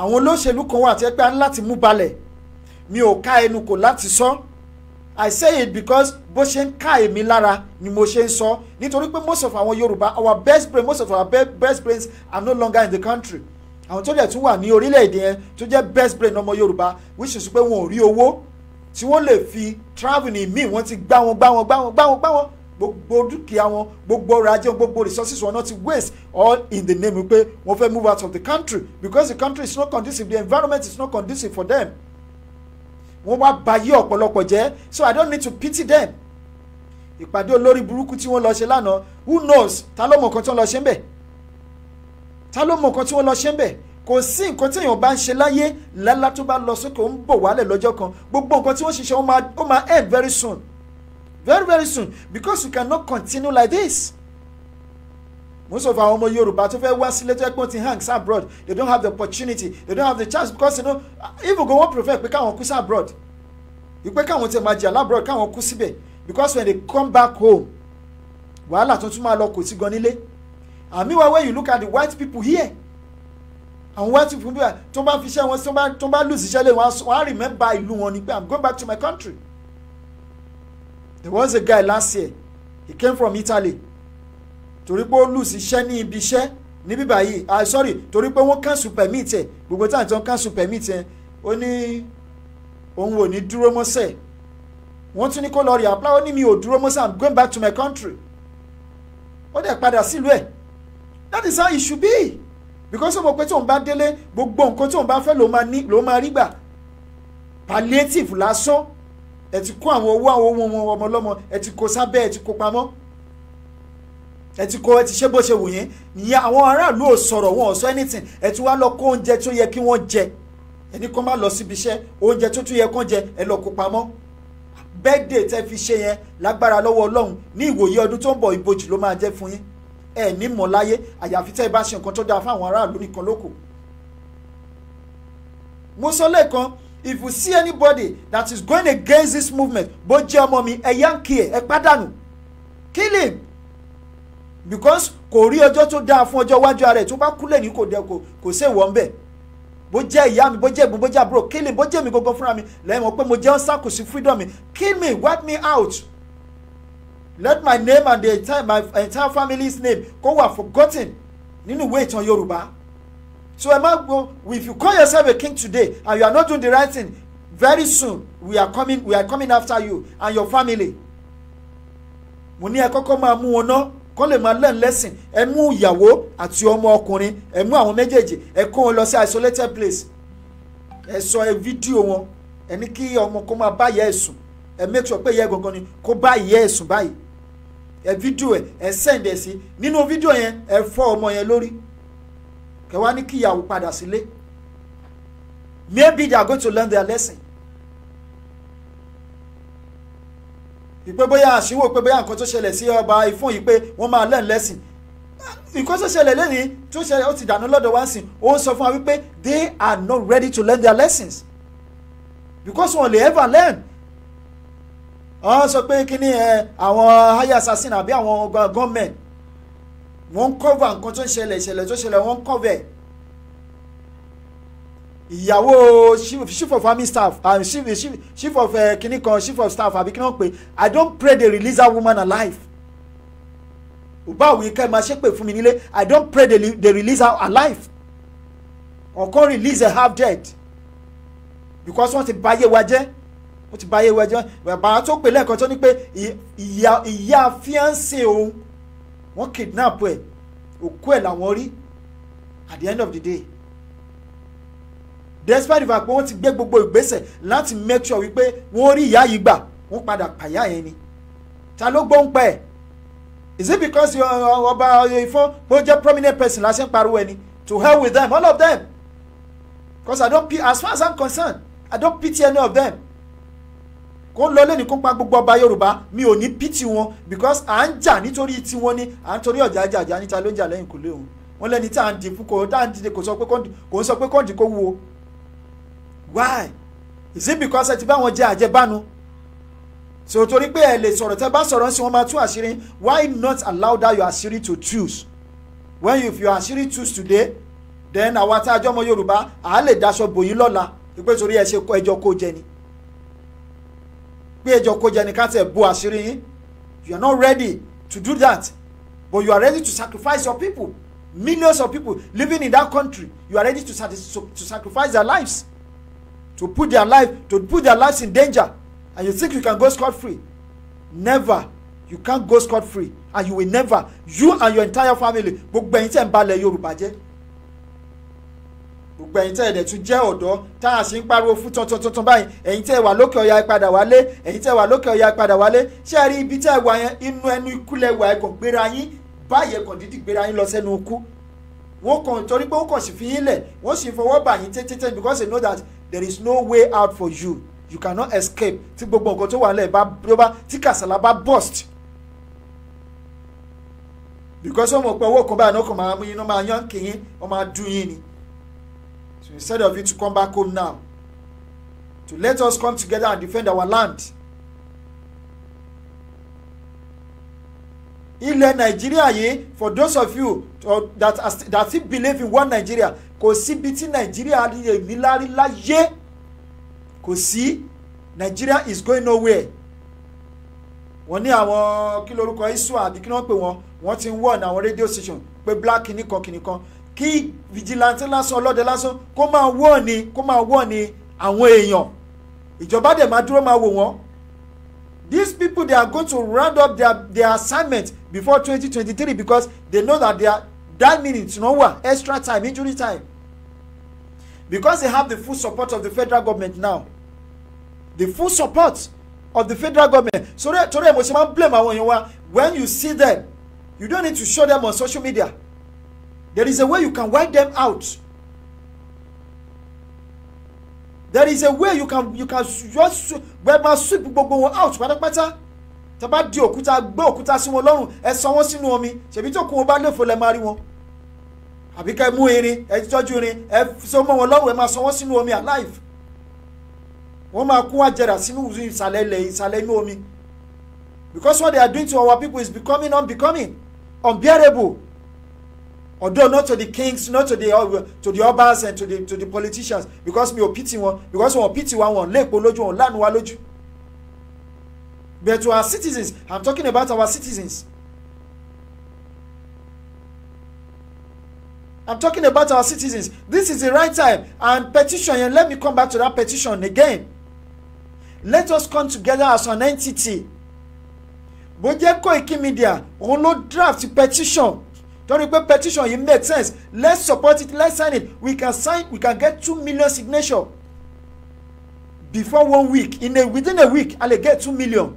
àwọn olóṣèlú kan wà tó yẹ pé a ní láti mú balẹ̀ mi ò ká ẹnu kò láti sọ. So I say it because bó ṣe ń ká èmi lára ni mo ṣe ń sọ nítorí pé most of our Yorùbá our best brain most of our be best brains are no longer in the country àwọn tó dẹ̀ tún wà ní orílẹ̀-èdè yẹn tó jẹ́ best brain ọmọ Yorùbá which is pé wọn ò rí owó tí wọ́n lè fi travelling míì wọ́n ti gbá wọn gbá wọn gbá wọn gbá wọn gbá wọn gbogbo dúkìá wọn gbogbo ọrọ̀ ajé wọn gbogbo resources wọn náà ti waste all in the name pé wọ́n fẹ́ move out of the country because the country is not conducive the environment is not conducive for them wọ́n wá bayé ọ̀pọ̀lọpọ̀ jẹ́ so i don't need to pity them ìpàdé olórí burúkú tí wọ́n lọ ṣe lánàá who knows ta ló mọ̀ nǹkan tí wọ́n lọ ṣe ń bẹ̀ ta ló mọ̀ nǹkan tí wọ́n lọ ṣe ń bẹ̀ kò sí nǹkan tí èèyàn bá ń ṣe láyé lálá tó bá lọ sókè ó ń bọ̀ wálẹ̀ lọ́jọ́ kan gbogbo nǹkan tí wọ́n ṣiṣẹ́ ó máa end very soon very very soon because you cannot continue like this most of our ọmọ yorùbá tó fẹ́ wá sílé tó yẹ pé ti hang sa abroad they don't have the opportunity they don't have the chance because you know if you go wọ́n prefer pé káwọn kú sa abroad ìpè káwọn ti máa jẹ alábroad káwọn kú síbẹ̀ because when they come back home wàhálà tuntun máa lọ kò sí gan nílé And meanwhile, when you look at the white people here àwọn white people, fún bí wà tó bá fi iṣẹ́ wọn tó bá lù síṣẹ́ lé wọn wọn á remember ìlú wọn ni pé i'm going back to my country there was a guy last year he came from Italy torí pé ó lù síṣẹ́ ní ibi iṣẹ́ níbí báyìí ah sorry torí pé wọ́n cancel permit ẹ̀ gbogbo táwọn tó ń cancel permit ẹ̀ ó ní òun ò ní dúró mọ́sẹ̀ wọ́n tún ní kó lọ rí apply ó ní mi ò dúró mọ́sẹ̀ i'm going back to my country ó dẹ̀ padà sílùú ẹ̀ that is how it should be because ó mọ̀ pé tóun bá délé gbogbo nǹkan tóun bá fẹ́ ló máa rí gbà palliative lásán ẹ ti kó àwọn owó àwọn ohun ọmọ ọlọ́mọ ẹ ti kó sábẹ́ ẹ ti kó pamọ́ ẹ ti kó ẹ ti ṣe bó ṣe wù yín ìyẹn àwọn aráàlú ò sọ̀rọ̀ wọn ò sọ anything ẹ ti wá lọ kó oúnjẹ tó yẹ kí wọ́n jẹ ẹni kan má lọ síbi iṣẹ́ oúnjẹ tó tún yẹ kán jẹ ẹ lọ kó pamọ́ bẹ́ẹ̀dẹ̀ tẹ́ fi ṣe yẹn lágbára lọ́wọ́ ọlọ́run ní ìwòye ọdún tó ń bọ̀ ìbòjì ló máa jẹ́ fún yín ẹ ní mọ̀ láyé àyàfi tẹ́ ẹ bá ṣe nǹkan tó dáa fáwọn aráàlú nìkan lóko. mo sọ lẹ́ẹ̀kan if you see anybody that is going against this movement bó jẹ́ ọmọ mi ẹ yánkì ẹ ẹ pàdánù kill him because kò rí ọjọ́ tó dáa fún ọjọ́ iwájú ara ẹ̀ tó bá kú lẹ́ni kò dẹ kò kò sí ìwọ̀n bẹ́ẹ̀ bó jẹ́ ìyá mi bó jẹ́ ìbùn bó jẹ́ àbúrò kill me bó jẹ́ mi gangan fúnra mi lẹ́yìn mọ̀ pé mo jẹ́ ọ̀sán kò sí freedom mi kill me wipe me out let my name and the entire my entire family's name go wà forgotten nínú ìwé ìtàn Yorùbá so ẹ má gbọ́ if you call yourself a king today and you are not doing the right thing very soon we are coming we are coming after you and your family mo ní ẹ kọ́kọ́ máa mú wọn náà kọ́ lè máa learn lesson ẹ mú ìyàwó àti ọmọ ọkùnrin ẹ mú àwọn méjèèjì ẹ kó wọn lọ sí isolated place ẹ sọ ẹ fídíò wọn ẹ ní kí ọmọ kó máa bá ìyá ẹ sùn ẹ make sure pé ìyá ẹ gangan ni kó bá ìyá ẹ sùn báyìí ẹ fídíò ẹ ẹ send ẹ sí nínú fídíò yẹn ẹ fọ́ ọmọ yẹn lórí kẹwàá ní kí ìyàwó padà sílé maybe they are going to learn their lesson ìpè bóyá àṣìwò pé bóyá nǹkan tó ṣẹlẹ̀ sí ọba ìfún yìí pé wọ́n máa lẹ́ǹ lẹ́sìn nǹkan tó ṣẹlẹ̀ lẹ́yìn tó ṣẹlẹ̀ ó ti dànù lọ́dọ̀ wá sí ó ń sọ fún wa wípé they are not ready to learn their lessons because wọn lè ever learn wọ́n sọ pé kí ni eh, àwọn high assassin àbí àwọn gunmen wọ́n ń cover nǹkan tó ń ṣẹlẹ̀ ìṣẹ̀lẹ̀ tó ṣẹlẹ̀ wọ́n ń cover ìyàwó chief of army staff um, chief, chief, chief of uh, kinní kan chief of staff àbí kí wọ́n pè i don't pray they release that woman alive ìbáwí kẹ́ ẹ máa ṣépè fún mi nílé i don't pray they, they release her alive ọ̀kan release her half dead because wọ́n ti báyé wa jẹ́ wọ́n ti báyé wa jẹ́ bàbá tó pè lẹ́ẹ̀kan tó ní pé ìyá ìyá fiancé òun wọ́n kidnap ẹ̀ òkú ẹ̀ làwọn rí at the end of the day despite the fact pé wọ́n ti gbé gbogbo ìgbésẹ̀ láti make sure wípé wọ́n rí ìyá yìí gbà wọ́n padà pàyà yẹn ni ta ló gbóhùn pa is it because ọba Ifọ̀ bó jẹ́ prominent person láti ń pariwo ẹni to help with them all of them because I don't pity as far as I'm concerned I don't pity any of them kó lọ lẹ́nu kó pa gbogbo ọba Yorùbá mi ò ní pity wọn because à ń jà nítorí tiwọn ni à ń torí ọ̀jà àjà àjà níta ló ń jà lẹ́yìn kò lé òun wọ́n lẹ́ni tí à ń dín fún kò tá à ń dín kò sọ pé kò ń sọ pé kò ń dín kó wú why is it because ẹ ti bá wọn jẹ àjẹbánu so torí pé ẹ lè sọ̀rọ̀ tẹ́ bá sọ̀rọ̀ sí wọn máa tú àṣírí why not allow that your àṣírí to choose when you, if your àṣírí choose today then àwa tá a jọmọ yorùbá à á lè daṣọ bòyí lọ́la pé torí ẹ ṣe ẹjọ́ kó jẹ ni pé ẹjọ́ kó jẹ ni ká tẹ̀ bo àṣírí yín you are not ready to do that but you are ready to sacrifice your people millions of people living in that country you are ready to, to sacrifice their lives to put their life to put their lives in danger and you think you can go scot free never you can't go scot free and you will never you and your entire family gbogbo ẹ̀yin tẹ́ ń balẹ̀ Yorùbá jẹ́ gbogbo ẹ̀yin tẹ́ ẹ̀dẹ̀ tún jẹ́ ọ̀dọ́ tá a sì ń pariwo fún tuntun tuntun báyìí ẹ̀yin tẹ́ wà lókè ọ̀yà ìpadà wálé ẹ̀yin tẹ́ wà lókè ọ̀yà ìpadà wálé ṣé ẹ rí ibi tẹ́ wà yẹn inú ẹnu ikú lẹ wà ẹ̀kọ́ gbéra yín báyìí ẹ̀kọ́ dídì gbéra yín lọ sẹ́nu ikú wọ́n kàn torí pé wọ́n kàn sì fi yín lẹ̀ wọ́n sì fọwọ́ bà yín tètè because they know that there is no way out for you you cannot escape tí gbogbo nǹkan tó wà nílẹ̀ bá tó bá tí kàsálà bá burst because ọmọ pé owó kan báyìí náà kàn máa mú yín náà máa yán kìyín wọ́n yín ni so instead of you to come back home now to let us come together and defend our land ilẹ̀ nàìjíríà yìí for those of you that are that he believe in one Nigeria kò síbi tí Nigeria lè mí lárí láyé kò sí Nigeria is going nowhere wọ́n ní àwọn kí lorúkọ isu àbí kí wọ́n pè wọ́n wọ́n ti ń wọ̀ ní àwọn radio station pé black kìnìkan kìnìkan kí vigilante lásán ọlọ́dẹ lásán kó máa wọ̀ ni kó máa wọ̀ ni àwọn èèyàn ìjọba dẹ̀ máa dúró máa wò wọ́n these people they are going to round up their their assignment before 2023 because they know that they are that minute no wa extra time injury time because they have the full support of the federal government now the full support of the federal government sori torí ẹ mo ṣe máa blame àwọn èèyàn wa when you see them you don't need to show them on social media there is a way you can wipe them out there is a way you can you can just wẹ́ẹ́ sweep gbogbo wọn out pátápátá tó bá di òkúta gbé òkúta sí wọn lọ́rùn ẹ sọ wọn sínú omi ṣèbí tó kún wọn bá léfò lẹ máa rí wọn àbí ká ẹ mú irin ẹ tọ́jú irin ẹ so mọ́ wọn lọ́rùn ẹ máa sọ wọn sínú omi alive wọ́n máa kó àjẹrà sínú ìsàlẹ̀ ilẹ̀ ìsàlẹ̀ inú omi because what they are doing to our people is becoming unbecoming unbearable although not to the kings not to the uh, to the obas and to the to the politicians because mi ò pity wọn because wọn ò pity wa wọn lé èpo lójú wọn lánàá wa lójú but to our citizens i'm talking about our citizens i'm talking about our citizens this is the right time and petition And let me come back to that petition again let us come together as an entity bó jẹ́ Koiki Media òun ló draft petition torí pé petition yìí make sense let's support it let's sign it we can sign we can get two million signature before one week in a within a week i dey get two million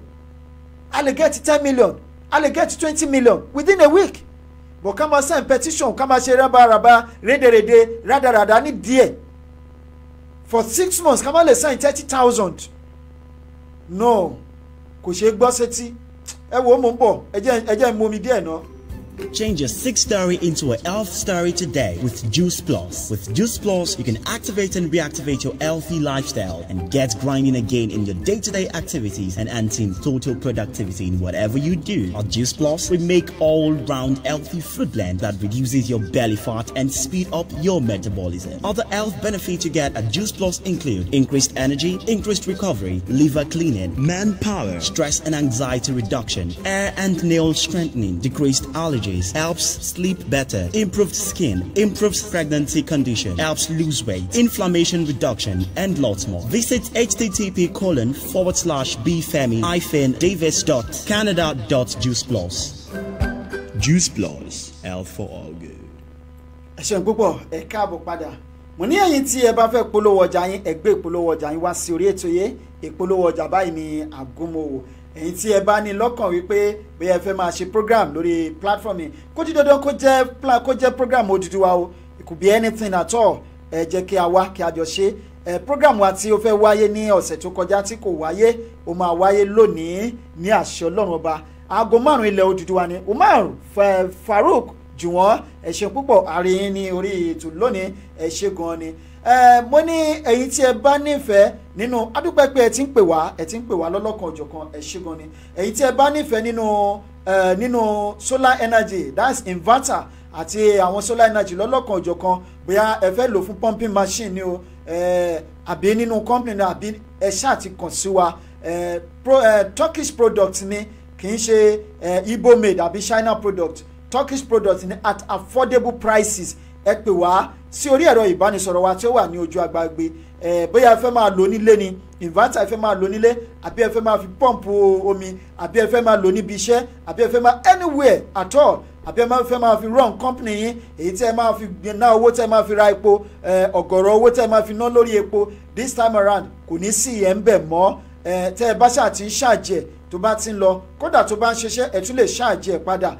a lè get ten million a lè get twenty million within a week but ká máa send petition ká máa ṣe rabaraba rédèrèdè rádaràdà ní díẹ̀ for six months ká máa sign thirty thousand no kò ṣeé gbọ́ sétí ẹ wò ó mò ń bọ̀ ẹ jẹ́ ẹ jẹ́ ń mu díẹ̀ náà. Change your 6 story into a elf story today with Juice Plus. With Juice Plus, you can activate and reactivate your healthy lifestyle and get grinding again in your day-to-day -day activities and enhancing total productivity in whatever you do. At Juice Plus, we make all-round healthy food blend that reduces your belly fat and speed up your metabolism. Other health benefits you get at Juice Plus include increased energy, increased recovery, liver cleaning, manpower, stress and anxiety reduction, hair and nail strengthening, decreased allergy allergies, helps sleep better, improved skin, improves pregnancy condition, helps lose weight, inflammation reduction, and lots more. Visit http colon forward slash bfemi dot canada dot juice plus. Juice Plus, health for all good. ẹ ṣeun púpọ̀ ẹ káàbọ̀ padà mo ní ẹ̀yin tí ẹ bá fẹ́ polówó ọjà yín ẹ gbé ìpolówó ọjà yín wá sí orí ètò yẹn ìpolówó ọjà báyìí ni eyin ti e ba fe polowo oja yin e gbe oja yin wa si ori eto yen ipolowo oja bayii ni agunmowo èyí tí ẹ bá ní lọ́kàn wípé bóyá ẹ fẹ́ máa ṣe program lórí platform yìí kó jí dandan kó jẹ́ kó jẹ́ program Odùduwà o it could be anything at all ẹ jẹ́ kí a wá kí a jọ ṣe ẹ program wa tí ó fẹ́ wáyé ní ọ̀sẹ̀ tó kọjá tí kò wáyé ó máa wáyé lónìí ní àṣẹ Ọlọ́run ọba aago márùn-ún ilẹ̀ Odùduwà ni Umar Farouk jùwọ́n ẹ ṣé púpọ̀ àárín ní orí ètò lónìí ẹ gan-an ni mo ní ẹ̀yin tí ẹ bá nífẹ̀ẹ́ nínú adúpẹ́ pé ẹ ti ń pè wá ẹ ti ń pè wá lọ́lọ́kan ọ̀jọ̀kan ẹ ṣé gan ni ẹ̀yin tí ẹ bá nífẹ̀ẹ́ nínú nínú solar energy that's inverter àti àwọn solar energy lọ́lọ́kan ọ̀jọ̀kan bóyá ẹ fẹ́ lò fún pumping machine ni o àbí nínú company ni àbí ẹ ṣáà ti kàn sí wa Turkish product ni kì í ṣe Igbo made àbí China product Turkish product ni at affordable prices ẹ pè wá sí orí ẹ̀rọ ìbánisọ̀rọ̀ wa tí ó wà ní ojú agbágbé ẹ bóyá ẹ fẹ́ máa lò nílé ni inverter ẹ fẹ́ máa lò nílé àbí ẹ fẹ́ máa fi pọ́ǹpù omi àbí ẹ fẹ́ máa lò níbi iṣẹ́ àbí ẹ fẹ́ máa anywhere at all àbí ẹ máa fẹ́ máa fi run company yín èyí tí ẹ máa fi ná owó tí ẹ máa fi ra epo ọ̀gọ̀rọ̀ owó tí ẹ máa fi ná lórí epo this time around kò ní sí ẹ̀ ń bẹ̀ mọ́ tẹ́ ẹ bá ṣáà ti ń ṣàjẹ̀ tó bá ti ń lọ kódà tó bá ń ṣiṣẹ́ ẹ tún lè ṣáàjì ẹ̀ padà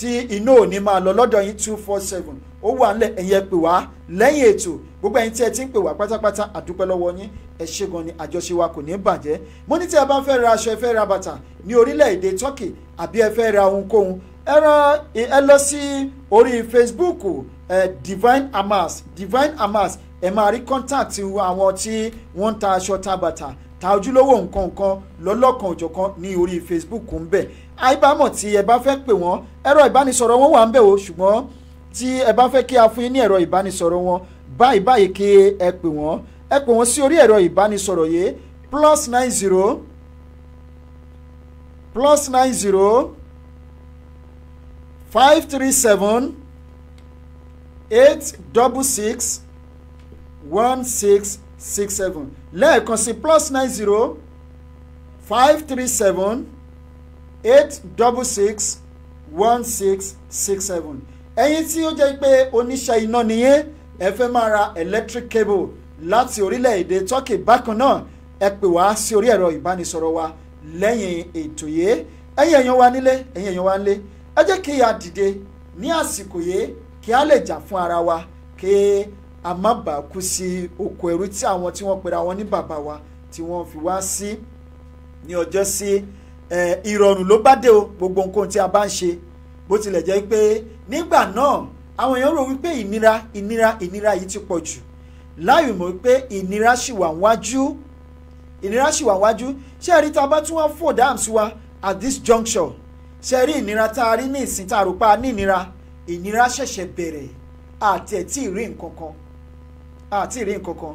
tí iná ò máa lọ lọ́dọ̀ yín two four seven ó wà ńlẹ̀ ẹ̀yẹ pè wá lẹ́yìn ètò gbogbo ẹ̀yin tí ẹ ti ń pè wá pátápátá àdúpẹ́ lọ́wọ́ yín ẹ ṣé ni àjọṣe wa kò ní bàjẹ́ mo ní tí ẹ bá fẹ́ ra aṣọ ẹ fẹ́ ra bàtà ní orílẹ̀-èdè Turkey àbí ẹ fẹ́ ra ohunkóhun ẹ rán ẹ lọ sí orí Facebook ẹ Divine Amas Divine Amas ẹ máa rí contact àwọn tí wọ́n ń ta aṣọ ta bàtà ta ojúlówó nǹkan kan lọ́lọ́kan òjọ̀kan ní orí Facebook ń bẹ̀ àìbámọ̀ tí ẹ bá fẹ́ pè wọ́n ẹ̀rọ ìbánisọ̀rọ̀ wọn wà ń bẹ̀ o ṣùgbọ́n tí ẹ bá fẹ́ kí a fún yín ní ẹ̀rọ ìbánisọ̀rọ̀ wọn báyìí báyìí kí ẹ pè wọ́n ẹ pè wọ́n sí orí ẹ̀rọ ìbánisọ̀rọ̀ yìí plus nine zero plus nine zero five three seven eight double six one six six seven lẹ́ẹ̀kan sí plus nine zero five three seven eight double six one six six seven ẹ̀yin tí ó jẹ́ pé oníṣẹ́ iná nìyẹn ẹ fẹ́ máa ra electric cable láti orílẹ̀-èdè Turkey bákan náà ẹ pè wá sí orí ẹ̀rọ ìbánisọ̀rọ̀ wa lẹ́yìn ètò yìí ẹ̀yin èèyàn wa nílé ẹ̀yin èèyàn wa nílé ẹ jẹ́ kí a dìde ní àsìkò yìí kí a lè jà fún ara wa kí a má bàa kú sí oko ẹrú tí àwọn tí wọ́n pera wọn ní bàbá wa tí wọ́n fi wá sí ní ọjọ́ sí ìrọ̀rùn ló bá dé o gbogbo nǹkan tí a bá ń ṣe bó tilẹ̀ jẹ́ pé nígbà náà àwọn èèyàn rò wípé ìnira ìnira ìnira yìí ti pọ̀ jù láì mọ̀ wípé ìnira ṣì wà wájú ìnira ṣì wà wájú ṣé ẹ rí tá a bá tún wá fò dáàmù wa at this juncture ṣé ẹ rí ìnira tá a rí ní ìsìn tá a rò pa ní ìnira ìnira ṣẹ̀ṣẹ̀ bẹ̀rẹ̀ àti ẹ̀ tí ì rí nǹkan kan àti ì rí nǹkan kan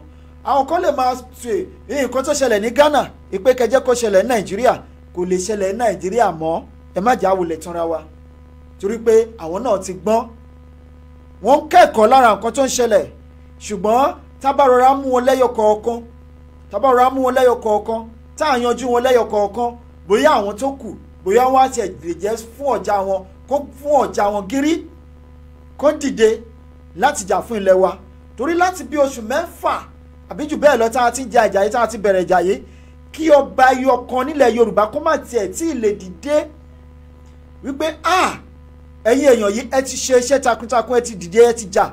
àwọn kan lè máa tù ẹ nǹkan tó ṣẹlẹ̀ ní Ghana ìpè kẹjẹ kó ṣẹlẹ̀ ní Nàìjíríà kò lè ṣẹlẹ̀ ní Nàìjíríà mọ́ ẹ má jà wulẹ̀ tanra wa torí pé àwọn náà ti gbọ́n wọ́n ń kẹ́kọ̀ọ́ lára nǹkan tó ń ṣẹlẹ̀ ṣùgbọ́n tábàrọ̀rá mú wọn lẹ́yọ kọ̀ọ̀kan tábàrọ̀rá mú wọn lẹ́yọ kọ̀ọ̀kan tá à yanjú wọn lẹ́yọ kọ̀ọ̀kan bóyá àwọn tó kù bóyá wọn á ti lè jẹ́ fún ọ̀já wọn kó fún ọ̀já wọn gírí kó dìde láti jà fún ilẹ̀ wa torí láti bí oṣù mẹ́fà àbí jù bẹ́ẹ̀ lọ tá a ti ń jẹ àjàyè tá a ti bẹ̀rẹ̀ jàyè kí ọba ẹyọ kan nílẹ̀ Yorùbá kó má tiẹ̀ tí ì lè dìde wípé ah ẹ̀yin èèyàn yìí ẹ ti ṣe iṣẹ́ takuntakun ẹ ti dìde ẹ ti jà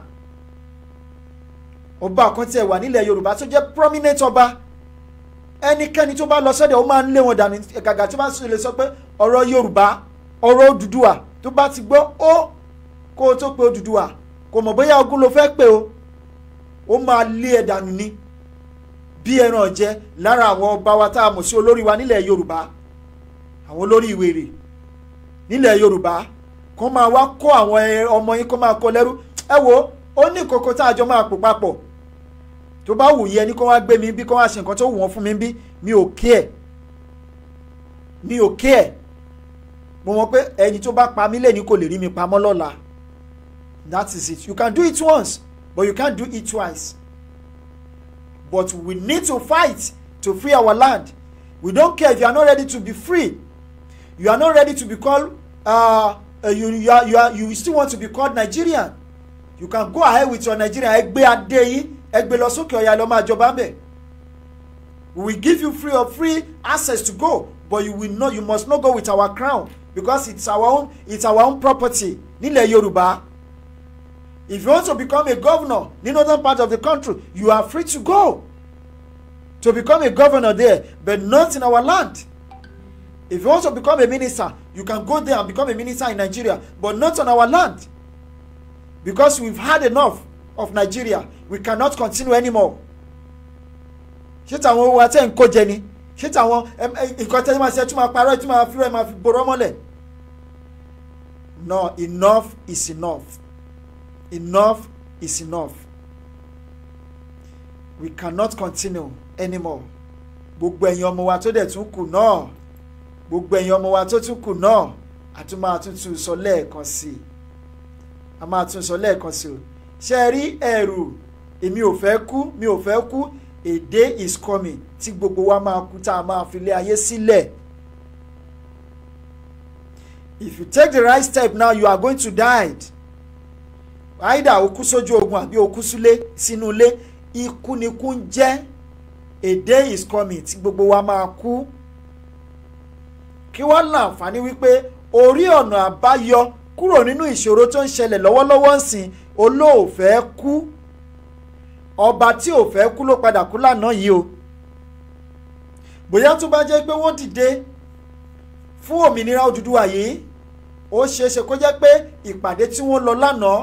ọba kan tí wà nílẹ̀ Yorùbá tó jẹ́ prominent ọba ẹnikẹ́ni tó bá lọ sọ́dẹ̀ ó máa ń lé wọn dànù gàgà tó bá lè sọ pé ọ̀rọ̀ Yorùbá ọ̀rọ̀ Odùduwà tó bá ti gbọ́ ó kó o tó pe Odùduwà kò mọ̀ bóyá ogun ló fẹ́ pè o ó máa lé ẹ dànù ni bí ẹran ọ̀jẹ́ lára àwọn ọba wa tá a mọ̀ sí olórí wa nílẹ̀ Yorùbá àwọn olórí ìwèrè nílẹ̀ Yorùbá kó máa wá kó àwọn ọmọ yín kó máa kó lẹ́rú ẹ wo ó ní kókó tá a jọ máa pò papọ̀ tó bá wù yẹ ni kó wá gbé mi bí kó wá ṣe nǹkan tó wù wọ́n fún mi bí mi ò kí ẹ̀ mi ò kí ẹ̀ mo mọ̀ pé ẹni tó bá pa mí lẹ́ni kò lè rí mi pamọ́ lọ́la that is it you can do it once but you can't do it twice but we need to fight to free our land we don't care if you are not ready to be free you are not ready to be called uh, uh, you you are, you, are, you still want to be called Nigerian you can go ahead with your Nigerian Egbe adé yín ẹgbẹ́ lọ sókè ọ̀yà lọ́ọ́ máa jọba ń we will give you free or free access to go but you will not you must not go with our crown because it's our own it's our own property nílẹ̀ Yorùbá if you want to become a governor ní northern part of the country you are free to go to become a governor there but not in our land if you want to become a minister You can go there and become a minister in Nigeria, but not on our land. Because we've had enough of Nigeria. We cannot continue anymore. Ṣé tàwọn owó àti ẹ̀ńkó jẹ ni? Ṣé tàwọn nǹkan tẹ́lẹ̀ máa ṣe tún máa parọ́ tún máa fírọ́ ẹ̀ máa fi borọ́ mọ́lẹ̀? No, enough is enough. Enough is enough. We cannot continue anymore. Gbogbo ẹ̀yin ọmọ wa tó dẹ̀ tún kù náà gbogbo ẹ̀yin ọmọ wa tó tún kù náà a tún máa tún tún sọ lẹ́ẹ̀kan sí i a máa tún sọ lẹ́ẹ̀kan sí i ṣe rí ẹ̀rù èmi ò fẹ́ kú mi ò fẹ́ kú a is coming tí gbogbo wa máa kú tá a máa fi lé ayé sílẹ̀ if you take the right step now you are going to die either o kú sójú ogun àbí o kú sínú ilé ikú ni kú ń jẹ́ a is coming tí gbogbo wa máa kú kí wá láǹfààní wípé orí ọ̀nà àbáyọ kúrò nínú ìṣòro tó ń ṣẹlẹ̀ lọ́wọ́lọ́wọ́ ń sìn olóòfẹ́ kú ọba tí ò fẹ́ kú ló padà kú lánàá yìí o bóyá tó bá jẹ́ pé wọ́n dìde fún òmìnira Odùduwà yìí ó ṣeéṣe kó jẹ́ pé ìpàdé tí wọ́n lọ lánàá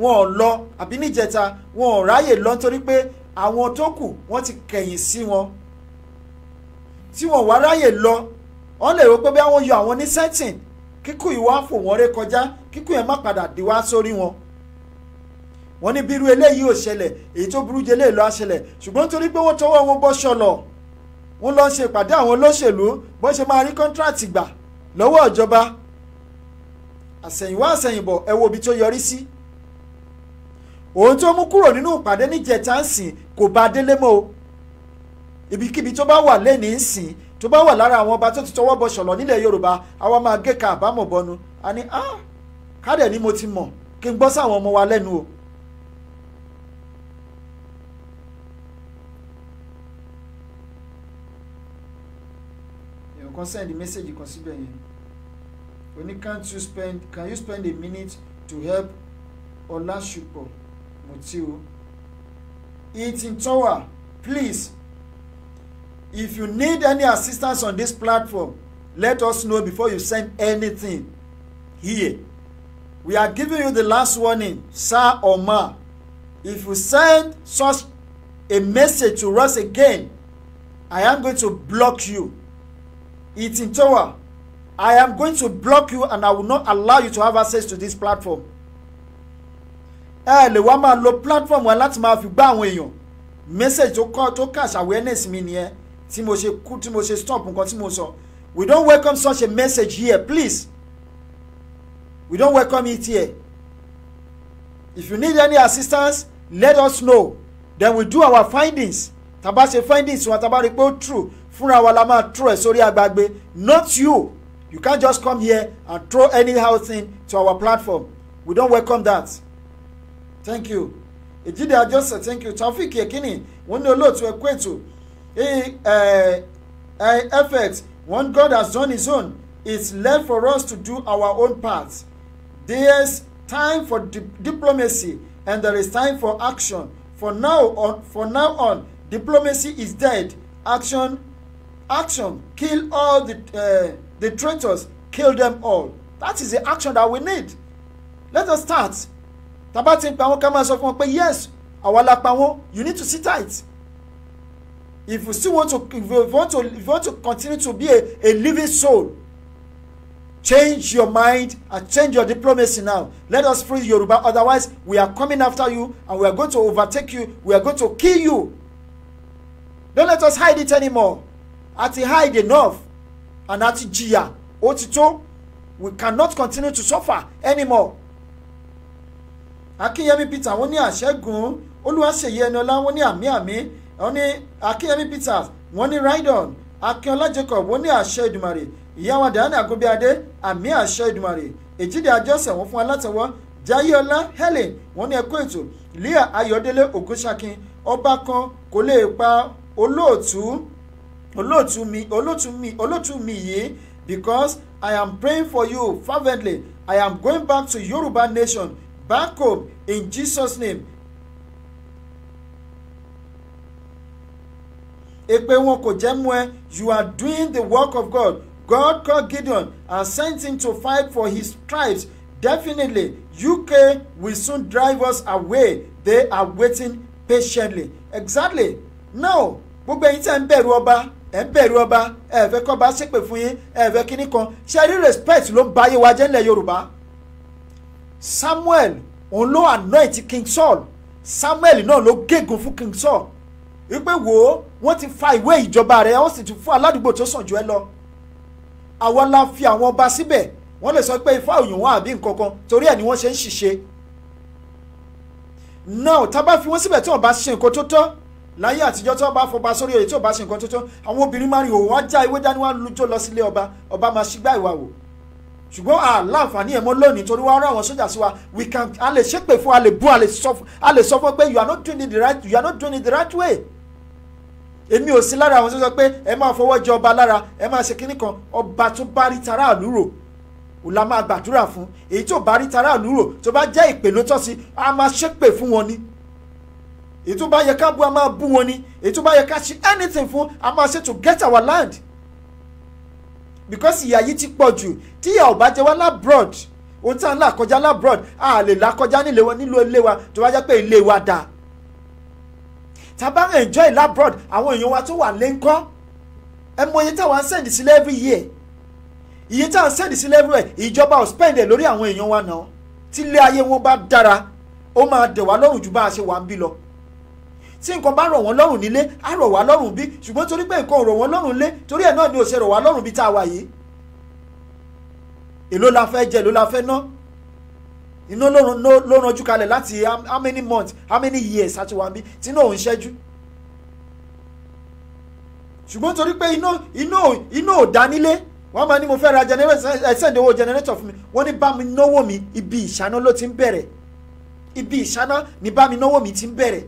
wọn ò lọ àbí níjẹta wọn ò ráyè lọ nítorí pé àwọn tó kù wọ́n ti kẹ̀yìn sí wọn tí wọ́n wá ráyè lọ wọ́n lè rò pé bí àwọn yọ àwọn ní sẹ́tìn kíkú ìwà fò wọ́n ré kọjá kíkú yẹn má padà dìwá sórí wọn wọ́n ní bírú eléyìí ò ṣẹlẹ̀ èyí tó burú jẹ eléyìí ló á ṣẹlẹ̀ ṣùgbọ́n nítorí pé wọ́n tọwọ́ wọn bọ́ ṣọlọ wọ́n lọ ṣe ìpàdé àwọn olóṣèlú bó ṣe máa rí kọ́ńtíráàtì gbà lọ́wọ́ ìjọba àsẹ̀yìnwá àsẹ̀yìnbọ̀ ẹ wo ibi tó yọrí sí òun tó mú kúrò nínú ìpàdé níjẹta ń sìn kò bá délé mọ́ ibikíbi tó bá wà lẹ́ni ń sìn tó bá wà lára àwọn ọba tó ti tọwọ́ bọ ṣọ̀lọ̀ nílẹ̀ yorùbá àwa máa gé ka àbámọ̀ bọnu a ní ah kádẹ̀ ni mo ti mọ̀ kí n gbọ́ sáwọn ọmọ wa lẹ́nu o. kan send message kan síbẹ̀ yẹn ó ní you spend can you spend a minute to help Ọlásùpọ̀ Mutiu it in tower please if you need any assistance on this platform let us know before you send anything here we are giving you the last warning sir or ma if you send such a message to us again i am going to block you itintowa i am going to block you and i will not allow you to have access to this platform ẹ lè wá máa lo platform wa láti máa fi gbá àwọn èèyàn message tó kọ́ tó cash awareness mi nìyẹn tí mo ṣe kú tí mo ṣe stop nǹkan tí mo sọ we don't welcome such a message here please we don't welcome it here if you need any assistance let us know then we do our findings tàbá ṣe findings wọn tàbá rí pé ó true fúnra wa la máa throw ẹ sórí agbágbé not you you can't just come here and throw anyhow thing to our platform we don't welcome that thank you ejide ajose thank you taofik ekini wọn ní olóòtú ẹkú ètò. Eh, eh, effect when God has done his own it's left for us to do our own part there's time for di diplomacy and there is time for action for now on for now on diplomacy is dead action action kill all the uh, the traitors kill them all that is the action that we need let us start tá pa wọn ká máa sọ fún yes àwa la pa wọn you need to sit tight if you still want to if you want to if you want to continue to be a a living soul change your mind and change your diplomacy now let us free Yoruba otherwise we are coming after you and we are going to overtake you we are going to kill you don't let us hide it anymore àti hide enough and àti jìyà ó ti we cannot continue to suffer anymore Akínyẹmí Peter wọ́n ní àṣẹ́gun Olúwaṣeyẹ Ẹniọlá wọ́n ní àmì àmì wọ́n ní akínyẹmí peters wọ́n ní rydon akínọlá jacob wọ́n ní àṣẹ ìdùmarè ìyáwó adàánì àgóbíadé àmì àṣẹ ìdùmarè èjìdí àjọsẹ̀ wọ́n fún alátẹ̀wọ́ jayéọlá helen wọ́n ní ẹ̀kọ́ ètò leah ayọ̀délé ògúnṣakin ọba kan kò lè pa olóòtú olóòtú mi olóòtú mi olóòtú mi yìí because i am praying for you fervently i am going back to yoruba nation back home in jesus name èpè wọn kò jẹ́ mú ẹ you are doing the work of God God called Gideon and sent him to fight for his tribes definitely UK will soon drive us away they are waiting patiently exactly now gbogbo ẹ̀yin tẹ́ ń bẹ̀rù ọba ẹ̀ ń bẹ̀rù ọba ẹ̀ fẹ́ kọ́ bá ṣépè fún yín ẹ̀ fẹ́ kíní kan ṣe rí respect ló ń ba ayé wa jẹ́ Yorùbá Samuel òun ló anoint King Saul Samuel náà ló gégùn fún King Saul wípé wò ó wọ́n ti fa ìwé ìjọba rẹ̀ wọ́n sì ti fún aládùúgbò tó sàn jù ẹ lọ àwa la fi àwọn ọba síbẹ̀ wọ́n lè sọ pé ifá òyìn wọn àbí nǹkan kan torí ẹ̀ ni wọ́n ṣe ń ṣiṣẹ́ náà tá a bá fi wọ́n síbẹ̀ tí wọ́n bá ṣe nǹkan tó tọ́ láyé àtijọ́ tí wọ́n bá fọba sórí oyè tí wọ́n bá ṣe nǹkan tó tọ́ àwọn obìnrin máa ń hò wọ́n já ewé dání wọ́n lójó lọ sílé ọba ọba máa ṣígbá ìwà wò ṣùgbọ́n àláǹfààní ẹ̀mọ́ lónìí torí wọ́n rán àwọn sójà sí wa we can a lè ṣépè fún a lè bú a lè sọ fún pé you are not doing it the right you are not doing it the right way èmi ò sí lára àwọn tó sọ pé ẹ máa fọwọ́ jẹ ọba lára ẹ máa ṣe kínní kan ọba tó bá rí tara àlú rò ò la máa gbàdúrà fún èyí tó bá rí tara àlú rò tó bá jẹ́ ìpè ló tọ́ sí a máa ṣépè fún wọn ni èyí tó bá yẹ ká bú a máa bú wọn ni èyí tó bá yẹ ká ṣe anything fún a máa ṣe to get our land because ìyà yìí ti pọ̀ jù tí ìyà ò bá jẹ wá labroad ohun tí à ń là kọjá labroad a lè là kọjá nílé wa nílò ilé wa tó bá jẹ́ pé ilé wa dáa tábà ń enjoy labrod. àwọn èèyàn wa tó wà lẹ́ńkọ́ ẹ mọ iye táwọn send sílẹ̀ every year iye táwọn send sílẹ̀ every year ìjọba ò spend ẹ̀ lórí àwọn èèyàn wa náà tí ilé ayé wọn bá dára ó máa dẹ̀ wá lọ́rùn ju bá a ṣe wà ń bí lọ tí nǹkan bá rọ̀ wọ́n lọ́rùn nílé á rọ̀ wá lọ́rùn bí ṣùgbọ́n torí pé nǹkan rọ̀ wọ́n lọ́rùn lé torí ẹ̀ náà ni ò ṣe rọ̀ wá lọ́rùn bí tá a wà yìí èló la fẹ́ jẹ èló la fẹ́ ná iná ló ranjú kalẹ̀ láti how many months how many years àti wà bí tí iná ò ń ṣẹ́jú ṣùgbọ́n torí pé iná iná iná ò dá nílé wọ́n máa ní mo fẹ́ ra ẹ̀sẹ̀dẹ̀wò generator fún mi wọ́n ní bá mi náwó mi ibi ìṣáná ló ti ń bẹ̀rẹ̀ ibi ìṣáná ní bá mi náwó mi ti ń bẹ̀rẹ̀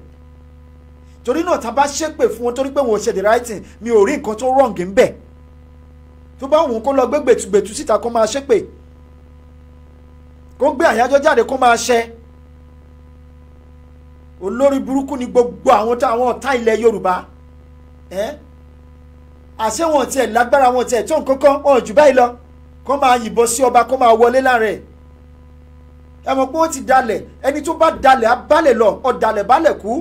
torí náà tá a bá ṣépè fún wọn torí pé wọn ò ṣe the right thing mi ò rí nǹkan tó wrong ń bẹ̀ tó bá wù ú kó lọ gbégbètùgbètù síta kó máa ṣépè kó gbé àyájọ́ jáde kó máa ṣẹ olórí burúkú ni gbogbo àwọn táwọn ọ̀tá ilẹ̀ Yorùbá àṣẹ wọn tiẹ̀ lágbára wọn tiẹ̀ tó nǹkan kan wọn jù báyìí lọ kó máa yìnbọn sí ọba kó máa wọlé láàrin ẹ̀ ẹ mọ̀ pé ó ti dalẹ̀ ẹni tó bá dalẹ̀ á balẹ̀ lọ ọ̀dàlẹ̀ balẹ̀ kú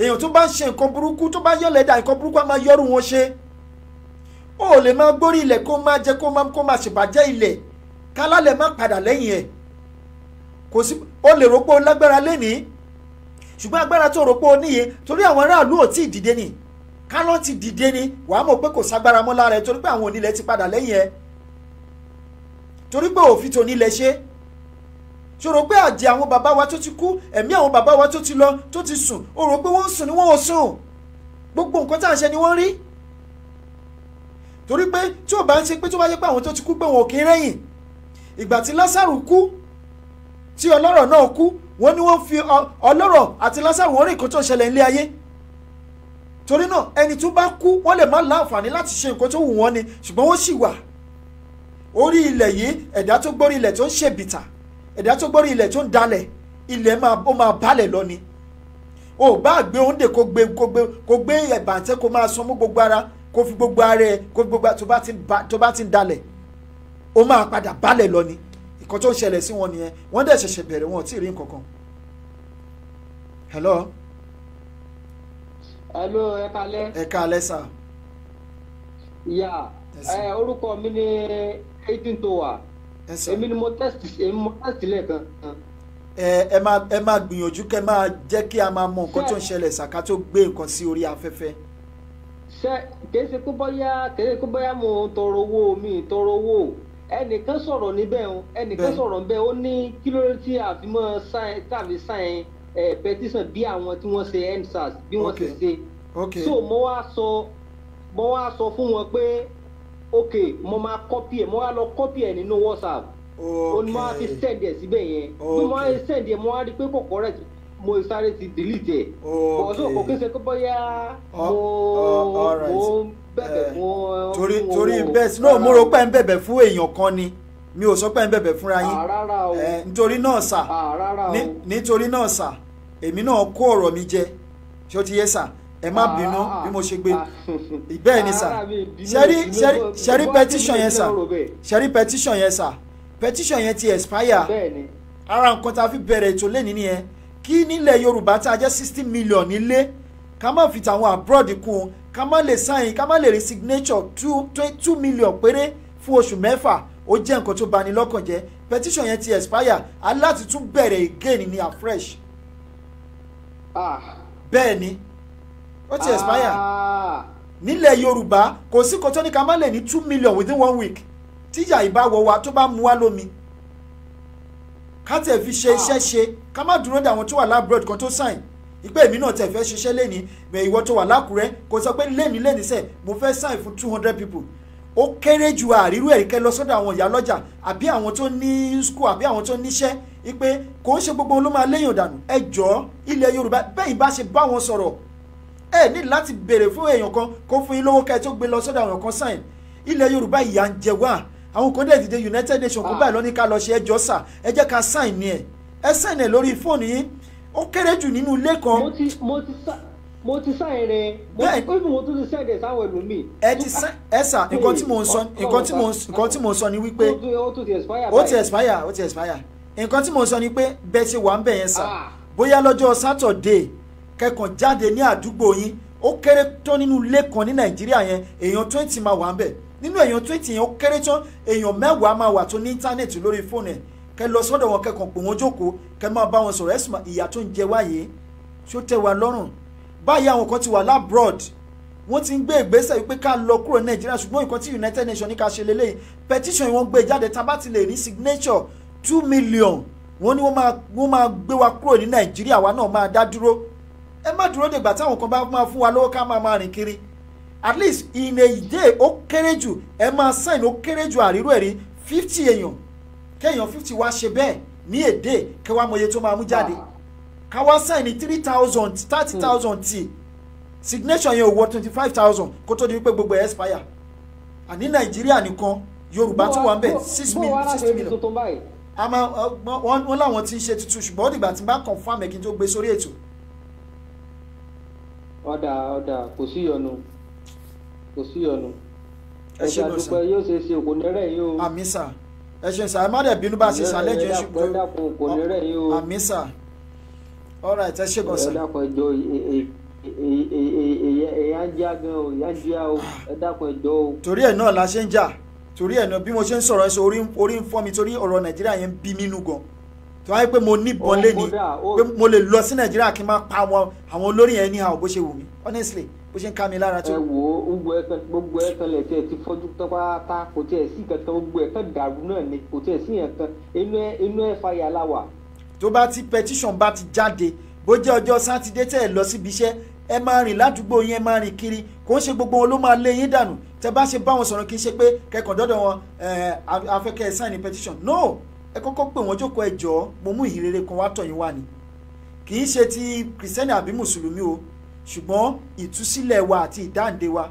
èèyàn tó bá ń ṣe nǹkan burúkú tó bá yọ̀lẹ̀ dà nǹkan burúkú á máa yọrù wọn ṣe ó lè máa gbórí ilẹ̀ kó máa jẹ kó máa kó máa ṣèbàjẹ́ ilẹ̀ kálálẹ̀ má padà lẹ́yìn ẹ̀ kò sí o lè rò pé o lágbára lẹ́nìí ṣùgbọ́n agbára tó rò pé o níye torí àwọn aráàlú ò tí ì dìde ni kálọ́ ti dìde ni wàá mọ̀ pé kò ságbára mọ́ lára ẹ̀ torí pé àwọn onílẹ̀ ti padà lẹ́yìn ẹ̀ torí pé òfin tó nílẹ̀ ṣe ṣe rò pé àjẹ́ àwọn bàbá wa tó ti kú ẹ̀mí àwọn bàbá wa tó ti lọ tó ti sùn o rò pé wọ́n ń sùn ni wọ́n ò sùn gbogbo nǹkan tá à ń ṣe ni wọ́n rí torí pé tí ò bá ń ṣe pé tó bá yẹ pé àwọn tó ti kú pé wọn ò kí ń rẹ́yìn ìgbà tí Lásàrù kú tí ọlọ́rọ̀ náà kú wọ́n ní wọ́n fi ọlọ́rọ̀ àti Lásàrù wọ́n rí nǹkan tó ń ṣẹlẹ̀ nílé ayé torí náà ẹni tó bá kú wọ́n lè má láǹfààní láti ṣe nǹkan tó wù wọ́n ni ṣùgbọ́n wọ́n sì wà orí ilẹ̀ yìí ẹ̀dá tó gbórí ilẹ̀ tó ń ṣèbìtà ẹ̀dá tó gbórí ilẹ̀ tó ń dalẹ̀ ilẹ̀ ó máa balẹ̀ lọ ni o bá gbé oúnjẹ kó gbé kó gbé kó gbé ẹ̀bàǹtẹ́ kó máa sanwó gbogbo ara kó fi gbogbo ara ẹ̀ kó fi gbogbo tó bá ti ń dalẹ̀ ó máa padà balẹ̀ lọ ni nǹkan tó ń ṣẹlẹ̀ sí wọn nìyẹn wọ́n dẹ̀ ṣẹ̀ṣẹ̀ bẹ̀rẹ̀ wọn ò tí ì rí nǹkan kan. hello. hello ẹ kalẹ́. ẹ kalẹ́ sà. ìyá ẹ orúkọ mi ni eighteen tó wà èmi ni mo test èmi mo test lẹ́ẹ̀kan. ẹ ẹ máa ẹ máa gbìyànjú kẹ máa jẹ́ kí a máa mọ nǹkan tó ń ṣẹlẹ̀ ṣàká tó gbé nǹkan sí orí afẹ́fẹ́ ṣe kèé ṣe kó bóyá kèé ṣe kó bóyá mo tọrọ owó mi tọrọ owó ẹnìkan sọ̀rọ̀ níbẹ̀ o ẹnìkan sọ̀rọ̀ níbẹ̀ ó ní kí ló tí a fi mọ́ tàbí sáyẹn pẹtísàn bí àwọn tí wọ́n ṣe endsars bí wọ́n ṣe ṣe so mo wá sọ mo wá sọ fún wọn pé ok mo máa kọ́pì ẹ̀ mo wá lọ kọ́pì ẹ̀ nínú whatsapp o ní mo wá fi send ẹ̀ síbẹ̀ yẹn bí mo wá fi send ẹ̀ mo wá rí pé kò correct mo sáré ti delete ẹ̀ ọ̀dọ́ kò kí n ṣe pé bóyá oh, mo oh, mo bẹ̀bẹ̀ eh. fún ọmọ eh, torí torí bẹ́ẹ̀ sí náà mo rò pé ń bẹ̀bẹ̀ fún èèyàn kan ni mi ò sọ pé ń bẹ̀bẹ̀ fúnra yín ah, eh, nítorí náà sà ah, nítorí náà sà èmi náà kó ọ̀rọ̀ mi jẹ ṣé ó ti yé sà ẹ má ah, bínú bí mo ṣe gbé <laughs> bẹ́ẹ̀ ni sà ṣẹ́rí petition yẹn sà ṣẹ́rí petition yẹn sà petition yẹn ti expire ara nǹkan tá a fi bẹ̀rẹ̀ ètò lẹ́ni nìyẹn kí nílẹ̀ Yorùbá tá a jẹ́ sixty million nílé ká má fi tàwọn abroad kún ká má lè sign ká má lè rí signature two two million péré fún oṣù mẹ́fà ó jẹ́ nǹkan tó bani lọ́kàn jẹ́ petition yẹn ti expire aláti tún bẹ̀rẹ̀ again ní afresh. Ah. bẹ́ẹ̀ ni ó ti expire ah. nílẹ̀ yorùbá kò sí kò tó ní ká má lè ní two million within one week tíjà ìbá wọ wa tó bá mu wá lómi ká tẹ̀ fi ṣe ah. iṣẹ́ ṣe ká má dúró dàwọn tó wà lábúrò kan tó sign ìpè èmi náà tẹ̀ fẹ́ ṣiṣẹ́ lẹ́ni ìwọ tó wà lákùrẹ́ kò sọ pé lẹ́ni lẹ́ni sẹ̀ mo fẹ́ sign fún two hundred people ó kéré ju àrírú ẹ̀ríkẹ́ lọ sọ́dọ̀ àwọn ìyá lọ́jà àbí àwọn tó ní school àbí àwọn tó níṣẹ́ ìpè kò ń ṣe gbogbo ló máa léyìn ọ̀dànù ẹ jọ̀ọ́ ilẹ̀ Yorùbá bẹ́ẹ̀ ìbá ṣe bá wọn sọ̀rọ̀ ẹ ní láti béèrè fún èèyàn kan kó fún yín lówó kẹ́ẹ̀ tó gbé lọ sọ́dọ̀ àwọn kan sign ilẹ̀ Yorùbá ìyà ń jẹ wá àwọn kan dẹ̀ dìde United Nations kó báyìí lọ ní ká lọ ṣe ẹjọ́ sà ẹ ká sign ni ẹ ẹ sign ẹ lórí fóònù yín ó kéré jù nínú ilé kan. mo ti mo ti sá mo ti sá ẹrẹ bẹ́ẹ̀ mo tún ti sẹẹdẹ sáwọn ẹlòmíì. ẹ ti sẹ ẹ sà nǹkan tí mo ń sọ nǹkan tí mo nǹkan tí mo ń sọ ni wípé ó ti expire ó ti expire nǹkan tí mo ń sọ ni pé bẹ́ẹ̀ ṣe wà ń bẹ̀ yẹn sà ah. bóyá lọ́jọ́ sátọ̀dé kẹkàn jáde ní àdúgbò yín ó kéré tán nínú ilé kan ní nàìjíríà yẹn èèyàn twenty máa wà ń bẹ̀ nínú èèyàn twenty yẹn ó kéré tán èèyàn mẹ́wàá máa wà tó ní íńtánẹ́ẹ̀tì lórí fóònù ẹ̀ kẹ lọ sọ́dọ̀ wọn kẹkàn pé wọ́n jókòó kẹ máa bá wọn sọ̀rọ̀ ẹ̀sùn ìyà tó ń jẹ wáyé tí ó tẹ́ wa lọ́rùn báyìí àwọn kan ti wà lábroad wọ́n ti ń gbé ìgbésẹ̀ wípé ká lọ kúrò nàìjíríà ṣùgbọ́n nǹkan tí united nations ní ká ṣe lélẹ́yìn petition wọn gbé jáde tá a bá ti lè ní signature two million wọ́n ní wọ́n máa gbé wa kúrò ní nàìjíríà wa náà máa dá dúró ẹ má dúró dègbà táwọn kan bá máa fún wa lọ́wọ́ ká máa máa rìn kiri at least in a day ó kéré jù ẹ máa sign ó kéré jù àrírò ẹ̀rí fifty èèyàn kéèyàn fifty wá ṣe bẹ́ẹ̀ ní èdè kí wàá mọye tó máa mú jáde ah. ká wá ní three thousand thirty hmm. thousand tí Signature yẹn ò wọ twenty five thousand kó tó di wípé gbogbo ẹ̀ expire àní nàìjíríà nìkan yorùbá tó wà ń bẹ̀ six million six million àmọ́ wọ́n láwọn ti ń ṣe tuntun ṣùgbọ́n ó dìgbà tí n bá confam ẹ̀ kí n tó gbé sórí ètò. ọ̀dà ọ̀dà kò sí ìyọnu kò sí ìyọnu ẹ̀ṣẹ̀ ló ẹ̀ṣẹ̀ àdúpẹ́ yóò ṣe é ṣe òkò nẹ́rẹ̀ yìí àmì sà ẹ ṣe sà ẹ má dẹ̀ bínú bá a ṣe sà lẹ́jọ́ ẹ ṣùgbọ́n àmì sà ọ̀rọ̀ ẹ̀ tẹ́ ṣe kọ̀ sà. ìyá ń já gan o ìyá ń já o ẹ dákun ẹjọ́ o. torí ẹ̀ náà la ṣe ń jà torí ẹ̀ náà bí mo ṣe ń sọ̀rọ̀ ẹ sọ orí ń fọ́ mi torí ọ̀rọ̀ nàìjíríà yẹn ń bí mínú gan tó wáyé pé mo níbọn lé ní pé mo lè lọ sí nàìjíríà kí n má pa àwọn olórí yẹn ní àwọn bó ṣe wù mí honestly bó ṣe ń ká mi lára tó. ẹ wo gbogbo ẹ kan gbogbo ẹ kan lẹ ti fọjú tán pátá kò tiẹ sí kankan gbogbo ẹ kan dàrú náà ni kò tiẹ sí yẹn kan inú ẹ inú ẹ fàyà la wà. tó bá ti petition bá ti jáde bó jẹ́ ọjọ́ sátidé tẹ́ ẹ lọ síbi iṣẹ́ ẹ máa rìn ládùúgbò yẹn máa rìn kiri kò ń ṣe gbogbo wọn ló máa lé yín dànù tẹ bá ṣe bá wọn sọ̀rọ̀ kì í ṣe pé kẹkàn dọ́dọ̀ wọn afẹ́kẹ́ ẹ sign petition no ẹ kọ́kọ́ pè wọ́n jókòó ẹ jọ̀ọ́ mo mú ìhìnrere kan wá tọ̀ wá ni kì í ṣe ti kìrìsìtẹ́nì àbí mùsùlùmí o ṣùgbọ́n ìtúsílẹ̀ wa àti ìdáǹdè wa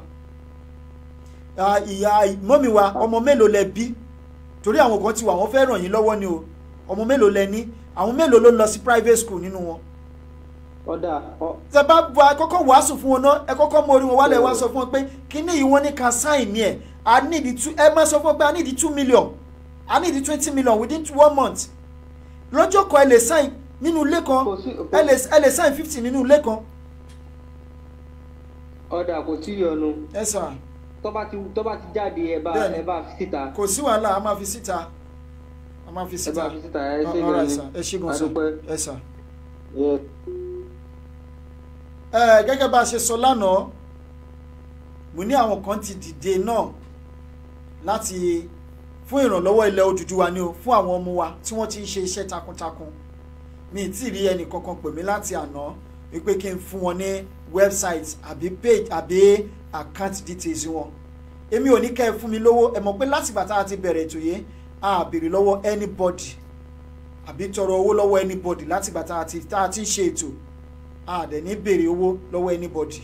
ìyá mọ́mi wa ọmọ mélòó lẹ bí torí àwọn kan ti wà wọ́n fẹ́ ràn yín lọ́wọ́ ni o ọmọ mélòó lẹ ní àwọn mélòó ló lọ sí private school nínú wọn. ọ̀dà ọ̀. ṣe bá bu akọ́kọ́ wàásù fún wọn náà ẹ kọ́kọ́ mọ orí wọn wálẹ̀ wá sọ fún wọn pé kíní yìí wọ́n ní ká sáìn ní ẹ̀ a need two ẹ máa sọ fún wọn pé a need two million a need twenty million within one month lọ́jọ́ kan ẹ lè sáìn nínú ilé kan ẹ lè sáìn fifty nínú ilé kan ọ̀dà kò tí ì yọnu. ẹ sà. tó bá ti tó bá ti jáde ẹ bá ẹ bá fi síta. kò sí wàhálà a máa fi síta a máa fi síta ẹ bá fi síta ẹ ṣe gan ni ẹ ṣe gan sọ ẹ sà. ẹ gẹ́gẹ́ bá a ṣe sọ lánàá mo ní àwọn kan ti dìde náà láti fún ìrànlọ́wọ́ ilẹ̀ Odùduwà ni o fún àwọn ọmọ wa tí wọ́n ti ń ṣe iṣẹ́ takuntakun mi ì tí ì rí ẹnì kankan pè mí láti àná wípé kí n fún wọn ní website àbí page àbí account details wọn èmi ò ní kẹ́ ẹ fún mi lówó ẹ mọ̀ pé látìgbà tá a ti bẹ̀rẹ̀ ètò yẹn a béèrè lọ́wọ́ anybody àbí tọrọ owó lọ́wọ́ anybody látìgbà tá a ti tá a ti ṣe ètò a dẹ̀ ní béèrè owó lọ́wọ́ anybody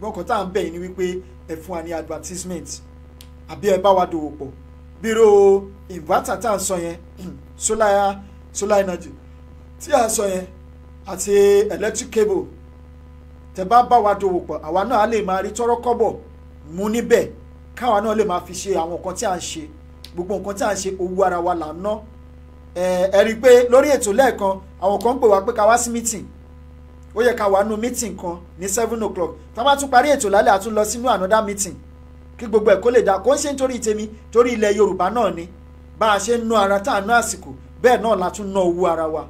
gbọ́kàn tá à ń bẹ̀ yín ni wípé ẹ fún wa ní advertisement àbí ẹ bá wa dòwò pọ̀ bírò inverter tá à ń sọ yẹn <clears throat> solar solar energy tí à ń sọ yẹn àti electric cable tẹ bá bá wa dòwò pọ̀ àwa náà á lè máa rí tọ́rọ́ kọ́bọ̀ mú níbẹ̀ káwa náà lè máa fi ṣe àwọn nǹkan tí à ń ṣe gbogbo nǹkan tí à ń ṣe owó ara wa là ń ná ẹ rí i pé lórí ètò lẹ́ẹ̀kan àwọn kan ń pè wá pé ká wá sí meeting ó yẹ ká wá nú meeting kan ní seven o'clock tá a bá tún parí ètò lálẹ́ àtún lọ sínú another meeting kí gbogbo ẹ̀ kó lè dá kó ń ṣe nítorí tèmi torí ilẹ̀ Yorùbá náà ni bá a ṣe ń ná ara tá a ná àsìkò bẹ́ẹ̀ náà la ná owó ara wa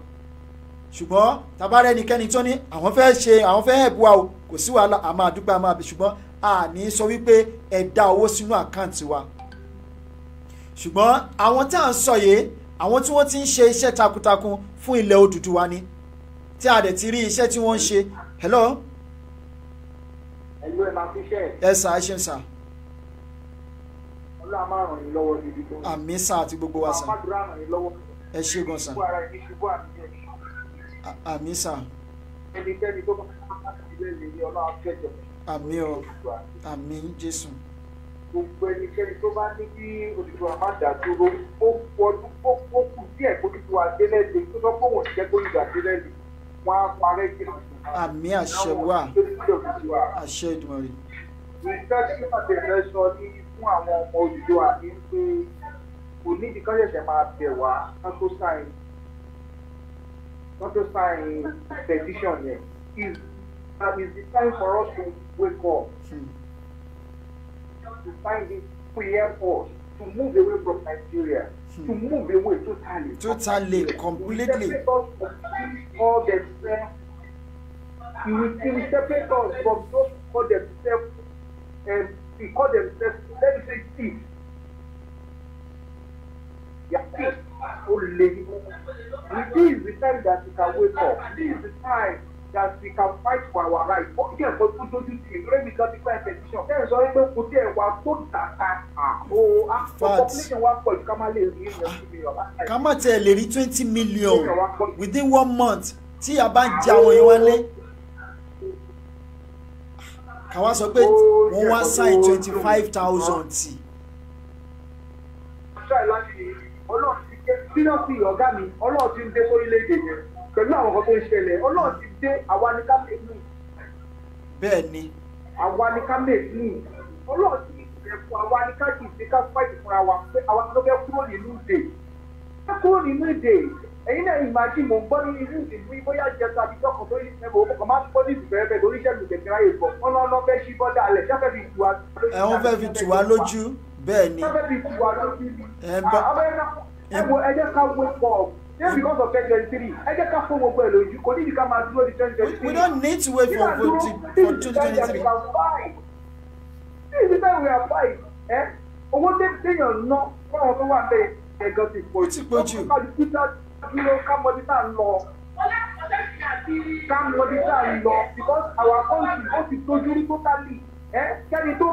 ṣùgbọ́n tabarẹ́ ẹnikẹ́ni tó ní àwọn fẹ́ ṣe àwọn fẹ́ ẹ̀bùwà o kò sí wàhálà a máa dúpẹ́ a máa bẹ̀ ṣùgbọ́n a ní sọ wípé ẹ dá owó sínú àkáǹtì wa ṣùgbọ́n àwọn tá à ń sọ yìí àwọn tí wọ́n ti ń ṣe iṣẹ́ takuntakun fún ilẹ̀ Odùduwà ni tí a dẹ̀ ti rí iṣẹ́ tí wọ́n ń ṣe hello. ẹ̀lú ẹ̀ máa fi ṣe ẹ̀. ẹ sà ẹ ṣe ń sà. ọlọ́run máa máa ràn yín lọ́wọ́ àmì sà. ẹnikẹ́ni tó bá bá ilé mi ní ọlọ́run akẹ́jọ. àmì ọ àmì jésù. gbogbo ẹnikẹ́ni tó bá ní kí olùdó àmà dà ó wọdún ó kù díẹ̀ kó olùdó tó tọ́ pé wọ́n jẹ́ kó olùdó wọ́n á parẹ́ jìnnà. àmì àṣẹ wà àṣẹ ìdùnnú rẹ̀. ìtọ́jú ìpàdé rẹ sọ ní fún àwọn ọmọ olùdó àmì pé kò níbi kan máa bẹ̀ wá kákó sáyẹn Not just sign petition yẹn is that uh, is the time for us to wake up hmm. to find it clear for to move away from Nigeria hmm. to move away totally. totally completely. It will separate all the self will, separate us from those who call themselves um, they call themselves let me say thieves. they are ó live. This is the time that we can wake up. This is the time that we can fight for our right. ó jẹ́ nǹkan tó dójú tì mí lórí mi gan ti pẹ́ petition. kẹ́hìn sọ pé kò tí ẹ̀ wá tó tàta àpò population wa pọ̀ ju ká má lè rí twenty ah, million. ká má tiẹ̀ lè rí twenty million within one month tí a bá ń jẹ àwọn yẹn wálé. káwa sọ pé wọ́n wá sign twenty five thousand tí. ọlọ́run sírọ́ọ̀sì ọ̀gá mi ọlọ́run ti ń dé sórílẹ̀-èdè yẹn pẹ̀lú àwọn nǹkan tó ń ṣẹlẹ̀ ọlọ́run ti dé àwa ni ká lè mú. bẹ́ẹ̀ ni. àwa ni ká lè mú ọlọ́run ti ẹ̀kọ́ àwa ni ká kì í ṣe ká fáìtì fúnra wa pé àwa ló fẹ́ kúrò nínú ìdè ká kúrò nínú ìdè ẹ̀yin náà ìmájì mò ń gbọ́ nínú ìlú ìlú bóyá jẹta àbí tọkàn tó yìí ẹ wo ká wé pọ̀ ṣé because of ten twenty three ẹ ká fún gbogbo ẹ̀ lójú kò ní ìdíkà máa dúró di twenty twenty three. we don't need to wait for for twenty twenty three. this is the time we are fight ẹ owó téèyàn ná fún àwọn tó wà bẹ́ẹ̀ ẹ̀gàn ti pọ̀ jù. ó ti pọ̀ jù. ká dúró ká mọ ibi lọ ká mọ ibi lọ because our country ó ti tójú rí totally ẹ kẹ́ni tó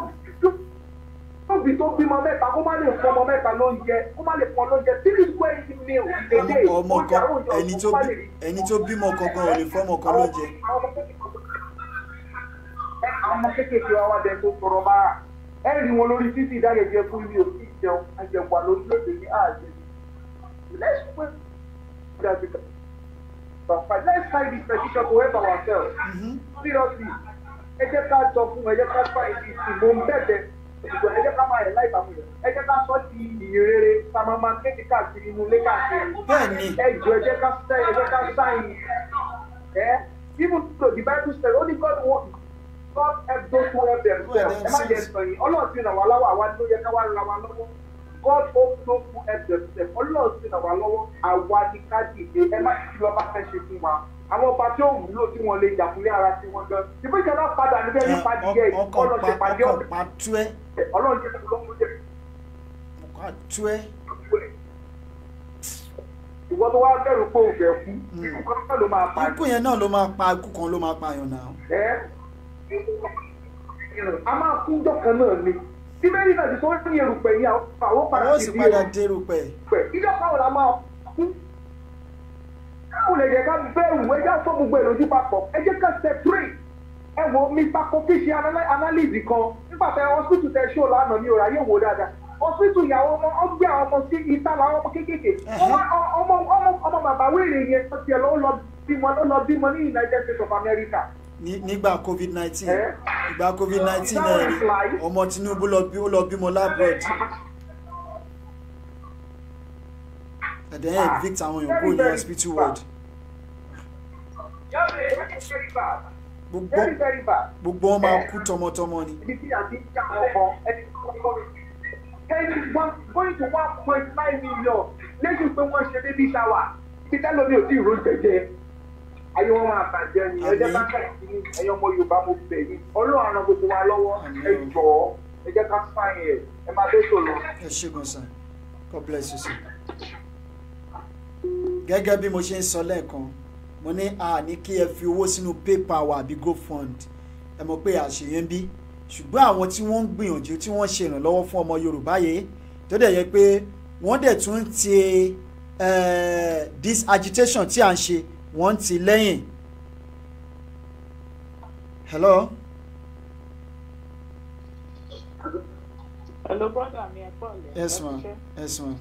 tóbi tó bímọ mẹ́ta kó má lè fún ọmọ mẹ́ta lóúnjẹ kó má lè fún ọ lóúnjẹ three square meal ìdèdè oúnjẹ àwọn ìjọ ẹni tó bímọ kankan ò lè fún ọmọ kan lóúnjẹ. àwọn ọmọ kéékèèké wa wá dé tó sọ̀rọ̀ bá ẹ rí wọn lórí títí ìdáyẹjẹ fún mi ò sí ìjẹun àjẹwà lójú òde ní àjẹ lẹ́sùn let's fight this petition to help ourselves. Mm-hmm. Seriously, ẹ jẹ́ ká jọ fún ẹ jẹ́ ká fight this thing mo ń bẹ̀bẹ̀ ṣùgbọ́n ẹ jẹ́ ká máa rẹ̀ láì bàmú yẹn ẹ jẹ́ ká sọ ti ìrere ta máa máa kéde káàkiri inú ilé káàkiri ẹ jọ ẹ jẹ́ ká sẹ́ ẹ jẹ́ ká sáyìn ẹ even though the bible says only God won God help those who help themselves ẹ má jẹ sọyìn ọlọ́run ti ràn wá lọ́wọ́ àwa ló yẹ ká wá ra wa lọ́wọ́ God help those who help themselves ọlọ́run ti ràn wá lọ́wọ́ àwa ni ká dìde ẹ má ti lọ́ bá fẹ́ ṣe fún wa àwọn ọba tí ó wúlò tí wọ́n lè jàkúlẹ̀ ara tí wọ́n gan ìbí ìjọba padà níbẹ̀ ní padìyẹ ọlọ́run ti padì ọ̀dọ̀ ọlọ́run ti kú lọ́kùn jẹ. ìwọ tó wá bẹ̀rù pé òun fẹ́ kú hmm. ikú yẹn náà ló máa pa ikú kan ló máa pa àyàn náà. a máa kú jọ̀kan náà ni bíbélì náà ti sọ wọ́n ní erùpẹ̀ yìí àwọn padà sí erùpẹ̀ ìjọba wo la máa kú káwọn lè jẹ ká bẹ̀rù ẹ já sọ gbogbo èrò yìí papọ̀ ẹ jẹ́ ká step three ẹ wo mr kofi ṣe analysis kan nígbà tẹ hospital tẹ ṣó lánàá ní ọ̀rọ̀ ayé wò dáadáa hospital ìyàwó ọmọ ó gbé àwọn ọmọ sí ìta làwọn ọmọ kéékèèké ọmọ ọmọ bàbá wèrè yẹn tiẹ̀ ló lọ bímọ ló lọ bímọ ní united states of america nígbà covid nineteen ìgbà covid nineteen náà ọmọ tinubu lọ bímọ lábúrò <laughs> ẹ̀dẹ̀ yẹn ah. evict àwọn èèyàn kúrò ní hospital ward. gbogbo wọn máa eh. kú tọmọtọmọ ni. going to one point nine million lẹ́yìn pé wọ́n ṣe baby shower ti tẹ́lọ̀ mi ò tí ì ro jẹjẹ ayé wọn máa bàjẹ́ ni ẹjẹ́ bá kàrí sí ní ẹ̀yọ́ ọmọ Yorùbá mo bẹ̀ ni Ọlọ́run ran gbogbo wa lọ́wọ́ ẹ jọ̀ọ́ ẹ jẹ́ ká fáyìn ẹ máa bẹ́ sọ̀rọ̀. ẹ ṣe gan san God bless you sir gẹ́gẹ́ bí mo ṣe ń sọ lẹ́ẹ̀kan mo ní a ní kí ẹ fi owó sínú PayPal wa àbí GoFund ẹ mọ̀ pé àṣeyẹ ń bí ṣùgbọ́n àwọn tí wọ́n ń gbìyànjú tí wọ́n ṣe ìrànlọ́wọ́ fún ọmọ Yorùbá yìí tó dẹ̀ yẹ pé wọ́n dẹ̀ tún ti this agitation tí à ń ṣe wọ́n ti lẹ́yìn. hello. hello brother mi ẹ pọ̀ lẹ́yìn. yes ma yes ma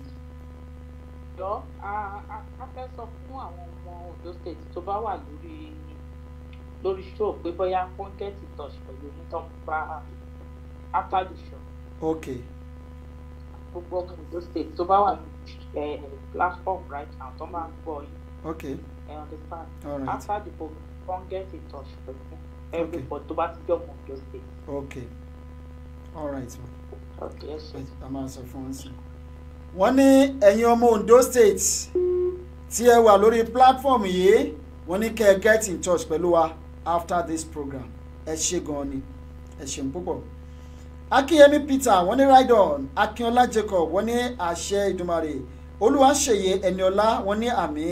ọ̀dọ́ a fẹ́ sọ fún àwọn ọmọ Ondo State tó bá wà lórí lórí show pé bóyá pọ́ńkẹ́tì touch pẹ̀lú onítàn bá after the show. okay. gbogbo ọmọ Ondo State tó bá wà lórí platform right now tó máa ń gbọ́ yìí. ok ẹ understand. all right. after the program pọ́ńkẹ́tì touch pẹ̀lú everybody tó bá ti jọ ọmọ Ondo State. okay. all right. ok ẹ ṣe. a máa sọ fún wọn sí i wọ́n ní ẹ̀yin ọmọ Ondo State tí ẹ wà lórí platform yìí wọ́n ní kẹ́ ẹ get in touch pẹ̀lú wa after this program ẹ ṣe gan-an ni ẹ ṣeun púpọ̀. Akínyẹmí Peter wọ́n ní ride on Akínọlá Jacob wọ́n ní àṣẹ Ìdùmarè Olúwaṣeyẹ Ẹniọlá wọ́n ní àmì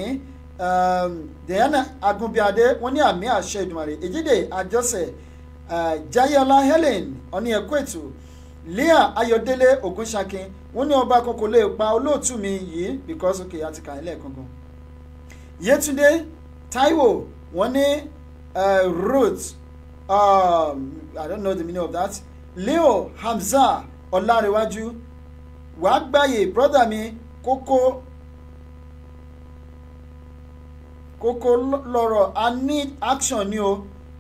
um, Diana Agunbíadé wọ́n ní àmì àṣẹ Ìdùmarè Èjìdé Àjọṣe uh, Jayọlá Helen wọ́n ní ètò leah ayọ̀délé ògúnṣakin wọ́n ní ọba kan lè pa olóòtú mi yìí because okay àti kàn ilẹ̀ kankan yétúndé Taiwo, wọ́n ní uh, ruth um, i don't know the meaning of that leo hamza ọlárẹ̀wájú wàá gbàyè brother mi kókó kókó lọ́rọ̀ i need action ni o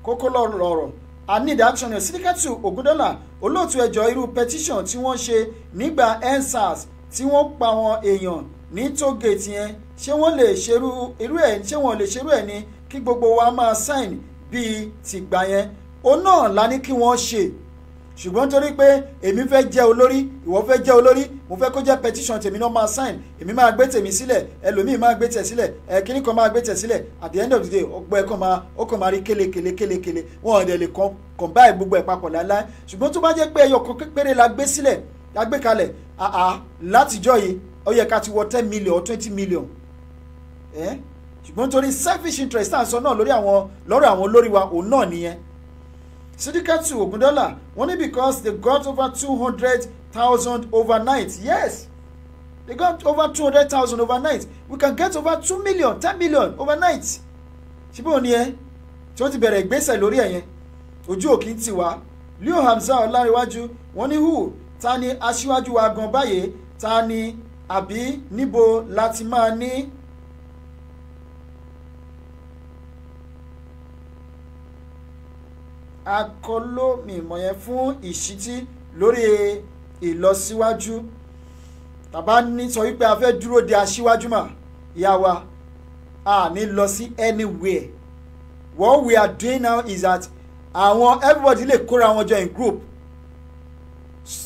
kókó lọ́rọ̀ i need action ni o sídìkàtù ògúndọ́là olóòtú ẹjọ́ irú petition tí wọ́n ṣe nígbà ensars tí wọ́n pa àwọn èèyàn ní tógèètì yẹn ṣé wọ́n lè ṣerú irú ẹ̀ ṣé wọ́n lè ṣerú ẹ̀ ni kí gbogbo wa máa sign bíi tìgbà yẹn òun náà la ní kí wọ́n ṣe ṣùgbọ́n torí pé èmi fẹ́ jẹ́ olórí ìwọ fẹ́ jẹ́ olórí mo fẹ́ kó jẹ́ petition tèmi náà máa sign èmi máa gbé tèmi sílẹ̀ ẹlòmíì máa gbé tẹ̀ sílẹ̀ ẹ̀kíní kan máa gbé tẹ̀ sílẹ̀ at the end of the day ọgbọ́n ẹ̀kan máa ó kàn máa rí kélekele kélekele wọn ò dẹ̀ lè kàn kàn báyìí gbogbo ẹ̀ papọ̀ láéláé ṣùgbọ́n tó bá jẹ́ pé ẹyọ kan péré la gbé sílẹ̀ la gbé kalẹ̀ àà látijọ́ yìí ó yẹ ká ti million or twenty million ṣùgbọ́n torí selfish interest tá à ń sọ náà lórí àwọn lọ́rọ̀ àwọn olórí wa òun náà nìyẹn Sidikatu Ogundola wọ́n ní because they got over two hundred thousand overnight yes they got over two hundred thousand overnight we can get over two million ten million overnight ṣíbí òní ẹ tí wọ́n ti bẹ̀rẹ̀ ìgbésẹ̀ lórí ẹ̀yẹn ojú òkì ń tiwa Leo Hamzat Ọláríwájú wọ́n ní hù ta ni aṣíwájú wa gan báyìí ta ni àbí níbo láti máa ní akọlómìmọ̀ yẹn fún ìṣítí lórí ìlọsíwájú tàbá ní sọ wípé a fẹ́ dúró de aṣíwájú mà ìyá wa a ní lọ sí anywhere what we are doing now is that àwọn everybody lè kóra wọn jọ in group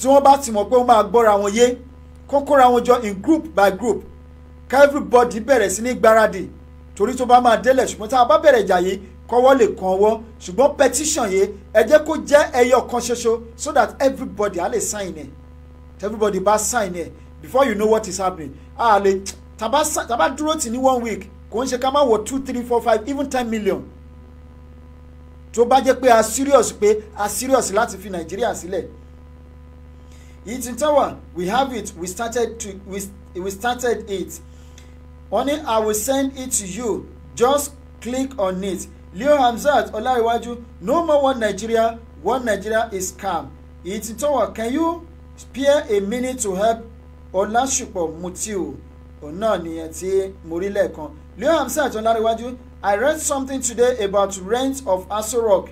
tí wọ́n bá ti mọ̀ pé wọ́n máa gbọ́ra wọn yé kó kóra wọn jọ in group by group ká everybody bẹ̀rẹ̀ sí ní gbáradì torí tó bá máa délẹ̀ ṣùgbọ́n tá a bá bẹ̀rẹ̀ jà yìí kọ́wọ́ lè kan ọwọ́ ṣùgbọ́n petition yẹn ẹ jẹ́ kó jẹ́ ẹyọ kan ṣoṣo so that everybody á lè sign ẹ̀ everybody bá sign ẹ̀ before you know what is happening a lè taba tàbá dúró tì ní one week kò ń ṣe ká má wọ two three four five even ten million tó bá jẹ́ pé a serious pé a serious láti fi nàìjíríà sílẹ̀ yìí ti tán we have it we started to we, we started it wọ́n ní i will send it to you just click on it leo hamzat ọláìwájú no more one nigeria one nigeria is calm ìtìtọ́wọ̀ can you spare a minute to help ọlásùpọ̀ mutiu òun náà nìyẹn tí mo rí lẹ́ẹ̀kan leo hamzat ọláìwájú i read something today about rent of aso rock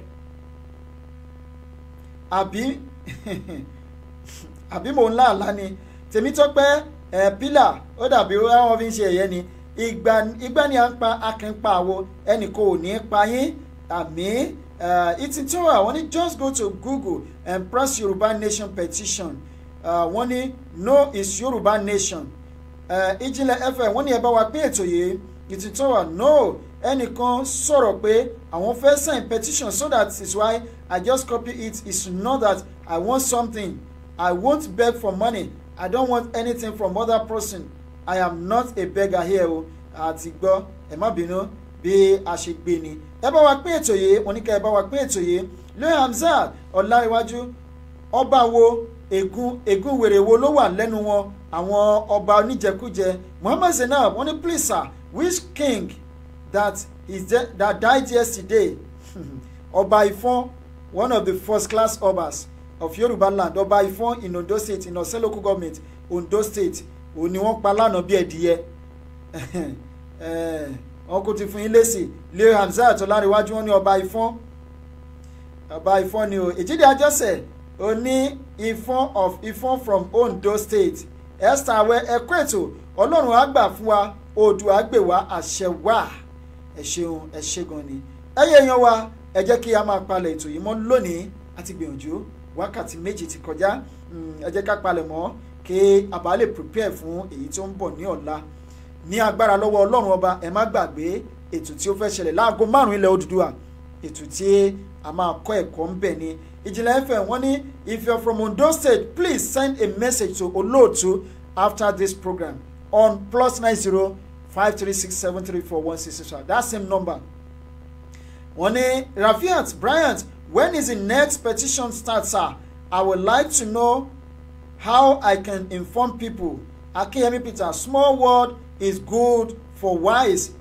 àbí <laughs> àbí mò ń láàlá ni tèmi tó pẹ́ ẹ̀ pílà ó dàbí wọ́n fi ń ṣe ẹ̀yẹ ni ìgbà ìgbà ni à ń pa akínpa àwo ẹnì kò ní pa yín àmì uh, ìtì tí wà wọ́n ní just go to Google and press Yoruba Nation petition uh, wọ́n ní no is Yoruba Nation uh, ìjìnlẹ̀ FM wọ́n ní ẹ bá wa pé ètò yìí ìtì tí wà no ẹnìkan sọ̀rọ̀ pé àwọn fẹ́ sign petition so that is why I just copy it it's know that I want something I won't beg for money I don't want anything from other person i am not a beggar here o àti gbọ́ ẹ má bínú bí a ṣe gbé ni ẹ bá wa pín ètò yìí oníkẹ́ ẹ bá wa pín ètò yìí lóyè hamzat ọláìwájú ọba wo ègún ègún wèrè wo ló wà lẹ́nu wọn àwọn ọba oníjẹkújẹ muhammad zainab wọ́n ní please sir which king that is that died yesterday <laughs> ọba ifon one of the first class obas of yoruba land ọba ifon in ondo state in oselo local government ondo state òun ni wọ́n pa lánàá bí ẹ̀dìyẹ wọn kò ti fún yín lésì lé Hamzat Ọláníwájú wọn ní ọba Ifọ̀n ọba Ifọ̀n ni o Èjìdé Àjọṣẹ o ní Ifọ̀n of Ifọ̀n from Ondo State Esther awẹ ẹkọ ètò Ọlọ́run á fún wa Oòduà gbè wá àṣẹ wá ẹ ṣeun ẹ ṣe ni ẹ yẹ yan wa ẹ jẹ́ kí a máa palẹ̀ ètò yìí mọ́ lónìí àti gbìyànjú wákàtí méjì ti kọjá hmm, ẹ jẹ́ ká palẹ̀ mọ́ kí a bá lè prepare fún èyí tí ó ń bọ̀ ní ọ̀la ní agbára lọ́wọ́ ọlọ́run ọba ẹ má gbàgbé ètò tí ó fẹ́ ṣẹlẹ̀ láago márùn ilẹ̀ Odùduwà ètò tí a máa kọ́ ẹ̀kọ́ ń bẹ̀ ni Ìjìnlẹ̀ FM wọ́n ní if you're from Ondo State please send a message to olóòtú after this program on plus nine zero five three six seven three four one six six that same number wọ́n ní Rafiat Bryant when is the next petition start sir I would like to know how I can inform people. Akeyemi Peter, small word is good for wise.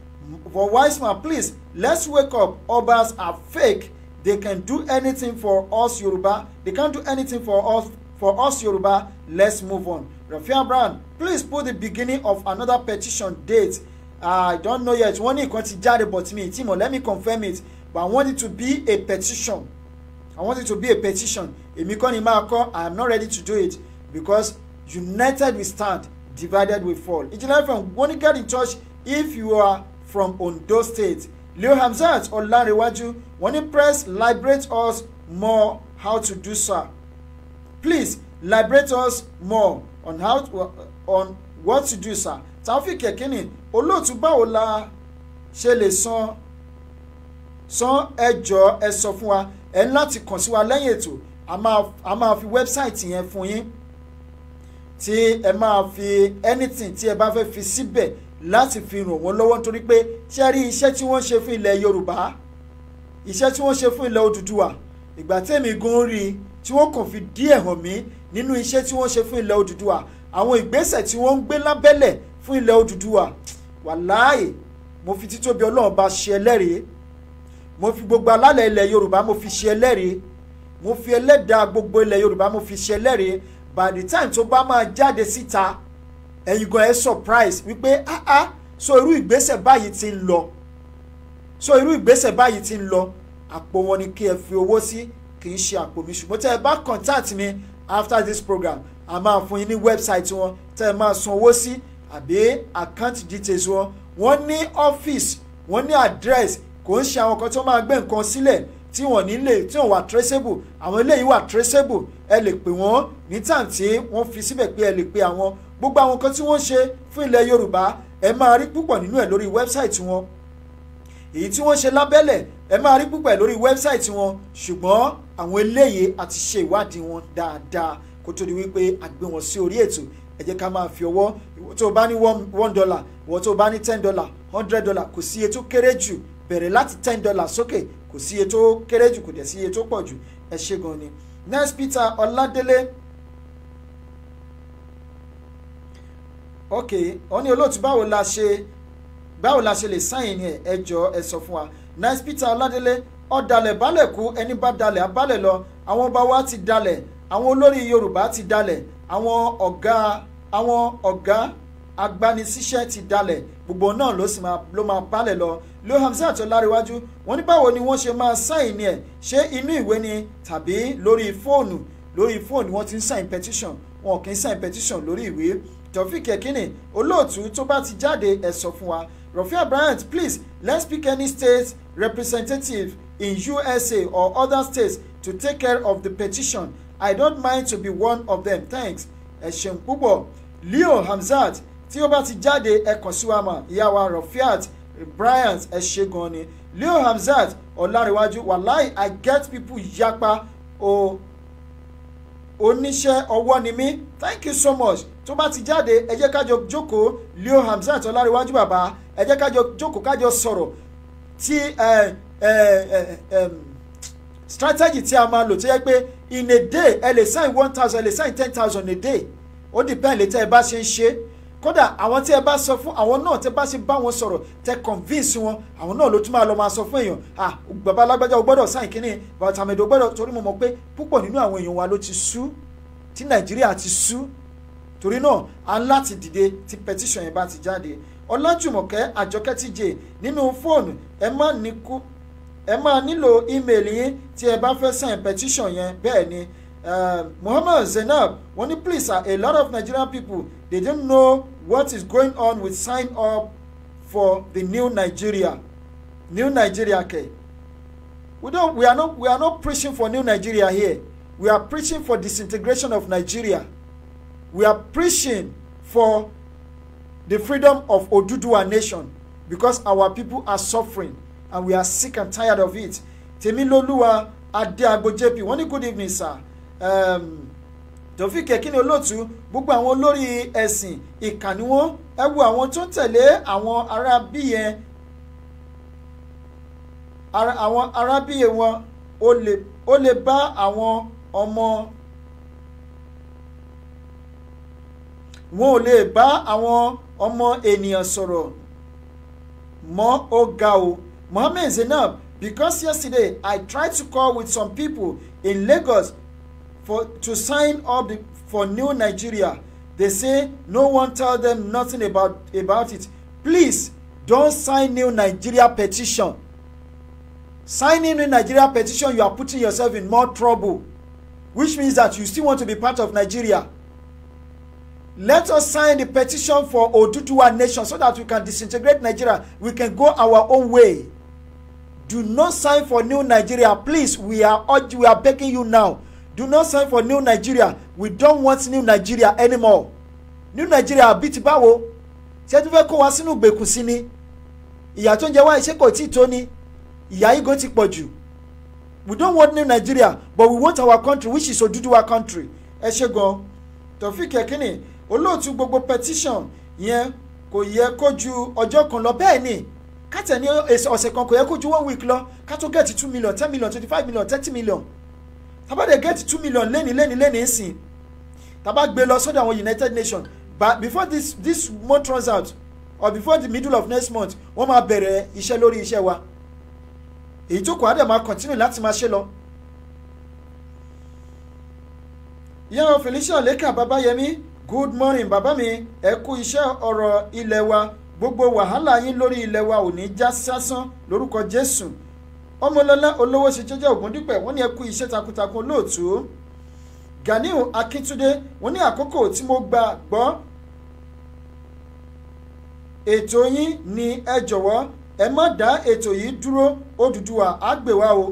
For wise man, please, let's wake up. Obas are fake. They can do anything for us Yoruba. They can't do anything for us for us Yoruba. Let's move on. Rafiya Brand, please put the beginning of another petition date. I don't know yet. Wọ́n ní nǹkan ti jáde but me, Timo. let me confirm it. But I want it to be a petition. I want it to be a petition. Èmi kọ́ ni máa kọ́. I am not ready to do it because united we stand divided we fall ìjìnlẹ̀ fm wọ́n ní get in if you are from Ondo State Leo Hamzat Ọlárẹ̀wájú wọ́n ní press liberate us more how to do so please liberate us more on how to, on what to do sir Taofik Ekini olóòtú báwo la ṣe lè san san ẹjọ́ ẹ sọ fún wa ẹ ní láti kàn sí wa lẹ́yìn ètò a máa fi wẹ́bsáìtì yẹn fún yín tí ẹ máa fi anything tí ẹ bá fẹ́ fi síbẹ̀ láti fi ràn wọ́n lọ́wọ́ nítorí pé ṣé rí iṣẹ́ tí wọ́n ṣe fún ilẹ̀ Yorùbá iṣẹ́ tí wọ́n ṣe fún ilẹ̀ Odùduwà ìgbà tèmi gan rí i tí wọ́n kàn fi díẹ̀ hàn mí nínú iṣẹ́ tí wọ́n ṣe fún ilẹ̀ Odùduwà àwọn ìgbésẹ̀ tí wọ́n ń gbé lábẹ́lẹ̀ fún ilẹ̀ Odùduwà wàláàyè mo fi títóbi Ọlọ́run bá ṣe ẹlẹ́rìí mo fi gbogbo alálẹ̀ ilẹ̀ Yorùbá mo fi ṣe ẹlẹ́rìí mo fi ẹlẹ́dàá gbogbo ilẹ̀ Yorùbá mo fi ṣe ẹlẹ́rìí by the time tó bá máa jáde síta ẹ̀yin gan ẹ̀ surprise wípé ah ah so irú ìgbésẹ̀ báyìí ti ń lọ so irú ìgbésẹ̀ báyìí ti ń lọ àpò wọn ni kí ẹ fi owó sí kì í ṣe àpò mi ṣùgbọ́n tẹ́ ẹ bá contact mi after this program a máa fún yín ní website wọn tẹ́ ẹ máa san owó sí àbí account details wọn wọ́n ní office wọ́n ní address kò ń ṣe àwọn kan tó máa gbé nǹkan sílẹ̀ tí wọ́n ní lè tí wọ́n wà traceable àwọn eléyìí wà traceable ẹ lè pè wọ́n ní tàǹtí wọ́n fi síbẹ̀ pé ẹ lè pe àwọn gbogbo àwọn kan tí wọ́n ṣe fún ilẹ̀ Yorùbá ẹ máa rí púpọ̀ nínú ẹ̀ lórí wẹ́bsáìtì wọn èyí tí wọ́n ṣe lábẹ́lẹ̀ ẹ máa rí púpọ̀ ẹ̀ lórí wẹ́bsáìtì wọn ṣùgbọ́n àwọn eléyè àti ṣe ìwádìí wọn dáadáa kó tó di wípé a gbé wọn sí orí ètò ẹ jẹ́ ká máa fi ọwọ́ tó bá ní one dollar ìwọ tó bá ní ten dollar hundred dollar kò sí iye tó kéré jù bẹ̀rẹ̀ láti ten dollar sókè kò sí iye tó kéré jù kò dẹ̀ sí iye tó pọ̀ jù ẹ ṣé gan ni next Peter Ọládélé ok wọ́n ní olóòtú báwo la ṣe báwo la ṣe lè sáyìn ní ẹ sọ fún wa nice peter ọládélé ọ̀dàlẹ̀ balẹ̀ kú ẹni bá dalẹ̀ abálẹ̀ lọ àwọn ọba wa ti dalẹ̀ àwọn olórí yorùbá ti dalẹ̀ àwọn ọ̀gá àwọn ọ̀gá agbanisíṣẹ́ ti dalẹ̀ gbogbo náà ló sì ló máa palẹ̀ lọ ló Hamzat àti ọláríwájú wọn ní báwo ni wọ́n ṣe máa sáìnì ẹ̀ ṣé inú ìwé ni tàbí lórí fóònù lórí fóònù wọ́n ti ń sáìn petition wọn kì í sáìn petition lórí ìwé Taofik Ekini olóòtú tó bá ti jáde ẹ̀ sọ fún wa Rafiu Bryant please let's pick any state representative in USA or other states to take care of the petition I don't mind to be one of them thanks ẹ ṣeun púpọ̀ Leo Hamzat tí ó bá ti jáde ẹ kàn sí Rafiat Bryant ẹ gan ni Leo Hamzat ọ̀làríwájú wàláì I get people yapa o oníṣẹ́ ọwọ́ ni mí thank you so much tó bá ti jáde ẹ kájọ jókòó Leo Hamzat ọ̀làríwájú bàbá ẹ jẹ́ kájọ jókòó kájọ sọ̀rọ̀ tí strategy tí a máa lò tó yẹ pé in a day ẹ lè sign one thousand ẹ lè sign ten thousand a day ó depend létẹ́ ẹ bá ṣe ń ṣe kódà àwọn tí ẹ bá sọ fún àwọn náà tẹ bá ṣe bá wọn sọ̀rọ̀ tẹ convince wọn àwọn náà ló tún máa lọ máa sọ fún èèyàn ah bàbá alágbájá o gbọ́dọ̀ sáìn kínní bàbá tàmẹ̀dò o gbọ́dọ̀ torí mo mọ̀ pé púpọ̀ nínú àwọn èèyàn wa ló ti sú tí nàìjíríà ti sú torí náà a ń láti dìde tí petition yẹn bá ti jáde ọlájùmọ̀kẹ́ àjọkẹ́ ti jẹ nínú fóònù ẹ má níkú ẹ máa nílò ímeèlì yín tí ẹ bá fẹ́ sáìn petition yẹn bẹ́ẹ̀ ni uh, Muhammad Zainab wọ́n ní please sir a lot of Nigerian people they don't know what is going on with sign up for the new Nigeria new Nigeria kẹ we don't we are not we are not preaching for new Nigeria here we are preaching for disintegration of Nigeria we are preaching for the freedom of Oduduwa nation because our people are suffering and we are sick and tired of it Temiloluwa Adeagbo JP wọ́n good evening sir Ehm, tòfíkì kínní olóòtú gbogbo àwọn olórí ẹ̀sìn ìkànnì wọn ẹ wo àwọn tó ń tẹ̀lé àwọn arábí yẹn àwọn arábí yẹn wọn ó lè bá àwọn ọmọ wọn ò lè bá àwọn ọmọ ènìyàn sọ̀rọ̀ mọ́ ó ga o Mohammed Zainab because yesterday I tried to call with some people in Lagos for, to sign up the, for New Nigeria. They say no one tell them nothing about, about it. Please don't sign New Nigeria petition. Signing New Nigeria petition, you are putting yourself in more trouble, which means that you still want to be part of Nigeria. Let us sign the petition for Oduduwa nation so that we can disintegrate Nigeria. We can go our own way. Do not sign for New Nigeria. Please, we are, we are begging you now do not sign for new nigeria we don't want new nigeria anymore new nigeria bíi ti báwo ṣé tó fẹ́ kó wa sínú gbèkùn sí ni ìyà tó ń jẹ wá iṣẹ́ kò tí ì tó ni ìyà igo ti pọ̀ jù we don't want new nigeria but we want our country which is Oduduwa country ẹ ṣe gan Taofeek Ẹkínì olóòtú gbogbo petition yẹn kò yẹ kó ju ọjọ́ kan lọ bẹ́ẹ̀ ni kátẹ̀ ní ọ̀sẹ̀ kan kò yẹ kó ju one week lọ ká tó gẹ̀ẹ́tì two million ten million twenty five million thirty million Taba tabade get two million lẹ́ni lẹ́ni lẹ́ni ń sìn taba gbé lọ sọ́dọ̀ àwọn United Nations but before this this month runs out or before the middle of next month wọ́n máa bẹ̀rẹ̀ iṣẹ́ lórí iṣẹ́ wa èyí tó kọ́ adé máa continue láti máa ṣe lọ. ìyá Felicia Leka Babayemi good morning bàbá mi ẹ kú iṣẹ́ ọ̀rọ̀ ilẹ̀ wa gbogbo wàhálà yín lórí ilẹ̀ wa ò ní já sásán lórúkọ Jésù ọmọlọ́lá olówó ṣe jẹ́jẹ́ ògúndípẹ̀ wọ́n ní ẹ kú iṣẹ́ takuntakun olóòtú Ganiu Akíntúndé wọ́n ní àkókò tí mo gbà gbọ́ ètò yín ni ẹ jọ̀wọ́ ẹ má dá ètò yìí dúró Odùduwà á gbè wá o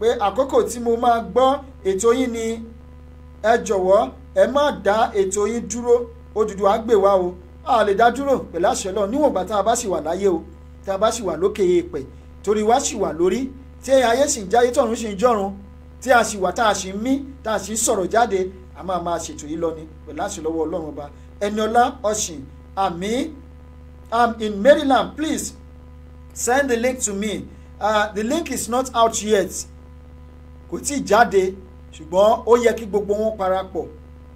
pé àkókò tí mo máa gbọ́ ètò yín ni ẹ jọ̀wọ́ ẹ má dá ètò yín dúró Odùduwà á gbè wá o a lè dá dúró pẹ̀lú àṣẹ lọ níwọ̀n ìgbà tá a bá sì wà láyé o tá a bá sì wà lókè eèpẹ̀ torí wa sì wà lórí tí ayé sì ń jáyé tọ̀run sì ń jọ̀run tí a sì wà tá a sì ń mí tá a sì ń sọ̀rọ̀ jáde a máa máa ṣètò yìí lọ ni pẹ̀lú àṣìlọ́wọ́ ọlọ́run ọba Eniola Oshin àmì I'm um, in Maryland please send the link to me uh, the link is not out yet kò tí ì jáde ṣùgbọ́n ó yẹ kí gbogbo wọn parapọ̀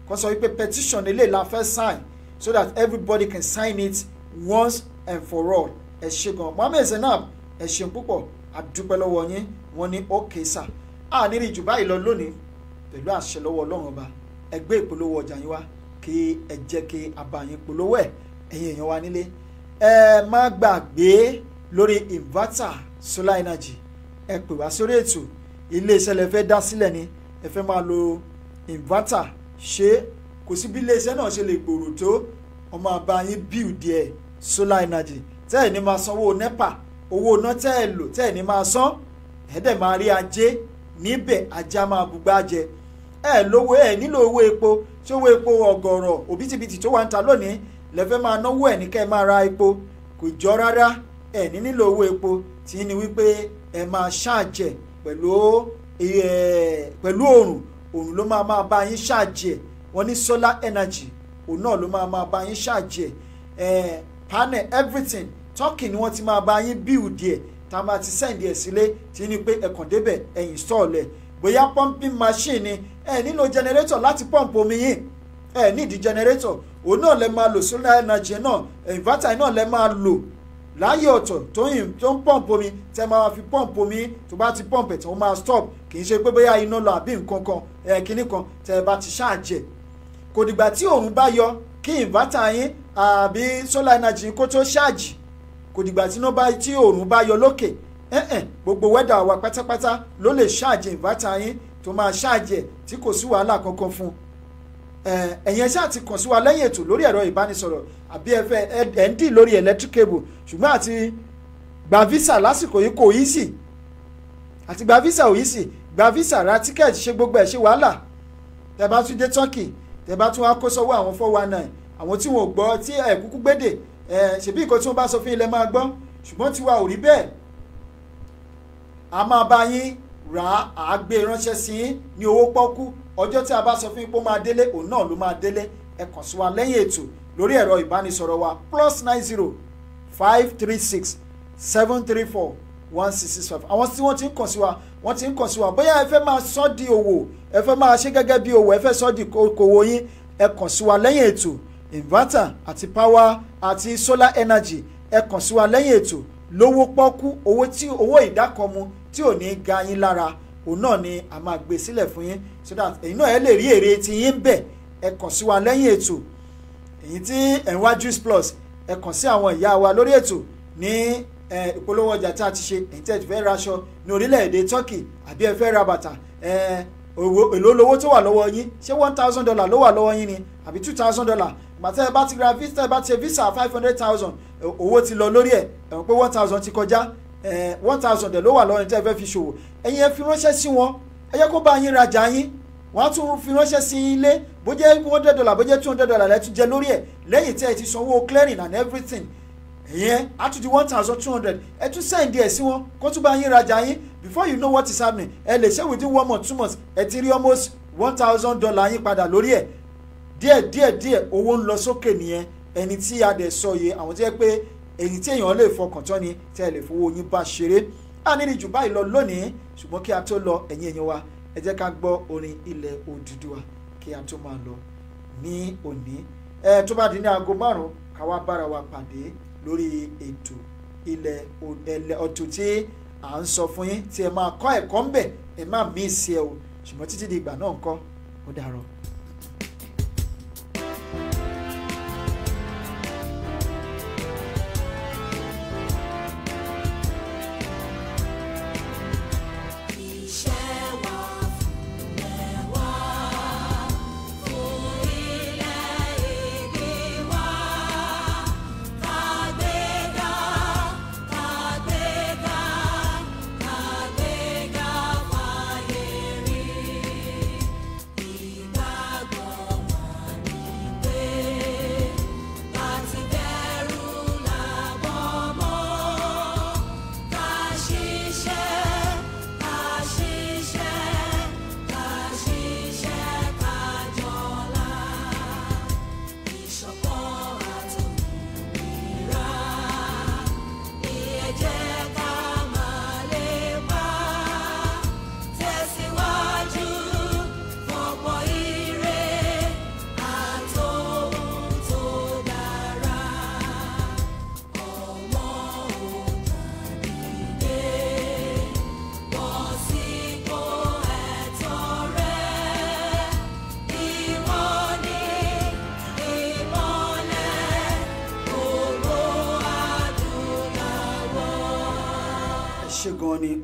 kó sọ wípé petition eléyìí la fẹ́ sign so that everybody can sign it once and for all ẹ ṣe gan Mohammed Zainab ẹ ṣeun púpọ̀ àdúpẹ́ lọ́wọ́ yín wọ́n ní ókè sà á ní rí jù báyìí lọ lónìí pẹ̀lú àṣẹ lọ́wọ́ ọlọ́run ọba ẹgbẹ́ ìpolówó ọjà yín wá kí ẹ jẹ́ kí abàyín polówó ẹ̀ ẹ̀yin èèyàn wa nílé ẹ má gbàgbé lórí inverter solar energy ẹ pè wá sórí ètò iléeṣẹ́ lẹ fẹ́ dá sílẹ̀ ni ẹ fẹ́ máa lo inverter ṣé kò sí bí iléeṣẹ́ náà ṣe lè gbòòrò tó ọmọ àbáyín build ẹ̀ solar energy tẹ́ẹ̀ ní máa sanwó nepa owó iná tẹ́ ẹ lò tẹ́ ẹ ní máa san ẹ̀ẹ́dẹ̀ máa rí ajé níbẹ̀ ajá máa bugbá jẹ ẹ lówó ẹ nílò owó epo tí owó epo ọ̀gọ̀rọ̀ òbítíbitì tó wà ń ta lónìí lẹ́fẹ́ máa náwó ẹ̀ ní kẹ́ ẹ máa ra epo kò jọ rárá ẹ ní nílò owó epo tí ní wípé ẹ máa ṣáàjẹ̀ pẹ̀lú pẹ̀lú òòrùn òòrùn ló máa máa bá yín ṣáàjẹ̀ wọ́n ní solar energy òun náà ló máa máa bá yín ṣáàjẹ̀ panel everything turkey ni wọ́n ti máa bá yín build ẹ̀ tá a máa ti send ẹ̀ sílé tí ní pé ẹ̀kàn débẹ̀ ẹ̀yìn install bóyá pumping machine ni ẹ̀ nílò generator láti pump omi yín ẹ̀ nídi generator òun náà lẹ máa lò solar energy náà inverter náà lẹ máa lò láyé ọ̀tọ̀ tó ń tó ń pọ́ǹpù omi tẹ́ máa fi pọ́ǹpù omi tó bá ti pọ́ǹpù ẹ̀ tí wọ́n máa stop kì í ṣe pé bóyá iná lọ àbí nǹkan kan ẹ̀ kínní kan tẹ́ bá ti ṣáàjẹ̀ kò dìgbà tí òòrùn bá yọ kí inverter yín àbí solar energy kó tó ṣáàjì kò dìgbà tí iná bá tí òòrùn bá yọ lókè ẹ̀ẹ́n gbogbo wẹ́dà wa pátápátá ló lè ṣáàjì ìbátan yín tó máa ṣáàjì ẹ̀ tí kò sí wàhálà kankan fún un ẹ̀yin ẹ ṣáà ti kàn sí wa lẹ́yìn ètò lórí ẹ̀rọ ìbánisọ̀rọ̀ àbí ẹ fẹ́ lórí electric cable ṣùgbọ́n àti gba visa lásìkò yìí kò yí sí àti gba visa ò yí sí gba visa ra ticket ṣe gbogbo ẹ̀ ṣe wàhálà tẹ́ bá tún dé Turkey tẹ́ bá tún wá kó sọ́wọ́ àwọn four àwọn tí wọn ò gbọ́ tí ẹ̀ gbédè ẹ ṣèbí nǹkan tí wọ́n bá sọ fún ilẹ̀ máa gbọ́ ṣùgbọ́n tiwa ò rí bẹ́ẹ̀ a máa bá yín rà á àgbé ránṣẹ́ sí yín ní owó pọ́kú ọjọ́ tí a bá sọ fún yín pé ó máa délé òun náà ló máa délé ẹ kàn sí wa lẹ́yìn ètò lórí ẹ̀rọ ìbánisọ̀rọ̀ wa plus nine zero five three six seven three four one six six five àwọn tí wọ́n ti ń kàn sí wa wọ́n ti ń kàn sí wa bóyá ẹ fẹ́ máa sọ di òwò ẹ fẹ́ máa ṣe gẹ́gẹ́ bí òwò ẹ fẹ́ sọ di okòwò yín ẹ kàn sí wa lẹ́yìn ètò inverter àti power àti solar energy ẹ kàn sí wa lẹ́yìn ètò lówó pọ́kú owó tí owó ìdákọ̀mu tí ò ní ga yín lára òun náà ni a máa gbé sílẹ̀ fún yín so that èyí náà ẹ lè rí èrè tí yín bẹ̀ ẹ kàn sí wa lẹ́yìn ètò èyí tí ẹ̀ ń wá Juice Plus ẹ kàn sí àwọn ìyá wa lórí ètò ní ìpolówó ọjà tá a ti ṣe èyí tẹ́ ẹ fẹ́ ra aṣọ ní orílẹ̀-èdè Turkey àbí ẹ fẹ́ ra bàtà èlò lówó tó wà lọ́wọ́ yín ṣé one thousand dollar ló wà lọ́wọ́ yín ni àbí two thousand dollar gbàtẹ́ ẹ bá ti ra visa ẹ bá ti ṣe visa five hundred thousand owó ti lọ lórí ẹ̀ ẹ̀wọ̀n pé one thousand ti kọjá one thousand dẹ̀ ló wà lọ́rùn tẹ́ ẹ fẹ́ fi ṣòwò ẹ̀yin ẹ fi ránṣẹ́ sí wọn ẹ yẹ kó bá yín rajà yín wọ́n á tún fi ránṣẹ́ sí ilé bó jẹ́ one hundred dollar bó jẹ́ two hundred dollar lẹ́tún jẹ lórí ẹ̀ lẹ́yìn tí ẹ ti sanwó clearing and everything ìyẹn á tún di one thousand two hundred ẹ tún send ẹ sí wọn kó tún bá yín rajà yín before you know what is happening ẹ lè ṣe within one month two months ẹ ti rí almost one thousand dollar yín padà lórí ẹ̀ díẹ̀ díẹ̀ díẹ̀ owó ń lọ sókè nìyẹn ẹni tí a dẹ̀ sọ yìí àwọn tó yẹ pé èyí tí èèyàn lè fọkàn tán ni tẹ́ ẹ lè fowó yín bá ṣeré a nílì jù báyìí lọ lónìí ṣùgbọ́n kí a tó lọ ẹ̀yin èèyàn wa ẹ jẹ́ ká gbọ́ orin ilẹ̀ Odùduwà kí a tó máa lọ ní òní ẹ tó bá di ní aago márùn-ún ká wá bára wa pàdé lórí ètò ilẹ̀ ọ̀tún tí à ń sọ fún yín tí ẹ máa kọ́ ẹ̀kọ́ ń bẹ̀ ẹ má mí ìsì ẹ o ṣùgbọ́n títí di ìgbà náà kọ́ ó dàárọ̀.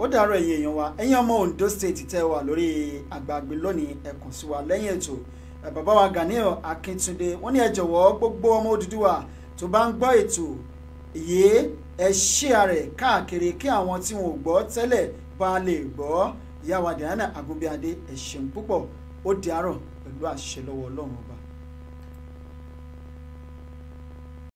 ó dàárọ̀ ẹ̀yin èèyàn wa ẹ̀yin ọmọ Ondo State tẹ́ wà lórí àgbààgbé lónìí ẹ̀kùn sí wa lẹ́yìn ètò bàbá wa Ganiyu Akíntúndé wọ́n ní ẹ jọ̀wọ́ gbogbo ọmọ Odùduwà tó bá ń gbọ́ ètò yìí ẹ ṣíà rẹ̀ káàkiri kí àwọn tí wọn ò gbọ́ tẹ́lẹ̀ bá lè gbọ́ ìyá wa Diana Agunbíadé ẹ ṣeun ó dàárọ̀ pẹ̀lú àṣẹ lọ́wọ́ Ọlọ́run ọba.